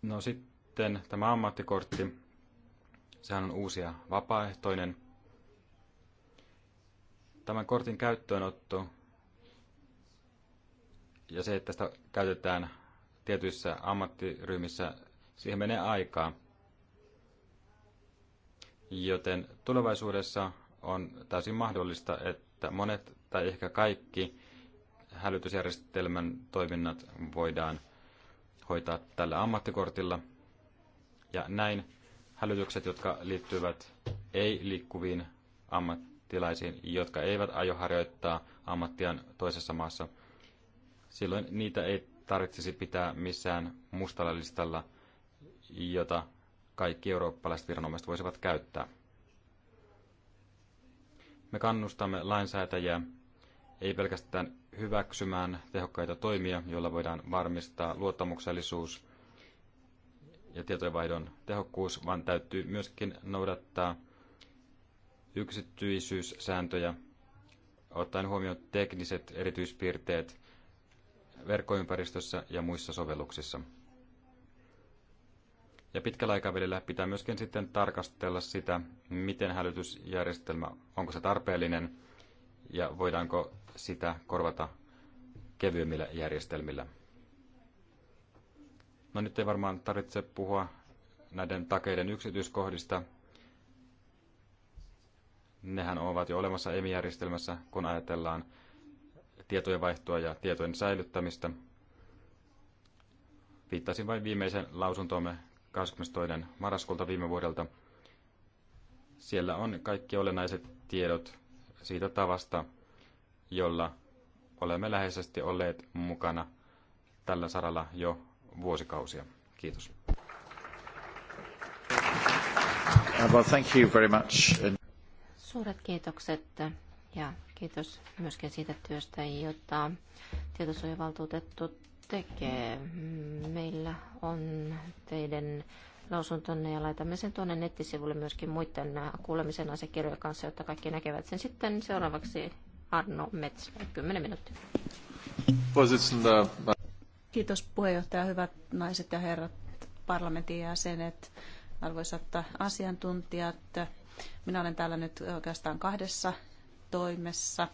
No sitten tämä ammattikortti. Sehän on uusia vapaaehtoinen. Tämän kortin käyttöönotto ja se, että sitä käytetään tietyissä ammattiryhmissä, siihen menee aikaa. Joten tulevaisuudessa on täysin mahdollista, että monet tai ehkä kaikki hälytysjärjestelmän toiminnat voidaan hoitaa tällä ammattikortilla. Ja näin hälytykset, jotka liittyvät ei-liikkuviin ammat- ammattilaisiin, jotka eivät aio harjoittaa ammattiaan toisessa maassa. Silloin niitä ei tarvitsisi pitää missään mustalla listalla, jota kaikki eurooppalaiset viranomaiset voisivat käyttää. Me kannustamme lainsäätäjiä ei pelkästään hyväksymään tehokkaita toimia, joilla voidaan varmistaa luottamuksellisuus ja tietojenvaihdon tehokkuus, vaan täytyy myöskin noudattaa – yksityisyyssääntöjä, ottaen huomioon tekniset erityispiirteet verkkoympäristössä ja muissa sovelluksissa. Ja pitkällä aikavälillä pitää myöskin sitten tarkastella sitä, miten hälytysjärjestelmä, onko se tarpeellinen ja voidaanko sitä korvata kevyemmillä järjestelmillä. No nyt ei varmaan tarvitse puhua näiden takeiden yksityiskohdista, Nehän ovat jo olemassa EMI-järjestelmässä, kun ajatellaan tietojen vaihtoa ja tietojen säilyttämistä. Viittasin vain viimeisen lausuntoomme 22. marraskuulta viime vuodelta. Siellä on kaikki olennaiset tiedot siitä tavasta, jolla olemme läheisesti olleet mukana tällä saralla jo vuosikausia. Kiitos. Uh, well, thank you very much. Suuret kiitokset ja kiitos myöskin siitä työstä, jota tietosuojavaltuutettu tekee. Meillä on teidän lausuntonne ja laitamme sen tuonne nettisivulle myöskin muiden kuulemisen asiakirjojen kanssa, jotta kaikki näkevät sen sitten seuraavaksi Arno Metsä, 10 minuuttia. Kiitos puheenjohtaja, hyvät naiset ja herrat, parlamentin jäsenet, arvoisat asiantuntijat. Minä olen täällä nyt oikeastaan kahdessa toimessa.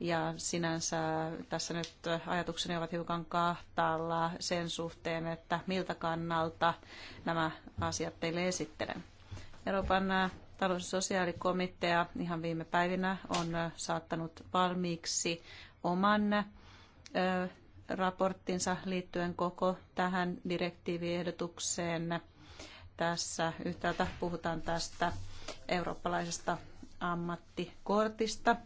Ja sinänsä tässä nyt ajatukseni ovat hiukan kahtaalla sen suhteen, että miltä kannalta nämä asiat teille esittelen. Euroopan äh, talous- ja sosiaalikomitea ihan viime päivinä on äh, saattanut valmiiksi oman äh, raporttinsa liittyen koko tähän direktiiviehdotukseen. Tässä yhtäältä puhutaan tästä eurooppalaisesta ammattikortista.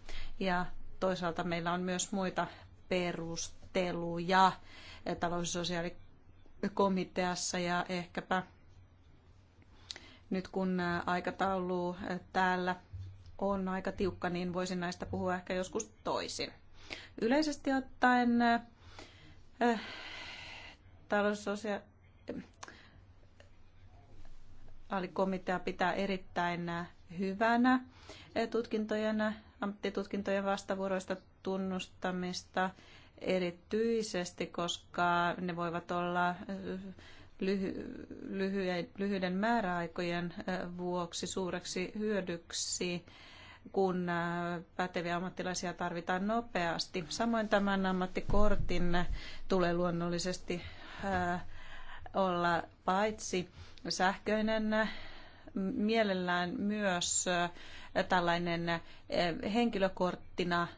Ja toisaalta meillä on myös muita perusteluja talous- ja sosiaalikomiteassa ja ehkäpä nyt kun aikataulu täällä on aika tiukka, niin voisin näistä puhua ehkä joskus toisin. Yleisesti ottaen eh, talous- ja vaalikomitea pitää erittäin hyvänä tutkintojen, ammattitutkintojen vastavuoroista tunnustamista erityisesti, koska ne voivat olla lyhy- lyhyen, lyhyiden määräaikojen vuoksi suureksi hyödyksi, kun päteviä ammattilaisia tarvitaan nopeasti. Samoin tämän ammattikortin tulee luonnollisesti olla paitsi sähköinen mielellään myös äh, tällainen äh, henkilökorttina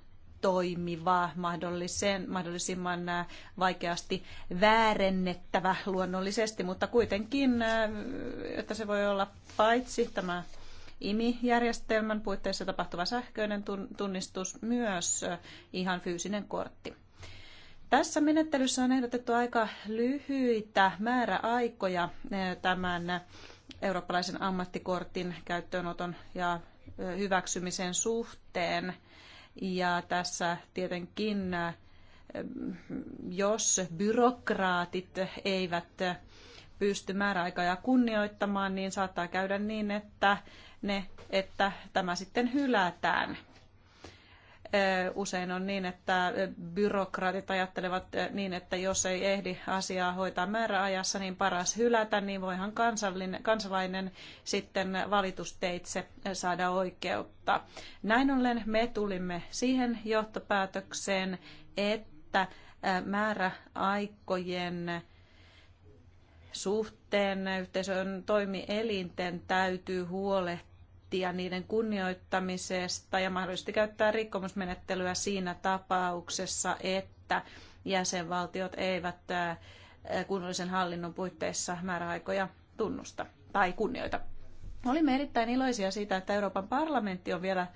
toimiva, mahdollisen, mahdollisimman äh, vaikeasti väärennettävä luonnollisesti, mutta kuitenkin, että se voi olla paitsi tämä IMI-järjestelmän puitteissa tapahtuva sähköinen tunnistus, myös ihan fyysinen kortti. Tässä menettelyssä on ehdotettu aika lyhyitä määräaikoja eh, tämän eurooppalaisen ammattikortin käyttöönoton ja eh, hyväksymisen suhteen. Ja tässä tietenkin, eh, jos byrokraatit eivät pysty määräaikoja kunnioittamaan, niin saattaa käydä niin, että, ne, että tämä sitten hylätään – usein on niin, että byrokraatit ajattelevat niin, että jos ei ehdi asiaa hoitaa määräajassa, niin paras hylätä, niin voihan kansallinen, kansalainen sitten valitusteitse saada oikeutta. Näin ollen me tulimme siihen johtopäätökseen, että määräaikojen suhteen yhteisön toimielinten täytyy huolehtia huolehtia niiden kunnioittamisesta ja mahdollisesti käyttää rikkomusmenettelyä siinä tapauksessa, että jäsenvaltiot eivät kunnollisen hallinnon puitteissa määräaikoja tunnusta tai kunnioita. Olimme erittäin iloisia siitä, että Euroopan parlamentti on vielä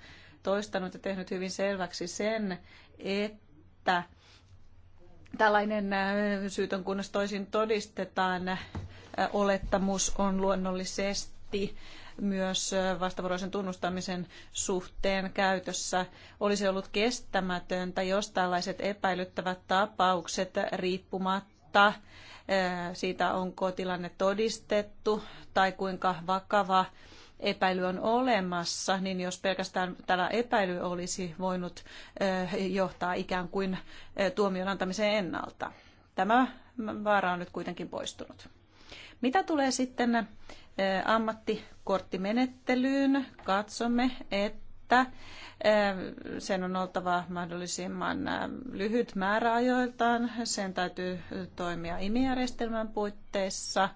toistanut ja tehnyt hyvin selväksi sen, että tällainen syytön kunnes toisin todistetaan olettamus on luonnollisesti myös vastavuoroisen tunnustamisen suhteen käytössä olisi ollut kestämätöntä, jos tällaiset epäilyttävät tapaukset riippumatta siitä, onko tilanne todistettu tai kuinka vakava epäily on olemassa, niin jos pelkästään tällä epäily olisi voinut johtaa ikään kuin tuomion antamiseen ennalta. Tämä vaara on nyt kuitenkin poistunut. Mitä tulee sitten ammattikorttimenettelyyn katsomme, että sen on oltava mahdollisimman lyhyt määräajoiltaan. Sen täytyy toimia imijärjestelmän puitteissa,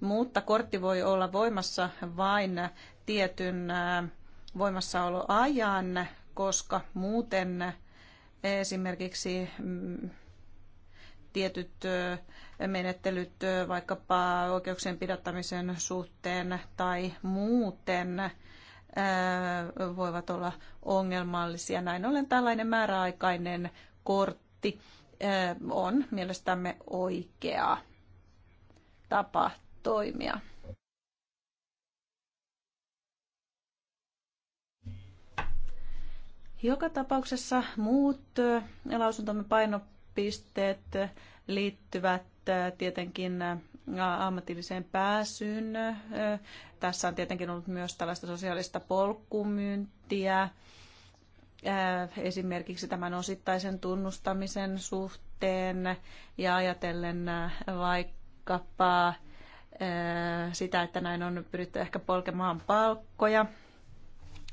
mutta kortti voi olla voimassa vain tietyn voimassaoloajan, koska muuten esimerkiksi mm, tietyt menettelyt vaikkapa oikeuksien pidättämisen suhteen tai muuten voivat olla ongelmallisia. Näin ollen tällainen määräaikainen kortti on mielestämme oikea tapa toimia. Joka tapauksessa muut lausuntomme painopisteet liittyvät Äh, tietenkin äh, ammatilliseen pääsyyn. Äh, tässä on tietenkin ollut myös tällaista sosiaalista polkkumyyntiä esimerkiksi tämän osittaisen tunnustamisen suhteen ja ajatellen vaikkapa sitä, että näin on pyritty ehkä polkemaan palkkoja.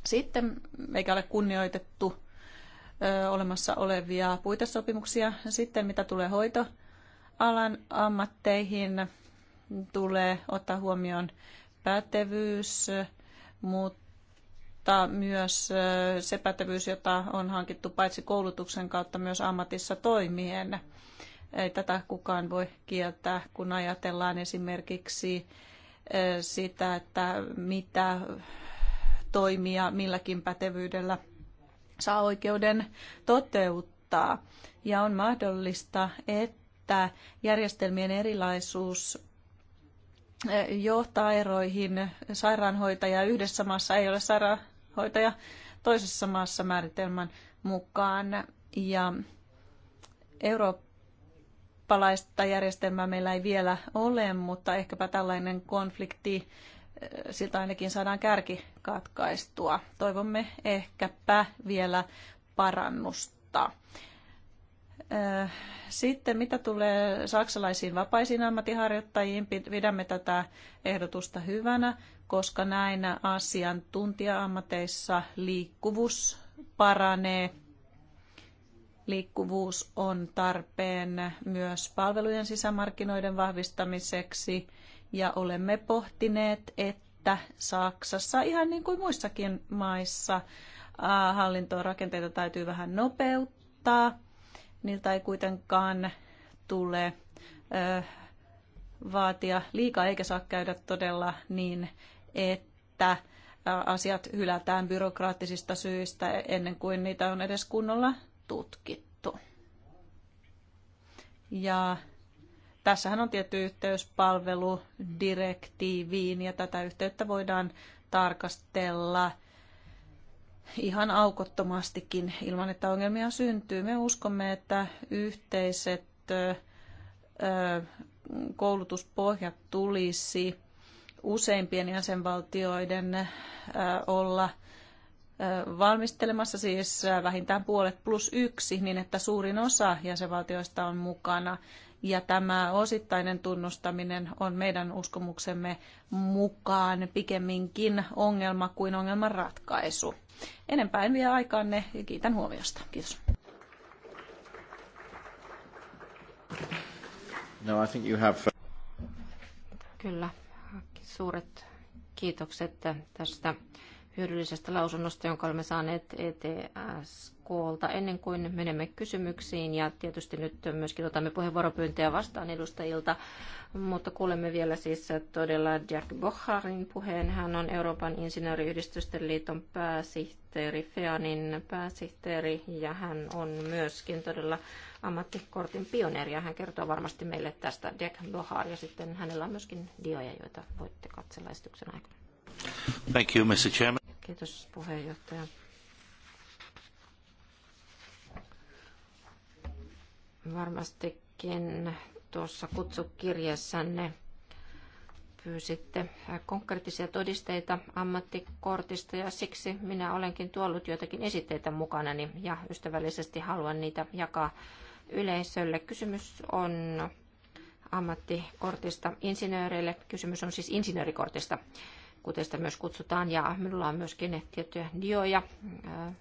Sitten eikä ole kunnioitettu olemassa olevia puitesopimuksia. Sitten mitä tulee hoito alan ammatteihin tulee ottaa huomioon pätevyys, mutta myös se pätevyys, jota on hankittu paitsi koulutuksen kautta myös ammatissa toimien. Ei tätä kukaan voi kieltää, kun ajatellaan esimerkiksi sitä, että mitä toimia milläkin pätevyydellä saa oikeuden toteuttaa. Ja on mahdollista, että että järjestelmien erilaisuus eh, johtaa eroihin. Sairaanhoitaja yhdessä maassa ei ole sairaanhoitaja toisessa maassa määritelmän mukaan. Ja eurooppalaista järjestelmää meillä ei vielä ole, mutta ehkäpä tällainen konflikti, eh, siltä ainakin saadaan kärki katkaistua. Toivomme ehkäpä vielä parannusta. Äh, sitten mitä tulee saksalaisiin vapaisiin ammattiharjoittajiin, pidämme tätä ehdotusta hyvänä, koska näinä asiantuntija-ammateissa liikkuvuus paranee. Liikkuvuus on tarpeen myös palvelujen sisämarkkinoiden vahvistamiseksi ja olemme pohtineet, että Saksassa ihan niin kuin muissakin maissa hallintorakenteita täytyy vähän nopeuttaa – niiltä ei kuitenkaan tule vaatia liikaa eikä saa käydä todella niin, että asiat hylätään byrokraattisista syistä ennen kuin niitä on edes kunnolla tutkittu. Ja tässähän on tietty yhteys palveludirektiiviin ja tätä yhteyttä voidaan tarkastella – ihan aukottomastikin ilman, että ongelmia syntyy. Me uskomme, että yhteiset koulutuspohjat tulisi useimpien jäsenvaltioiden olla valmistelemassa siis vähintään puolet plus yksi, niin että suurin osa jäsenvaltioista on mukana. Ja tämä osittainen tunnustaminen on meidän uskomuksemme mukaan pikemminkin ongelma kuin ongelman ratkaisu. Enempää en vie aikaanne ja kiitän huomiosta. Kiitos. No, I think you have... Uh, Kyllä, suuret kiitokset tästä hyödyllisestä lausunnosta, jonka olemme saaneet ETS koolta ennen kuin menemme kysymyksiin ja tietysti nyt myöskin otamme puheenvuoropyyntöjä vastaan edustajilta, mutta kuulemme vielä siis todella Jack Boharin puheen. Hän on Euroopan insinööriyhdistysten liiton pääsihteeri, FEANin pääsihteeri ja hän on myöskin todella ammattikortin pioneeri ja hän kertoo varmasti meille tästä Jack Bohar ja sitten hänellä on myöskin dioja, joita voitte katsella esityksen aikana. Thank you, Mr. Chairman. Kiitos puheenjohtaja. Varmastikin tuossa kutsukirjassanne pyysitte äh, konkreettisia todisteita ammattikortista ja siksi minä olenkin tuollut joitakin esitteitä mukanani ja ystävällisesti haluan niitä jakaa yleisölle. Kysymys on ammattikortista insinööreille. Kysymys on siis insinöörikortista, kuten sitä myös kutsutaan. Ja minulla on myöskin tiettyjä dioja äh,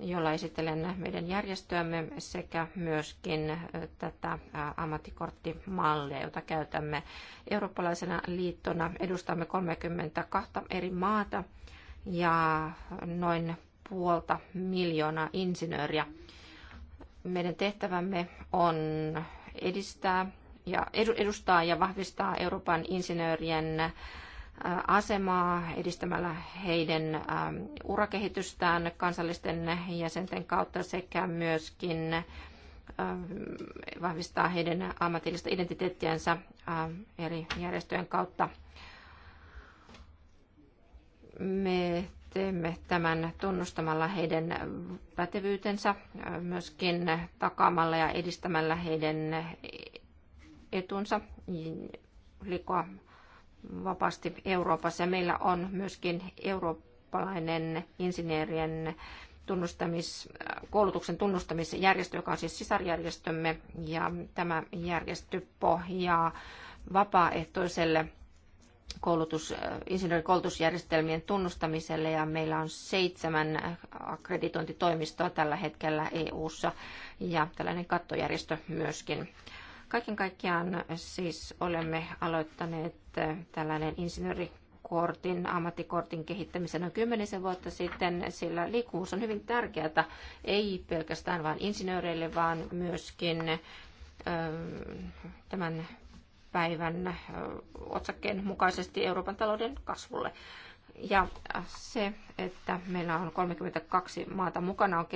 jolla esittelen meidän järjestöämme sekä myöskin äh, tätä äh, ammattikorttimallia, jota käytämme eurooppalaisena liittona. Edustamme 32 eri maata ja noin puolta miljoonaa insinööriä. Meidän tehtävämme on edistää ja edustaa ja vahvistaa Euroopan insinöörien asemaa edistämällä heidän ähm, urakehitystään kansallisten jäsenten kautta sekä myöskin ähm, vahvistaa heidän ammatillista identiteettiänsä äh, eri järjestöjen kautta. Me teemme tämän tunnustamalla heidän pätevyytensä, äh, myöskin takaamalla ja edistämällä heidän etunsa liikkua vapaasti Euroopassa. Ja meillä on myöskin eurooppalainen insinöörien tunnustamis, koulutuksen tunnustamisjärjestö, joka on siis sisarjärjestömme, ja tämä järjestö pohjaa vapaaehtoiselle koulutus, insinöörikoulutusjärjestelmien tunnustamiselle ja meillä on seitsemän akkreditointitoimistoa tällä hetkellä EU-ssa ja tällainen kattojärjestö myöskin. Kaiken kaikkiaan siis olemme aloittaneet eh, tällainen insinööri kortin, ammattikortin kehittämisen noin kymmenisen vuotta sitten, sillä liikkuvuus on hyvin tärkeää, ei pelkästään vain insinööreille, vaan myöskin eh, tämän päivän eh, otsakkeen mukaisesti Euroopan talouden kasvulle. Ja se, että meillä on 32 maata mukana, on,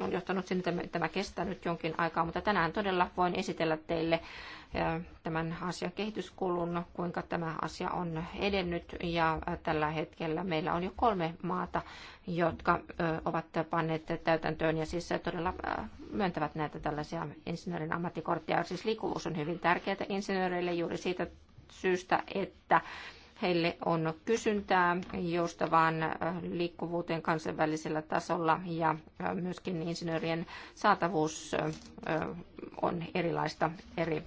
on johtanut sen, että tämä kestää nyt jonkin aikaa, mutta tänään todella voin esitellä teille tämän asian kehityskulun, kuinka tämä asia on edennyt. Ja tällä hetkellä meillä on jo kolme maata, jotka ovat panneet täytäntöön ja siis todella myöntävät näitä tällaisia insinöörin ammattikortteja. Siis liikkuvuus on hyvin tärkeää insinööreille juuri siitä syystä, että Heille on kysyntää joustavaan äh, liikkuvuuteen kansainvälisellä tasolla ja äh, myöskin insinöörien saatavuus äh, on erilaista eri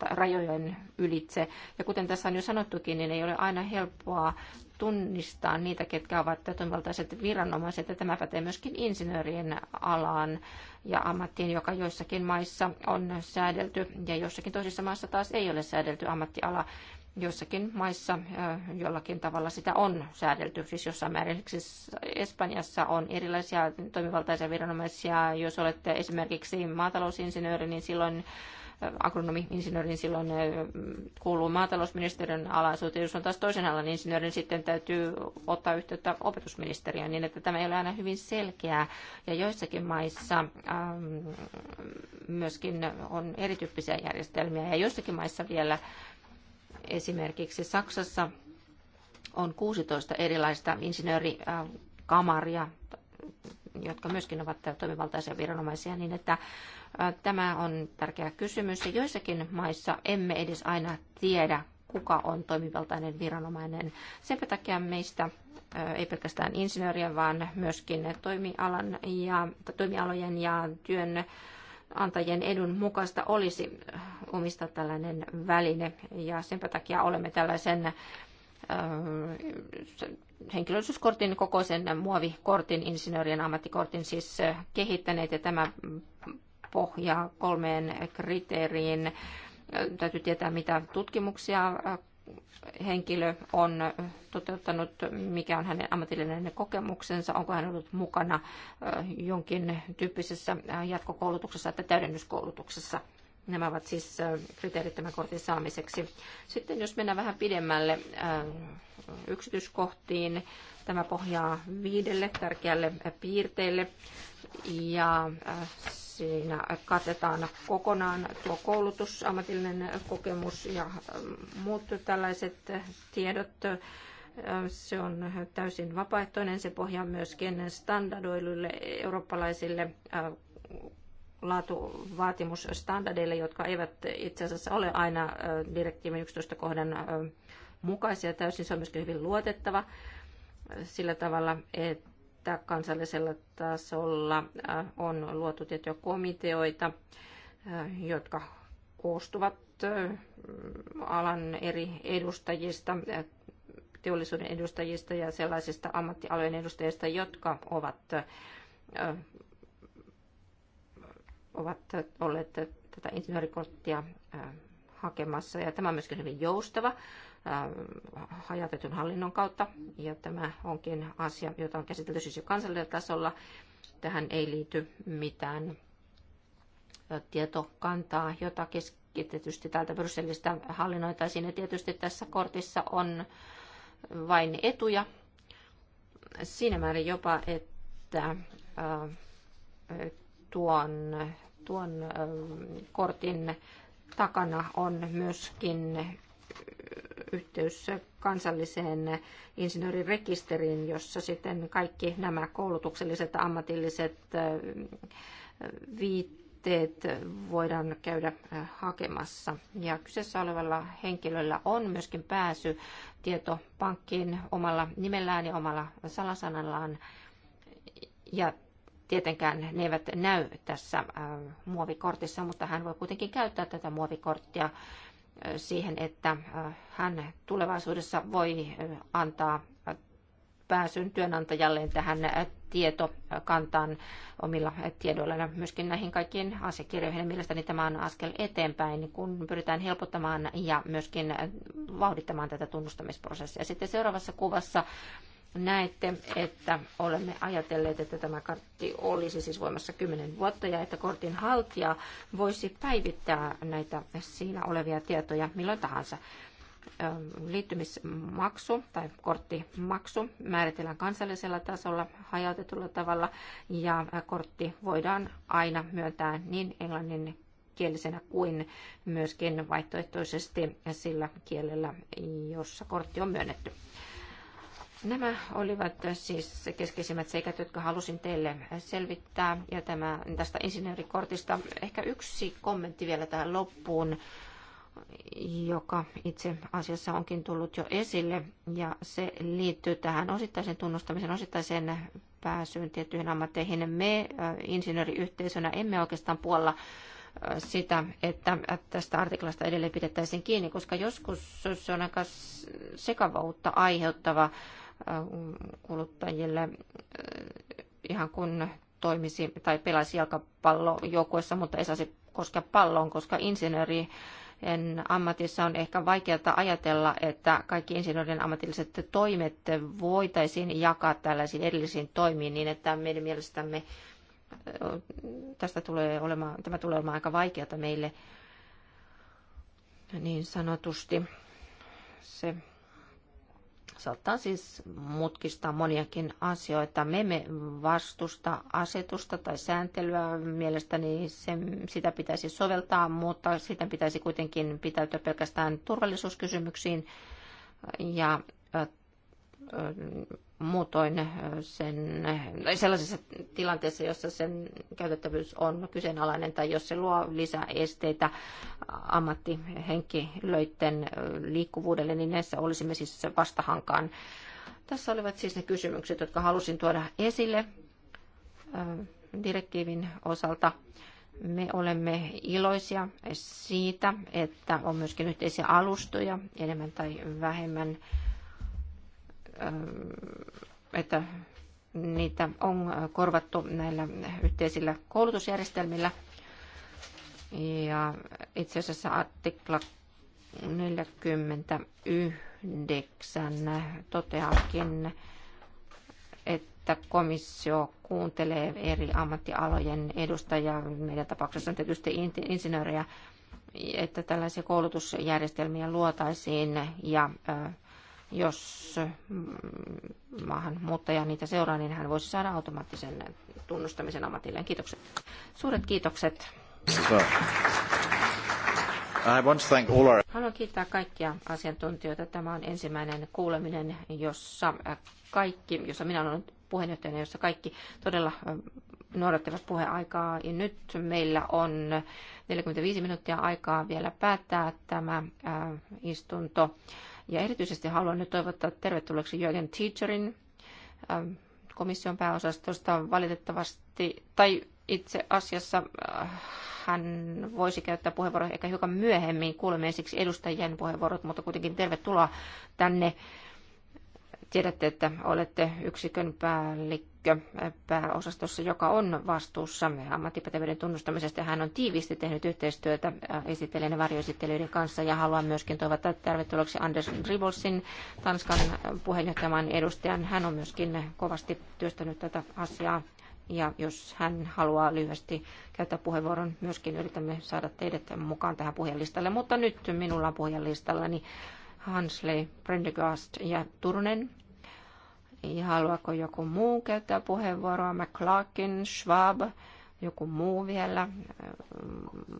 rajojen ylitse. Ja kuten tässä on jo sanottukin, niin ei ole aina helppoa tunnistaa niitä, ketkä ovat toimivaltaiset viranomaiset. Ja tämä pätee myöskin insinöörien alaan ja ammattiin, joka joissakin maissa on säädelty ja joissakin toisissa maissa taas ei ole säädelty ammattiala joissakin maissa jollakin tavalla sitä on säädelty. Siis jossain määrin Espanjassa on erilaisia toimivaltaisia viranomaisia. Jos olette esimerkiksi maatalousinsinööri, niin silloin agronomi-insinööri, niin silloin kuuluu maatalousministeriön alaisuuteen. Jos on taas toisen alan insinööri, niin sitten täytyy ottaa yhteyttä opetusministeriöön niin, että tämä ei ole aina hyvin selkeää. Ja joissakin maissa ähm, myöskin on erityyppisiä järjestelmiä ja joissakin maissa vielä Esimerkiksi Saksassa on 16 erilaista insinöörikamaria, jotka myöskin ovat toimivaltaisia viranomaisia, niin että tämä on tärkeä kysymys. Ja joissakin maissa emme edes aina tiedä, kuka on toimivaltainen viranomainen. Sen takia meistä ei pelkästään insinöörien, vaan myöskin toimialan ja, toimialojen ja työn antajien edun mukaista olisi äh, omistaa tällainen väline. Ja sen takia olemme tällaisen äh, henkilöllisyyskortin kokoisen muovikortin, insinöörien ammattikortin siis äh, kehittäneet ja tämä pohjaa kolmeen kriteeriin. Täytyy tietää, mitä tutkimuksia henkilö on toteuttanut, mikä on hänen ammatillinen kokemuksensa, onko hän ollut mukana jonkin tyyppisessä jatkokoulutuksessa tai täydennyskoulutuksessa. Nämä ovat siis kriteerit tämän kortin saamiseksi. Sitten jos mennään vähän pidemmälle yksityiskohtiin, tämä pohjaa viidelle tärkeälle piirteelle ja Siinä katetaan kokonaan tuo koulutus, ammatillinen kokemus ja ähm, muut tällaiset tiedot. Äh, se on täysin vapaaehtoinen. Se pohjaa myös standardoiluille eurooppalaisille äh, laatuvaatimusstandardeille, jotka eivät itse asiassa ole aina äh, direktiivin 11 kohdan mukaisia täysin. Se on myöskin hyvin luotettava sillä tavalla, että että kansallisella tasolla äh, on luotu tiettyjä komiteoita, äh, jotka koostuvat äh, alan eri edustajista, teollisuuden edustajista ja sellaisista ammattialojen edustajista, jotka ovat, ovat olleet tätä insinöörikorttia hakemassa. Ja tämä on myöskin hyvin joustava Äh, hajautetun hallinnon kautta. Ja tämä onkin asia, jota on käsitelty siis jo kansallisella tasolla. Tähän ei liity mitään äh, tietokantaa, jota keskitetysti täältä Brysselistä hallinnoitaisiin. Ja tietysti tässä kortissa on vain etuja siinä määrin jopa, että äh, tuon, tuon kortin takana on myöskin yhteys kansalliseen insinöörirekisteriin, jossa sitten kaikki nämä koulutukselliset ammatilliset viitteet voidaan käydä hakemassa. Ja kyseessä olevalla henkilöllä on myöskin pääsy tietopankkiin omalla nimellään ja omalla salasanallaan. Ja tietenkään ne eivät näy tässä muovikortissa, mutta hän voi kuitenkin käyttää tätä muovikorttia siihen, että hän tulevaisuudessa voi antaa pääsyn työnantajalleen tähän tietokantaan omilla tiedoilla. Myöskin näihin kaikkiin asiakirjoihin. Mielestäni tämä on askel eteenpäin, kun pyritään helpottamaan ja myöskin vauhdittamaan tätä tunnustamisprosessia. Sitten seuraavassa kuvassa näette, että olemme ajatelleet, että tämä kartti olisi siis voimassa 10 vuotta ja että kortin haltija voisi päivittää näitä siinä olevia tietoja milloin tahansa. Liittymismaksu tai korttimaksu määritellään kansallisella tasolla hajautetulla tavalla ja kortti voidaan aina myöntää niin englannin kielisenä kuin myöskin vaihtoehtoisesti sillä kielellä, jossa kortti on myönnetty. Nämä olivat siis keskeisimmät seikat, jotka halusin teille selvittää. Ja tämä, tästä insinöörikortista ehkä yksi kommentti vielä tähän loppuun, joka itse asiassa onkin tullut jo esille. Ja se liittyy tähän osittaisen tunnustamisen, osittaiseen pääsyyn tiettyihin ammatteihin. Me insinööriyhteisönä emme oikeastaan puolla sitä, että tästä artiklasta edelleen pidettäisiin kiinni, koska joskus se on aika sekavuutta aiheuttava kuluttajille äh, ihan kun toimisi tai pelaisi jalkapallojoukkuessa, mutta ei saisi koskea palloon, koska insinööri en ammatissa on ehkä vaikeaa ajatella, että kaikki insinöörien ammatilliset toimet voitaisiin jakaa tällaisiin erillisiin toimiin niin, että meidän mielestämme äh, tästä tulee olemaan, tämä tulee olemaan aika vaikeata meille niin sanotusti. Se saattaa siis mutkistaa moniakin asioita. Me emme vastusta asetusta tai sääntelyä. Mielestäni se, sitä pitäisi soveltaa, mutta sitä pitäisi kuitenkin pitäytyä pelkästään turvallisuuskysymyksiin. Ja muutoin sen, sellaisessa tilanteessa, jossa sen käytettävyys on kyseenalainen tai jos se luo lisää esteitä ammattihenkilöiden liikkuvuudelle, niin näissä olisimme siis vastahankaan. Tässä olivat siis ne kysymykset, jotka halusin tuoda esille direktiivin osalta. Me olemme iloisia siitä, että on myöskin yhteisiä alustoja enemmän tai vähemmän Äh, että niitä on korvattu näillä yhteisillä koulutusjärjestelmillä. Ja itse asiassa artikla 49 toteakin, että komissio kuuntelee eri ammattialojen edustajia, meidän tapauksessa on tietysti insinöörejä, että tällaisia koulutusjärjestelmiä luotaisiin ja äh, jos mm, maahanmuuttaja niitä seuraa, niin hän voisi saada automaattisen tunnustamisen ammatilleen. Kiitokset. Suuret kiitokset. Haluan kiittää kaikkia asiantuntijoita. Tämä on ensimmäinen kuuleminen, jossa kaikki, jossa minä olen puheenjohtajana, jossa kaikki todella noudattavat puheaikaa. Ja nyt meillä on 45 minuuttia aikaa vielä päättää tämä istunto. Ja erityisesti haluan nyt toivottaa tervetulleeksi Jörgen Teacherin ähm, komission pääosastosta valitettavasti, tai itse asiassa äh, hän voisi käyttää puheenvuoroja ehkä hiukan myöhemmin, kuulemme ensiksi edustajien puheenvuorot, mutta kuitenkin tervetuloa tänne Tiedätte, että olette yksikön päällikkö äh, pääosastossa, joka on vastuussa ammattipätevyyden tunnustamisesta. Hän on tiiviisti tehnyt yhteistyötä äh, esittelijän ja varjoesittelyiden kanssa ja haluan myöskin toivottaa tervetulleeksi Anders Ribolsin, Tanskan äh, puheenjohtajan edustajan. Hän on myöskin kovasti työstänyt tätä asiaa ja jos hän haluaa lyhyesti käyttää puheenvuoron, myöskin yritämme saada teidät mukaan tähän puhujalistalle. Mutta nyt minulla on puhujalistallani Hansley, Prendergast ja Turunen. Ja haluaako joku muu käyttää puheenvuoroa? McClarkin, Schwab, joku muu vielä.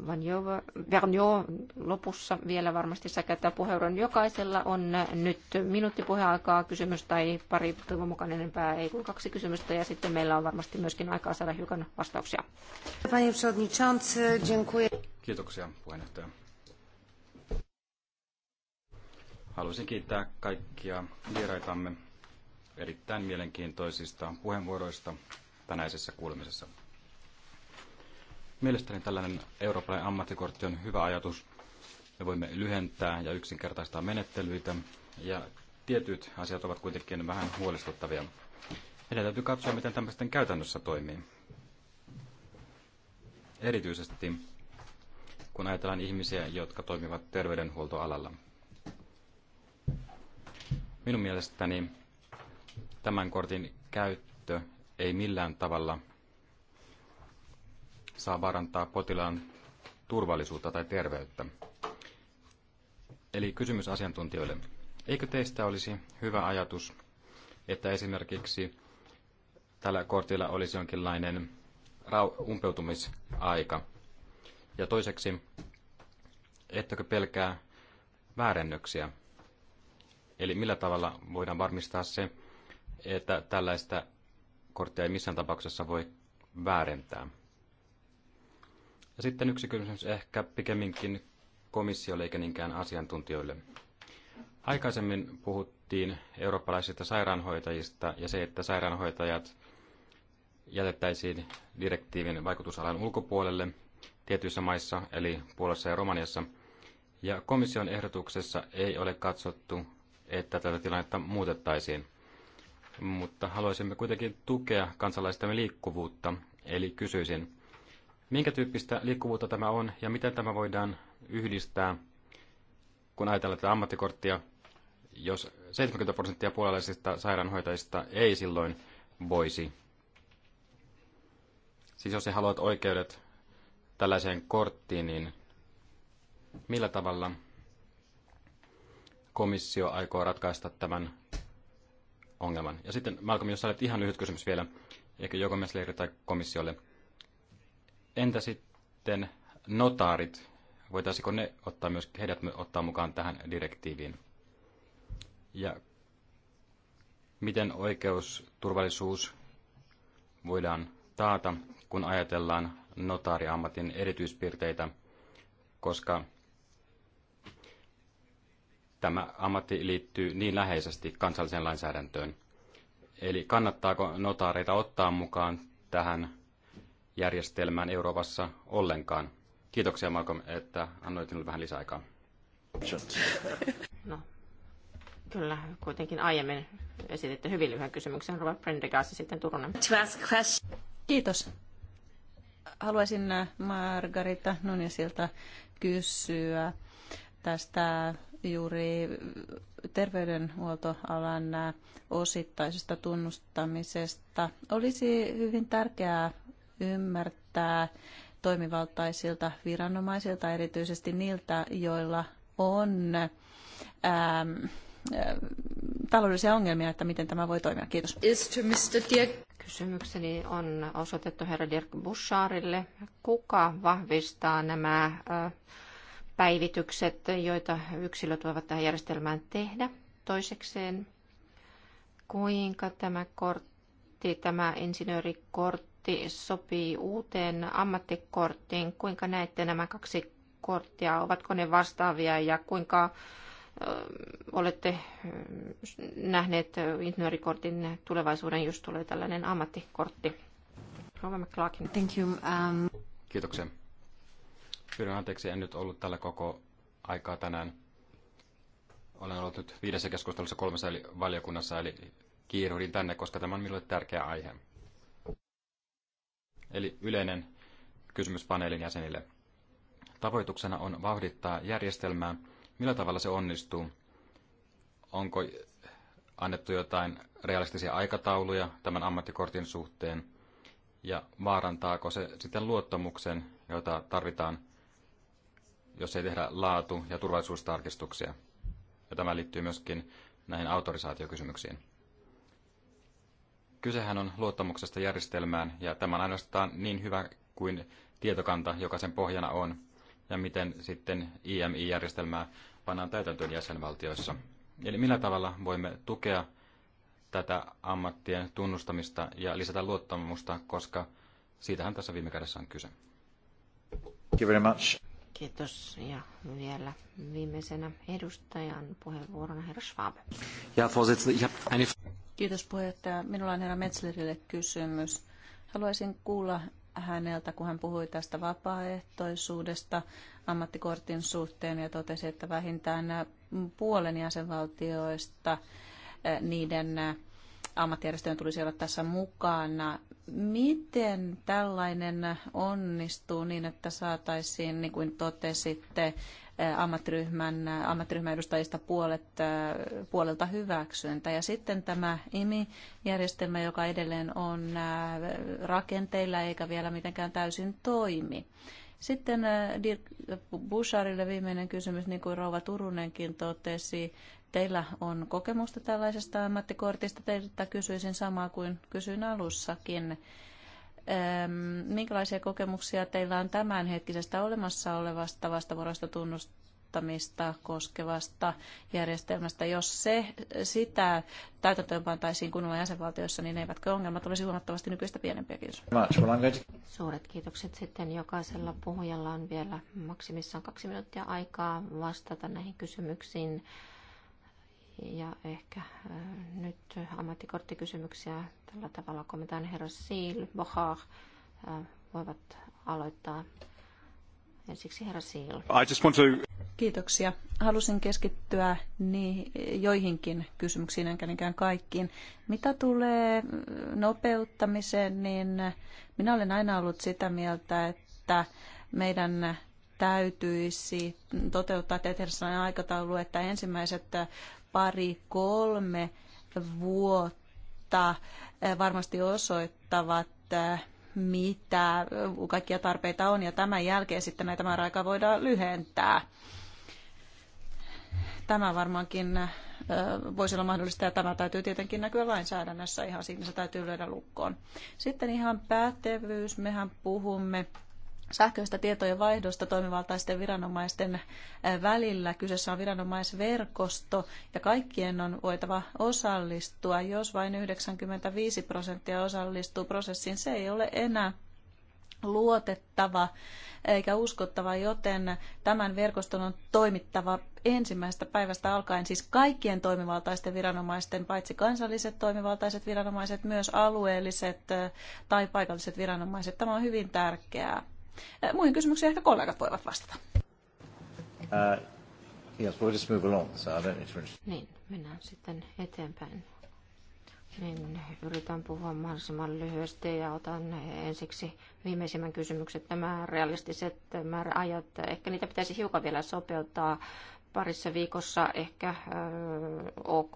Vanjo, lopussa vielä varmasti sä käyttää puheenvuoron. Jokaisella on nyt minuutti puheaikaa, kysymys tai pari toivon mukaan enempää, ei kuin kaksi kysymystä. Ja sitten meillä on varmasti myöskin aikaa saada hiukan vastauksia. Kiitoksia puheenjohtaja. Haluaisin kiittää kaikkia vieraitamme erittäin mielenkiintoisista puheenvuoroista tänäisessä kuulemisessa. Mielestäni tällainen eurooppalainen ammattikortti on hyvä ajatus. Me voimme lyhentää ja yksinkertaistaa menettelyitä, ja tietyt asiat ovat kuitenkin vähän huolestuttavia. Meidän täytyy katsoa, miten tämä käytännössä toimii. Erityisesti kun ajatellaan ihmisiä, jotka toimivat terveydenhuoltoalalla – Minun mielestäni tämän kortin käyttö ei millään tavalla saa vaarantaa potilaan turvallisuutta tai terveyttä. Eli kysymys asiantuntijoille. Eikö teistä olisi hyvä ajatus, että esimerkiksi tällä kortilla olisi jonkinlainen umpeutumisaika? Ja toiseksi, ettekö pelkää väärennöksiä? Eli millä tavalla voidaan varmistaa se, että tällaista korttia ei missään tapauksessa voi väärentää. Ja sitten yksi kysymys ehkä pikemminkin komissiolle eikä niinkään asiantuntijoille. Aikaisemmin puhuttiin eurooppalaisista sairaanhoitajista ja se, että sairaanhoitajat jätettäisiin direktiivin vaikutusalan ulkopuolelle tietyissä maissa, eli Puolassa ja Romaniassa. Ja komission ehdotuksessa ei ole katsottu että tätä tilannetta muutettaisiin. Mutta haluaisimme kuitenkin tukea kansalaistamme liikkuvuutta, eli kysyisin, minkä tyyppistä liikkuvuutta tämä on ja miten tämä voidaan yhdistää, kun ajatellaan tätä ammattikorttia, jos 70 prosenttia puolalaisista sairaanhoitajista ei silloin voisi. Siis jos haluat oikeudet tällaiseen korttiin, niin millä tavalla komissio aikoo ratkaista tämän ongelman? Ja sitten Malcolm, jos olet ihan lyhyt kysymys vielä, ehkä joko Messlerille tai komissiolle. Entä sitten notaarit? Voitaisiko ne ottaa myös, heidät ottaa mukaan tähän direktiiviin? Ja miten oikeusturvallisuus voidaan taata, kun ajatellaan notaariammatin erityispiirteitä, koska tämä ammatti liittyy niin läheisesti kansalliseen lainsäädäntöön. Eli kannattaako notaareita ottaa mukaan tähän järjestelmään Euroopassa ollenkaan? Kiitoksia Malcolm, että annoit minulle vähän lisäaikaa. No, kyllä, kuitenkin aiemmin esititte hyvin lyhyen kysymyksen. Robert Prendergast sitten Turunen. Kiitos. Haluaisin äh, Margarita Nunesilta kysyä tästä juuri terveydenhuoltoalan osittaisesta tunnustamisesta. Olisi hyvin tärkeää ymmärtää toimivaltaisilta viranomaisilta, erityisesti niiltä, joilla on ää, ähm, äh, taloudellisia ongelmia, että miten tämä voi toimia. Kiitos. Kysymykseni on osoitettu herra Dirk Bussaarille. Kuka vahvistaa nämä äh, päivitykset, joita yksilöt voivat tähän järjestelmään tehdä. Toisekseen, kuinka tämä kortti, tämä insinöörikortti sopii uuteen ammattikorttiin, kuinka näette nämä kaksi korttia, ovatko ne vastaavia ja kuinka olette nähneet insinöörikortin tulevaisuuden, jos tulee tällainen ammattikortti. Rova Thank you. Um... Kiitoksia. Pyydän anteeksi, en nyt ollut tällä koko aikaa tänään. Olen ollut nyt viidessä keskustelussa kolmessa eli valiokunnassa, eli kiiruhdin tänne, koska tämä on minulle tärkeä aihe. Eli yleinen kysymys paneelin jäsenille. Tavoituksena on vauhdittaa järjestelmää. Millä tavalla se onnistuu? Onko annettu jotain realistisia aikatauluja tämän ammattikortin suhteen? Ja vaarantaako se sitten luottamuksen, jota tarvitaan jos ei tehdä laatu- ja turvallisuustarkistuksia. Ja tämä liittyy myöskin näihin autorisaatiokysymyksiin. Kysehän on luottamuksesta järjestelmään, ja tämä on ainoastaan niin hyvä kuin tietokanta, joka sen pohjana on, ja miten sitten IMI-järjestelmää pannaan täytäntöön jäsenvaltioissa. Eli millä tavalla voimme tukea tätä ammattien tunnustamista ja lisätä luottamusta, koska siitähän tässä viime kädessä on kyse. Thank you very much. Kiitos. Ja vielä viimeisenä edustajan puheenvuorona herra Schwab. Ja, Kiitos puheenjohtaja. Minulla on herra Metzlerille kysymys. Haluaisin kuulla häneltä, kun hän puhui tästä vapaaehtoisuudesta ammattikortin suhteen ja totesi, että vähintään puolen jäsenvaltioista eh, niiden eh, ammattijärjestöjen tulisi olla tässä mukana. Miten tällainen onnistuu niin, että saataisiin, niin kuin totesitte, eh, ammattiryhmän, eh, ammattiryhmän edustajista puolet, eh, puolelta hyväksyntä. Ja sitten tämä IMI-järjestelmä, joka edelleen on rakenteilla eikä vielä mitenkään täysin toimi. Sitten Dirk Busharille viimeinen kysymys, niin kuin Rouva Turunenkin totesi, Teillä on kokemusta tällaisesta ammattikortista. Teiltä kysyisin samaa kuin kysyin alussakin. Minkälaisia kokemuksia teillä on tämänhetkisestä olemassa olevasta vastavuoroista tunnustamista koskevasta järjestelmästä? Jos se sitä täytäntöönpantaisiin kunnolla jäsenvaltioissa, niin eivätkö ongelmat olisi huomattavasti nykyistä pienempiä? Kiitos. Suuret kiitokset sitten. Jokaisella puhujalla on vielä maksimissaan kaksi minuuttia aikaa vastata näihin kysymyksiin. Ja ehkä nyt ammattikorttikysymyksiä tällä tavalla kommentaan herra Siil, Bohar voivat aloittaa. Ensiksi herra Siil. to... Kiitoksia. Halusin keskittyä niihin, joihinkin kysymyksiin, enkä niinkään kaikkiin. Mitä tulee nopeuttamiseen, niin minä olen aina ollut sitä mieltä, että meidän täytyisi toteuttaa tietysti aikataulu, että ensimmäiset pari, kolme vuotta eh, varmasti osoittavat, eh, mitä kaikkia tarpeita on, ja tämän jälkeen sitten näitä määräaikaa voidaan lyhentää. Tämä varmaankin eh, voisi olla mahdollista, ja tämä täytyy tietenkin näkyä lainsäädännössä, ihan siinä se täytyy löydä lukkoon. Sitten ihan pätevyys, mehän puhumme sähköistä tietojen vaihdosta toimivaltaisten viranomaisten äh, välillä. Kyseessä on viranomaisverkosto ja kaikkien on voitava osallistua. Jos vain 95 prosenttia osallistuu prosessiin, se ei ole enää luotettava eikä uskottava, joten tämän verkoston on toimittava ensimmäisestä päivästä alkaen siis kaikkien toimivaltaisten viranomaisten, paitsi kansalliset toimivaltaiset viranomaiset, myös alueelliset äh, tai paikalliset viranomaiset. Tämä on hyvin tärkeää. Äh, muihin kysymyksiin ehkä kollegat voivat vastata. Uh, yes, we'll just move along, so I don't need to... Niin, mennään sitten eteenpäin. Niin, yritän puhua mahdollisimman lyhyesti ja otan ensiksi viimeisimmän kysymyksen. Nämä realistiset määräajat, ehkä niitä pitäisi hiukan vielä sopeuttaa parissa viikossa ehkä ö, ok,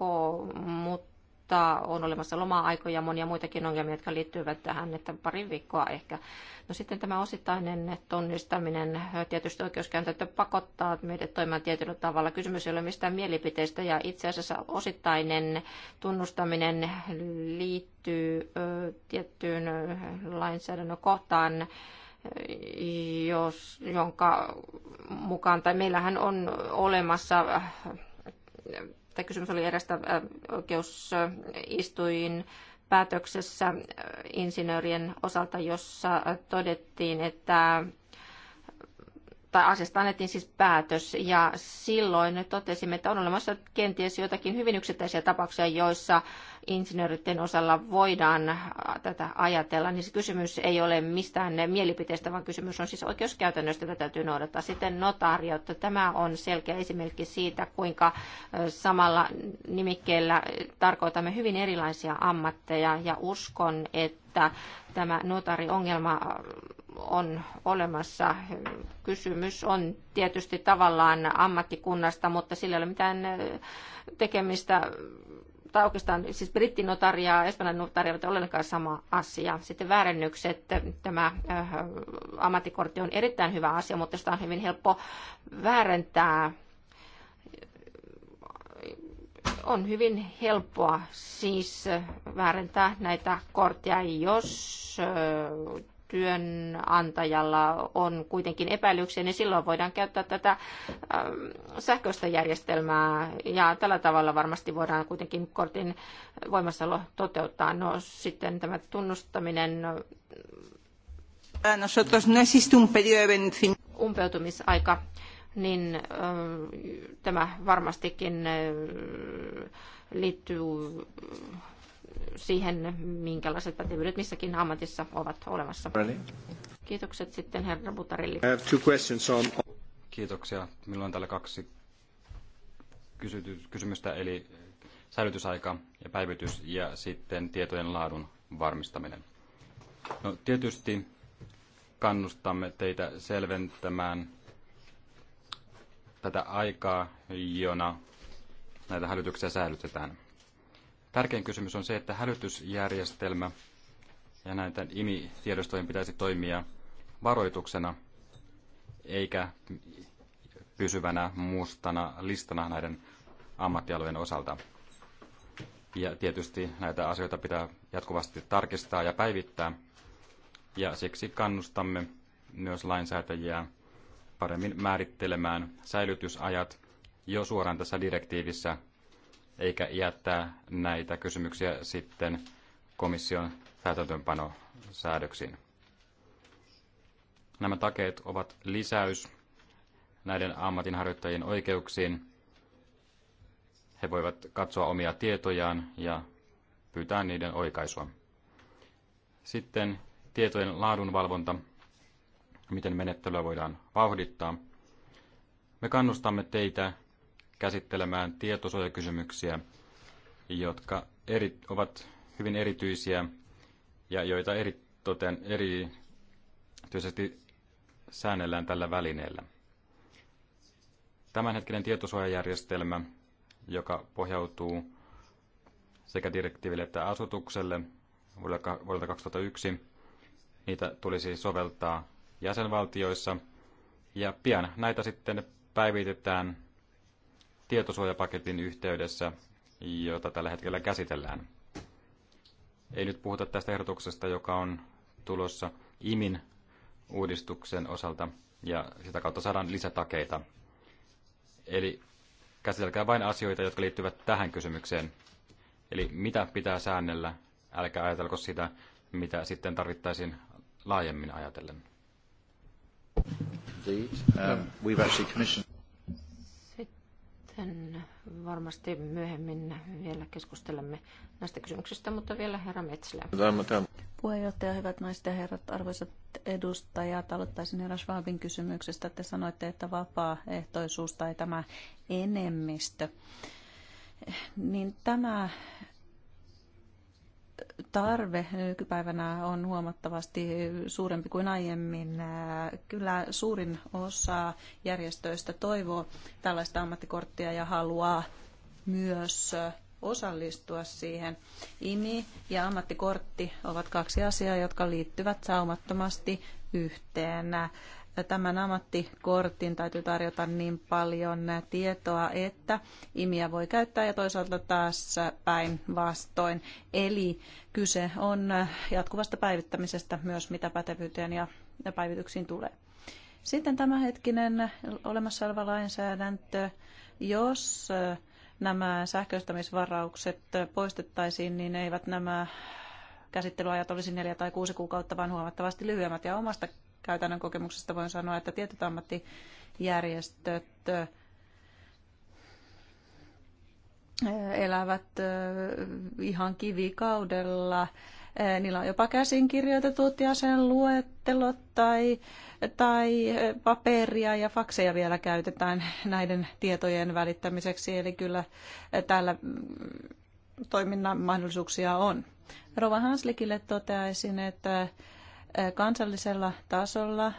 mutta mutta on olemassa loma-aikoja ja monia muitakin ongelmia, jotka liittyvät tähän, että pari viikkoa ehkä. No sitten tämä osittainen tunnistaminen, tietysti oikeuskäytäntö pakottaa meidät toimimaan tietyllä tavalla. Kysymys ei ole mistään mielipiteistä ja itse asiassa osittainen tunnustaminen liittyy ö, tiettyyn lainsäädännön kohtaan, jos, jonka mukaan, tai meillähän on olemassa tai kysymys oli erästä oikeusistuin päätöksessä insinöörien osalta, jossa todettiin, että tai asiasta annettiin siis päätös, ja silloin totesimme, että on olemassa kenties joitakin hyvin yksittäisiä tapauksia, joissa insinööritten osalla voidaan tätä ajatella, niin se kysymys ei ole mistään mielipiteestä, vaan kysymys on siis oikeuskäytännöstä, jota täytyy noudattaa. Sitten notariot, tämä on selkeä esimerkki siitä, kuinka samalla nimikkeellä tarkoitamme hyvin erilaisia ammatteja, ja uskon, että tämä notariongelma on olemassa. Kysymys on tietysti tavallaan ammattikunnasta, mutta sillä ei ole mitään tekemistä tai oikeastaan siis brittinotari ja espanjan notari eivät ollenkaan sama asia. Sitten väärennykset, tämä äh, ammattikortti on erittäin hyvä asia, mutta sitä on hyvin helppo väärentää. On hyvin helppoa siis väärentää näitä kortteja, jos äh, työnantajalla on kuitenkin epäilyksiä, niin silloin voidaan käyttää tätä ähm, sähköistä järjestelmää ja tällä tavalla varmasti voidaan kuitenkin kortin voimassaolo toteuttaa. No sitten tämä tunnustaminen no Umpeutumisaika, niin tämä varmastikin liittyy siihen, minkälaiset pätevyydet missäkin ammatissa ovat olemassa. Kiitokset sitten herra Butarelli. Kiitoksia. Minulla on täällä kaksi kysymystä, eli säilytysaika ja päivitys ja sitten tietojen laadun varmistaminen. No, tietysti kannustamme teitä selventämään tätä aikaa, jona näitä hälytyksiä säilytetään. Tärkein kysymys on se, että hälytysjärjestelmä ja näitä IMI-tiedostojen pitäisi toimia varoituksena eikä pysyvänä mustana listana näiden ammattialueen osalta. Ja tietysti näitä asioita pitää jatkuvasti tarkistaa ja päivittää. Ja siksi kannustamme myös lainsäätäjiä paremmin määrittelemään säilytysajat jo suoraan tässä direktiivissä eikä jättää näitä kysymyksiä sitten komission täytäntöönpanosäädöksiin. Nämä takeet ovat lisäys näiden ammatinharjoittajien oikeuksiin. He voivat katsoa omia tietojaan ja pyytää niiden oikaisua. Sitten tietojen laadunvalvonta, miten menettelyä voidaan vauhdittaa. Me kannustamme teitä käsittelemään tietosuojakysymyksiä, jotka eri, ovat hyvin erityisiä ja joita eri, toten, erityisesti säännellään tällä välineellä. Tämänhetkinen tietosuojajärjestelmä, joka pohjautuu sekä direktiiville että asetukselle vuodelta 2001, niitä tulisi soveltaa jäsenvaltioissa. Ja pian näitä sitten päivitetään tietosuojapaketin yhteydessä, jota tällä hetkellä käsitellään. Ei nyt puhuta tästä ehdotuksesta, joka on tulossa IMIN uudistuksen osalta, ja sitä kautta saadaan lisätakeita. Eli käsitelkää vain asioita, jotka liittyvät tähän kysymykseen. Eli mitä pitää säännellä, älkää ajatelko sitä, mitä sitten tarvittaisiin laajemmin ajatellen. Indeed. Um, we've actually commissioned sitten varmasti myöhemmin vielä keskustelemme näistä kysymyksistä, mutta vielä herra Metsilä. Puheenjohtaja, hyvät naiset ja herrat, arvoisat edustajat, aloittaisin herra Schwabin kysymyksestä. Te sanoitte, että vapaaehtoisuus tai tämä enemmistö. Niin tämä tarve nykypäivänä on huomattavasti suurempi kuin aiemmin. Kyllä suurin osa järjestöistä toivoo tällaista ammattikorttia ja haluaa myös osallistua siihen. IMI ja ammattikortti ovat kaksi asiaa, jotka liittyvät saumattomasti yhteen tämän ammattikortin täytyy tarjota niin paljon tietoa, että imiä voi käyttää ja toisaalta taas päinvastoin. Eli kyse on jatkuvasta päivittämisestä myös, mitä pätevyyteen ja päivityksiin tulee. Sitten tämänhetkinen olemassa oleva lainsäädäntö, jos nämä sähköistämisvaraukset poistettaisiin, niin eivät nämä käsittelyajat olisi neljä tai kuusi kuukautta, vaan huomattavasti lyhyemmät. Ja omasta käytännön kokemuksesta voin sanoa, että tietyt ammattijärjestöt elävät ihan kivikaudella. Niillä on jopa sen jäsenluettelot tai, tai paperia ja fakseja vielä käytetään näiden tietojen välittämiseksi. Eli kyllä täällä mm, toiminnan mahdollisuuksia on. Rova Hanslikille toteaisin, että Kansallisella tasolla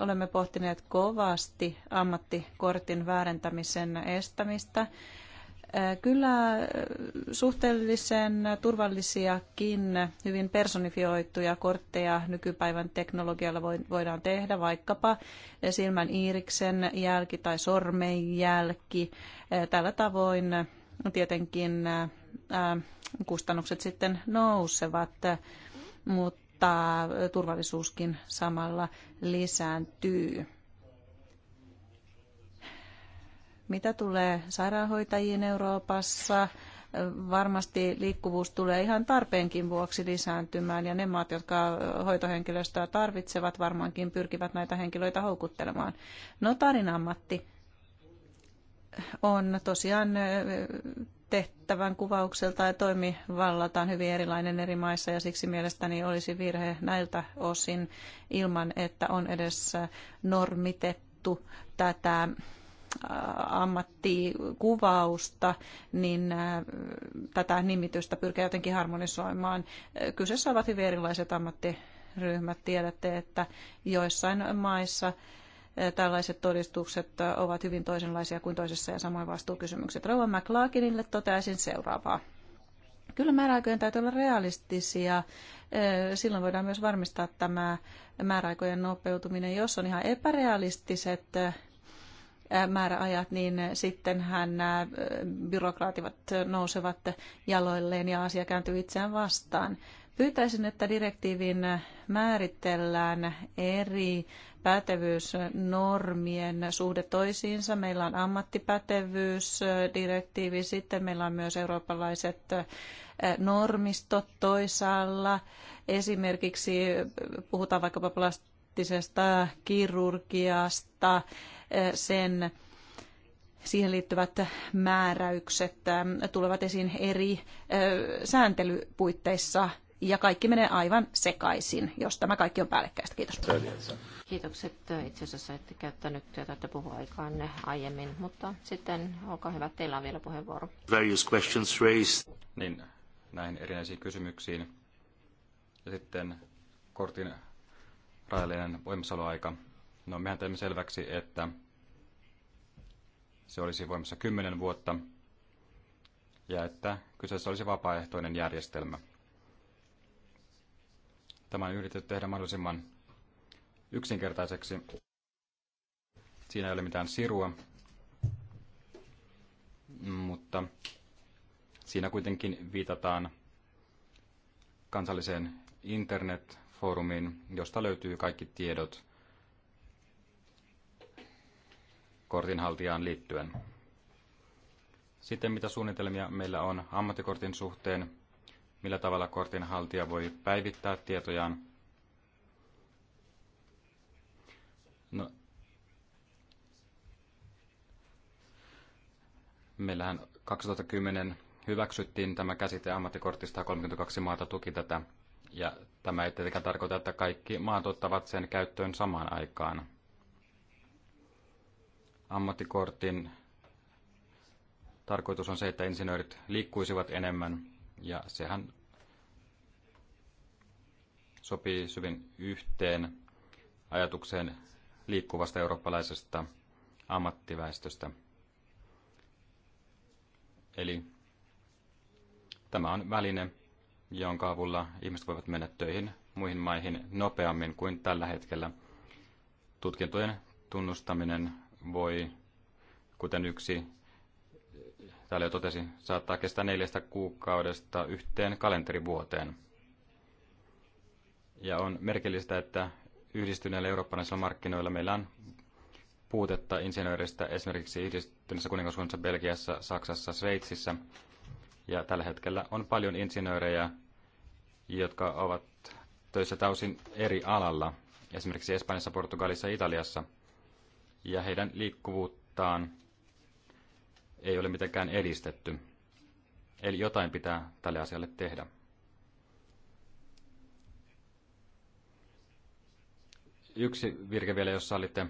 olemme pohtineet kovasti ammattikortin väärentämisen estämistä. Kyllä suhteellisen turvallisiakin, hyvin personifioituja kortteja nykypäivän teknologialla voidaan tehdä, vaikkapa silmän iiriksen jälki tai sormen jälki Tällä tavoin tietenkin kustannukset sitten nousevat, mutta mutta turvallisuuskin samalla lisääntyy. Mitä tulee sairaanhoitajiin Euroopassa, varmasti liikkuvuus tulee ihan tarpeenkin vuoksi lisääntymään ja ne maat, jotka hoitohenkilöstöä tarvitsevat, varmaankin pyrkivät näitä henkilöitä houkuttelemaan. Notarin ammatti on tosiaan tehtävän kuvaukselta ja toimivallataan hyvin erilainen eri maissa ja siksi mielestäni olisi virhe näiltä osin ilman, että on edes normitettu tätä ammattikuvausta, niin tätä nimitystä pyrkiä jotenkin harmonisoimaan. Kyseessä ovat hyvin erilaiset ammattiryhmät. Tiedätte, että joissain maissa tällaiset todistukset ovat hyvin toisenlaisia kuin toisessa ja samoin vastuukysymykset. Rowan McLaughlinille toteaisin seuraavaa. Kyllä määräaikojen täytyy olla realistisia. Silloin voidaan myös varmistaa tämä määräaikojen nopeutuminen. Jos on ihan epärealistiset määräajat, niin sittenhän nämä byrokraatit nousevat jaloilleen ja asia kääntyy itseään vastaan. Pyytäisin, että direktiivin määritellään eri pätevyysnormien suhde toisiinsa. Meillä on ammattipätevyysdirektiivi, sitten meillä on myös eurooppalaiset eh, normistot toisaalla. Esimerkiksi puhutaan vaikkapa plastisesta kirurgiasta, eh, sen siihen liittyvät määräykset eh, tulevat esiin eri sääntelypuitteissa ja kaikki menee aivan sekaisin, jos tämä kaikki on päällekkäistä. Kiitos. Kiitokset. Itse asiassa ette käyttänyt tätä puhuaikaanne aiemmin, mutta sitten olkaa hyvä, teillä on vielä puheenvuoro. Various questions raised. Niin, näihin erinäisiin kysymyksiin. Ja sitten kortin rajallinen voimassaoloaika. No mehän teemme selväksi, että se olisi voimassa 10 vuotta ja että kyseessä olisi vapaaehtoinen järjestelmä. Tämä on yritetty tehdä mahdollisimman yksinkertaiseksi. Siinä ei ole mitään sirua, mutta siinä kuitenkin viitataan kansalliseen internetfoorumiin, josta löytyy kaikki tiedot kortinhaltijaan liittyen. Sitten mitä suunnitelmia meillä on ammattikortin suhteen, millä tavalla kortin haltija voi päivittää tietojaan. No, meillähän 2010 hyväksyttiin tämä käsite ammattikortista 32 maata tuki tätä. Ja tämä ei tietenkään tarkoita, että kaikki maat ottavat sen käyttöön samaan aikaan. Ammattikortin tarkoitus on se, että insinöörit liikkuisivat enemmän ja sehän sopii syvin yhteen ajatukseen liikkuvasta eurooppalaisesta ammattiväestöstä. Eli tämä on väline, jonka avulla ihmiset voivat mennä töihin muihin maihin nopeammin kuin tällä hetkellä. Tutkintojen tunnustaminen voi, kuten yksi täällä jo totesi, saattaa kestää neljästä kuukaudesta yhteen kalenterivuoteen. Ja on merkillistä, että yhdistyneillä eurooppalaisilla markkinoilla meillä on puutetta insinööristä esimerkiksi yhdistyneessä kuningaskunnassa, Belgiassa, Saksassa, Sveitsissä. Ja tällä hetkellä on paljon insinöörejä, jotka ovat töissä täysin eri alalla, esimerkiksi Espanjassa, Portugalissa ja Italiassa. Ja heidän liikkuvuuttaan ei ole mitenkään edistetty. Eli jotain pitää tälle asialle tehdä. Yksi virke vielä, jos sallitte,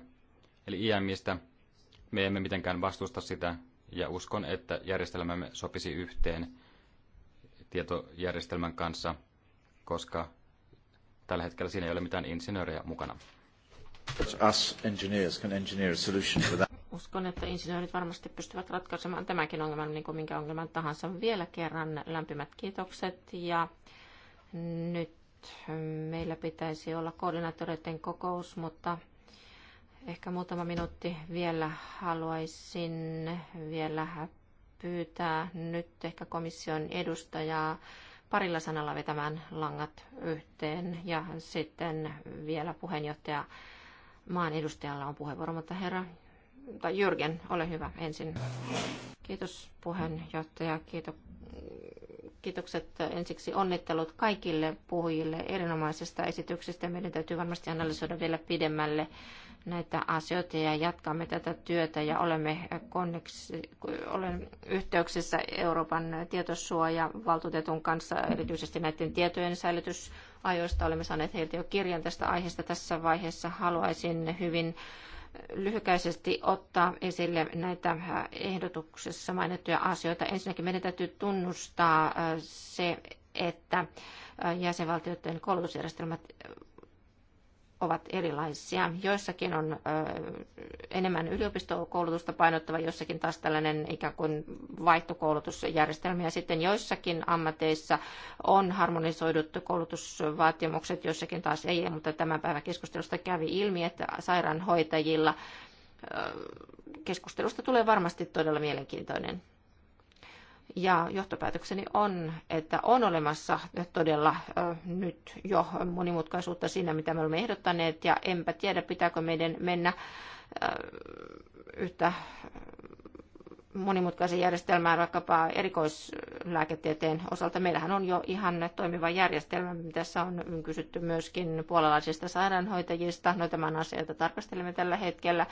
eli IMistä. Me emme mitenkään vastusta sitä, ja uskon, että järjestelmämme sopisi yhteen tietojärjestelmän kanssa, koska tällä hetkellä siinä ei ole mitään insinöörejä mukana. Us engineers can engineer a solution for that uskon, että insinöörit varmasti pystyvät ratkaisemaan tämänkin ongelman, niin kuin minkä ongelman tahansa. Vielä kerran lämpimät kiitokset ja nyt meillä pitäisi olla koordinaattoreiden kokous, mutta ehkä muutama minuutti vielä haluaisin vielä pyytää nyt ehkä komission edustajaa parilla sanalla vetämään langat yhteen ja sitten vielä puheenjohtaja maan edustajalla on puheenvuoro, mutta herra tai Jürgen, ole hyvä ensin. Kiitos puheenjohtaja, kiito, kiitokset ensiksi onnittelut kaikille puhujille erinomaisesta esityksestä. Meidän täytyy varmasti analysoida vielä pidemmälle näitä asioita ja jatkamme tätä työtä ja olemme konneksi, olen yhteyksissä Euroopan tietosuojavaltuutetun kanssa erityisesti näiden tietojen säilytysajoista. Olemme saaneet heiltä jo kirjan tästä aiheesta tässä vaiheessa. Haluaisin hyvin lyhykäisesti ottaa esille näitä äh, ehdotuksessa mainittuja asioita. Ensinnäkin meidän täytyy tunnustaa äh, se, että äh, jäsenvaltioiden koulutusjärjestelmät ovat erilaisia. Joissakin on enemmän yliopistokoulutusta painottava, joissakin taas tällainen ikään kuin vaihtokoulutusjärjestelmä. Ja sitten joissakin ammateissa on harmonisoidut koulutusvaatimukset, joissakin taas ei, mutta tämän päivän keskustelusta kävi ilmi, että sairaanhoitajilla keskustelusta tulee varmasti todella mielenkiintoinen ja johtopäätökseni on, että on olemassa todella nyt jo monimutkaisuutta siinä, mitä me olemme ehdottaneet, ja enpä tiedä, pitääkö meidän mennä yhtä monimutkaisen järjestelmään vaikkapa erikoislääketieteen osalta. Meillähän on jo ihan toimiva järjestelmä. Tässä on kysytty myöskin puolalaisista sairaanhoitajista. No tämän asian tarkastelemme tällä hetkellä.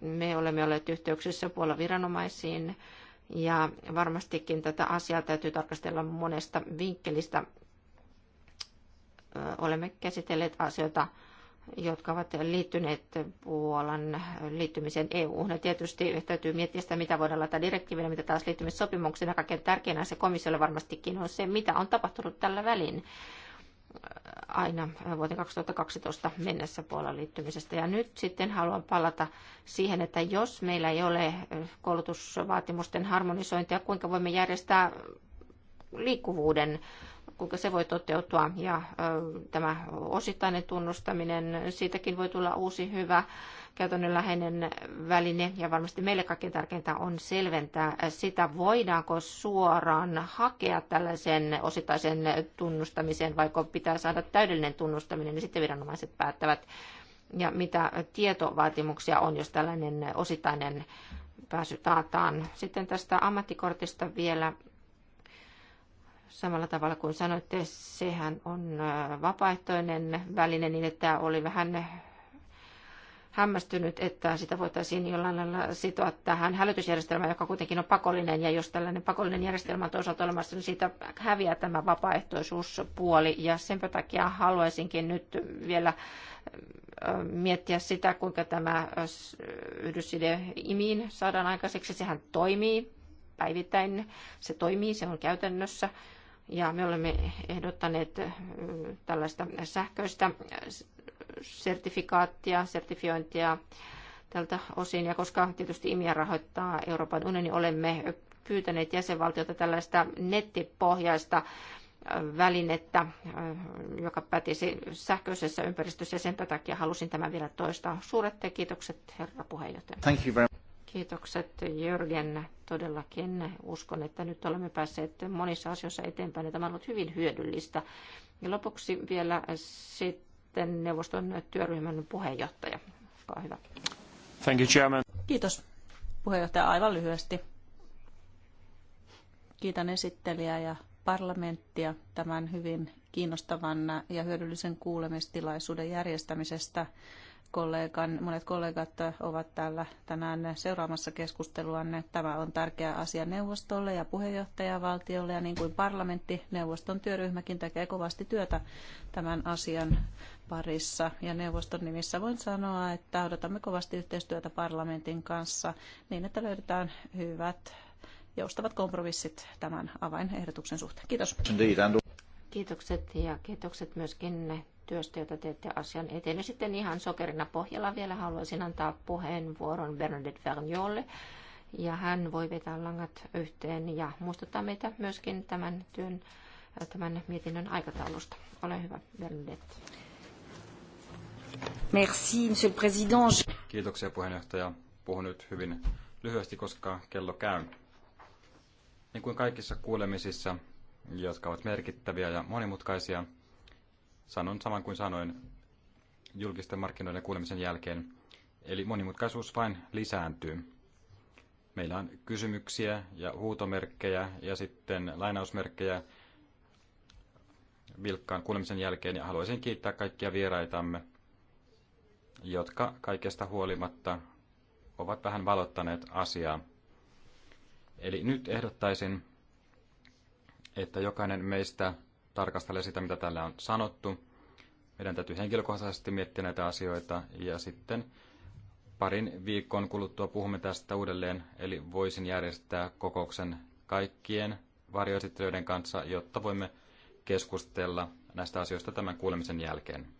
Me olemme olleet yhteyksissä puolaviranomaisiin viranomaisiin ja varmastikin tätä asiaa täytyy tarkastella monesta vinkkelistä. Olemme käsitelleet asioita, jotka ovat liittyneet Puolan liittymiseen eu Ja tietysti täytyy miettiä sitä, mitä voidaan laittaa direktiivinä, mitä taas liittymissopimuksena. Kaikkein tärkeänä se komissiolle varmastikin on se, mitä on tapahtunut tällä välin aina vuoteen 2012 mennessä Puolan liittymisestä. Ja nyt sitten haluan palata siihen, että jos meillä ei ole koulutusvaatimusten harmonisointia, kuinka voimme järjestää liikkuvuuden kuinka se voi toteutua. Ja tämä osittainen tunnustaminen, siitäkin voi tulla uusi hyvä käytännönläheinen väline. Ja varmasti meille kaikkein tärkeintä on selventää sitä, voidaanko suoraan hakea tällaisen osittaisen tunnustamisen, vaikka pitää saada täydellinen tunnustaminen, niin sitten viranomaiset päättävät, ja mitä tietovaatimuksia on, jos tällainen osittainen pääsy taataan. Sitten tästä ammattikortista vielä samalla tavalla kuin sanoitte, sehän on vapaaehtoinen väline, niin että oli vähän hämmästynyt, että sitä voitaisiin jollain lailla sitoa tähän hälytysjärjestelmään, joka kuitenkin on pakollinen, ja jos tällainen pakollinen järjestelmä on toisaalta olemassa, niin siitä häviää tämä vapaaehtoisuuspuoli, ja sen takia haluaisinkin nyt vielä miettiä sitä, kuinka tämä yhdysside imiin saadaan aikaiseksi. Sehän toimii päivittäin, se toimii, se on käytännössä ja me olemme ehdottaneet tällaista sähköistä sertifikaattia, sertifiointia tältä osin. Ja koska tietysti IMIA rahoittaa Euroopan unioni, olemme pyytäneet jäsenvaltiota tällaista nettipohjaista välinettä, joka pätisi sähköisessä ympäristössä ja sen takia halusin tämän vielä toistaa. Suuret kiitokset, herra puheenjohtaja. Thank you very much. Kiitokset Jörgen. Todellakin uskon, että nyt olemme päässeet monissa asioissa eteenpäin ja tämä on ollut hyvin hyödyllistä. Ja lopuksi vielä sitten neuvoston työryhmän puheenjohtaja. Olkaa hyvä. Thank you, Chairman. Kiitos puheenjohtaja aivan lyhyesti. Kiitän esittelijää ja parlamenttia tämän hyvin kiinnostavan ja hyödyllisen kuulemistilaisuuden järjestämisestä kollegan, monet kollegat ovat täällä tänään seuraamassa keskusteluanne. Tämä on tärkeä asia neuvostolle ja puheenjohtajavaltiolle ja niin kuin parlamentti, neuvoston työryhmäkin tekee kovasti työtä tämän asian parissa. Ja neuvoston nimissä voin sanoa, että odotamme kovasti yhteistyötä parlamentin kanssa niin, että löydetään hyvät joustavat kompromissit tämän avainehdotuksen suhteen. Kiitos. Kiitokset ja kiitokset myöskin työstä, jota teette asian eteen. Ja sitten ihan sokerina pohjalla vielä haluaisin antaa puheenvuoron Bernadette Vergniolle, Ja hän voi vetää langat yhteen ja muistuttaa meitä myöskin tämän työn, äh, tämän mietinnön aikataulusta. Ole hyvä, Bernadette. Merci, monsieur le président. Kiitoksia puheenjohtaja. Puhun nyt hyvin lyhyesti, koska kello käy. Niin kuin kaikissa kuulemisissa, jotka ovat merkittäviä ja monimutkaisia, sanon saman kuin sanoin julkisten markkinoiden kuulemisen jälkeen. Eli monimutkaisuus vain lisääntyy. Meillä on kysymyksiä ja huutomerkkejä ja sitten lainausmerkkejä vilkkaan kuulemisen jälkeen. Ja haluaisin kiittää kaikkia vieraitamme, jotka kaikesta huolimatta ovat vähän valottaneet asiaa. Eli nyt ehdottaisin, että jokainen meistä tarkastelee sitä, mitä täällä on sanottu. Meidän täytyy henkilökohtaisesti miettiä näitä asioita ja sitten parin viikon kuluttua puhumme tästä uudelleen, eli voisin järjestää kokouksen kaikkien varjoesittelijöiden kanssa, jotta voimme keskustella näistä asioista tämän kuulemisen jälkeen.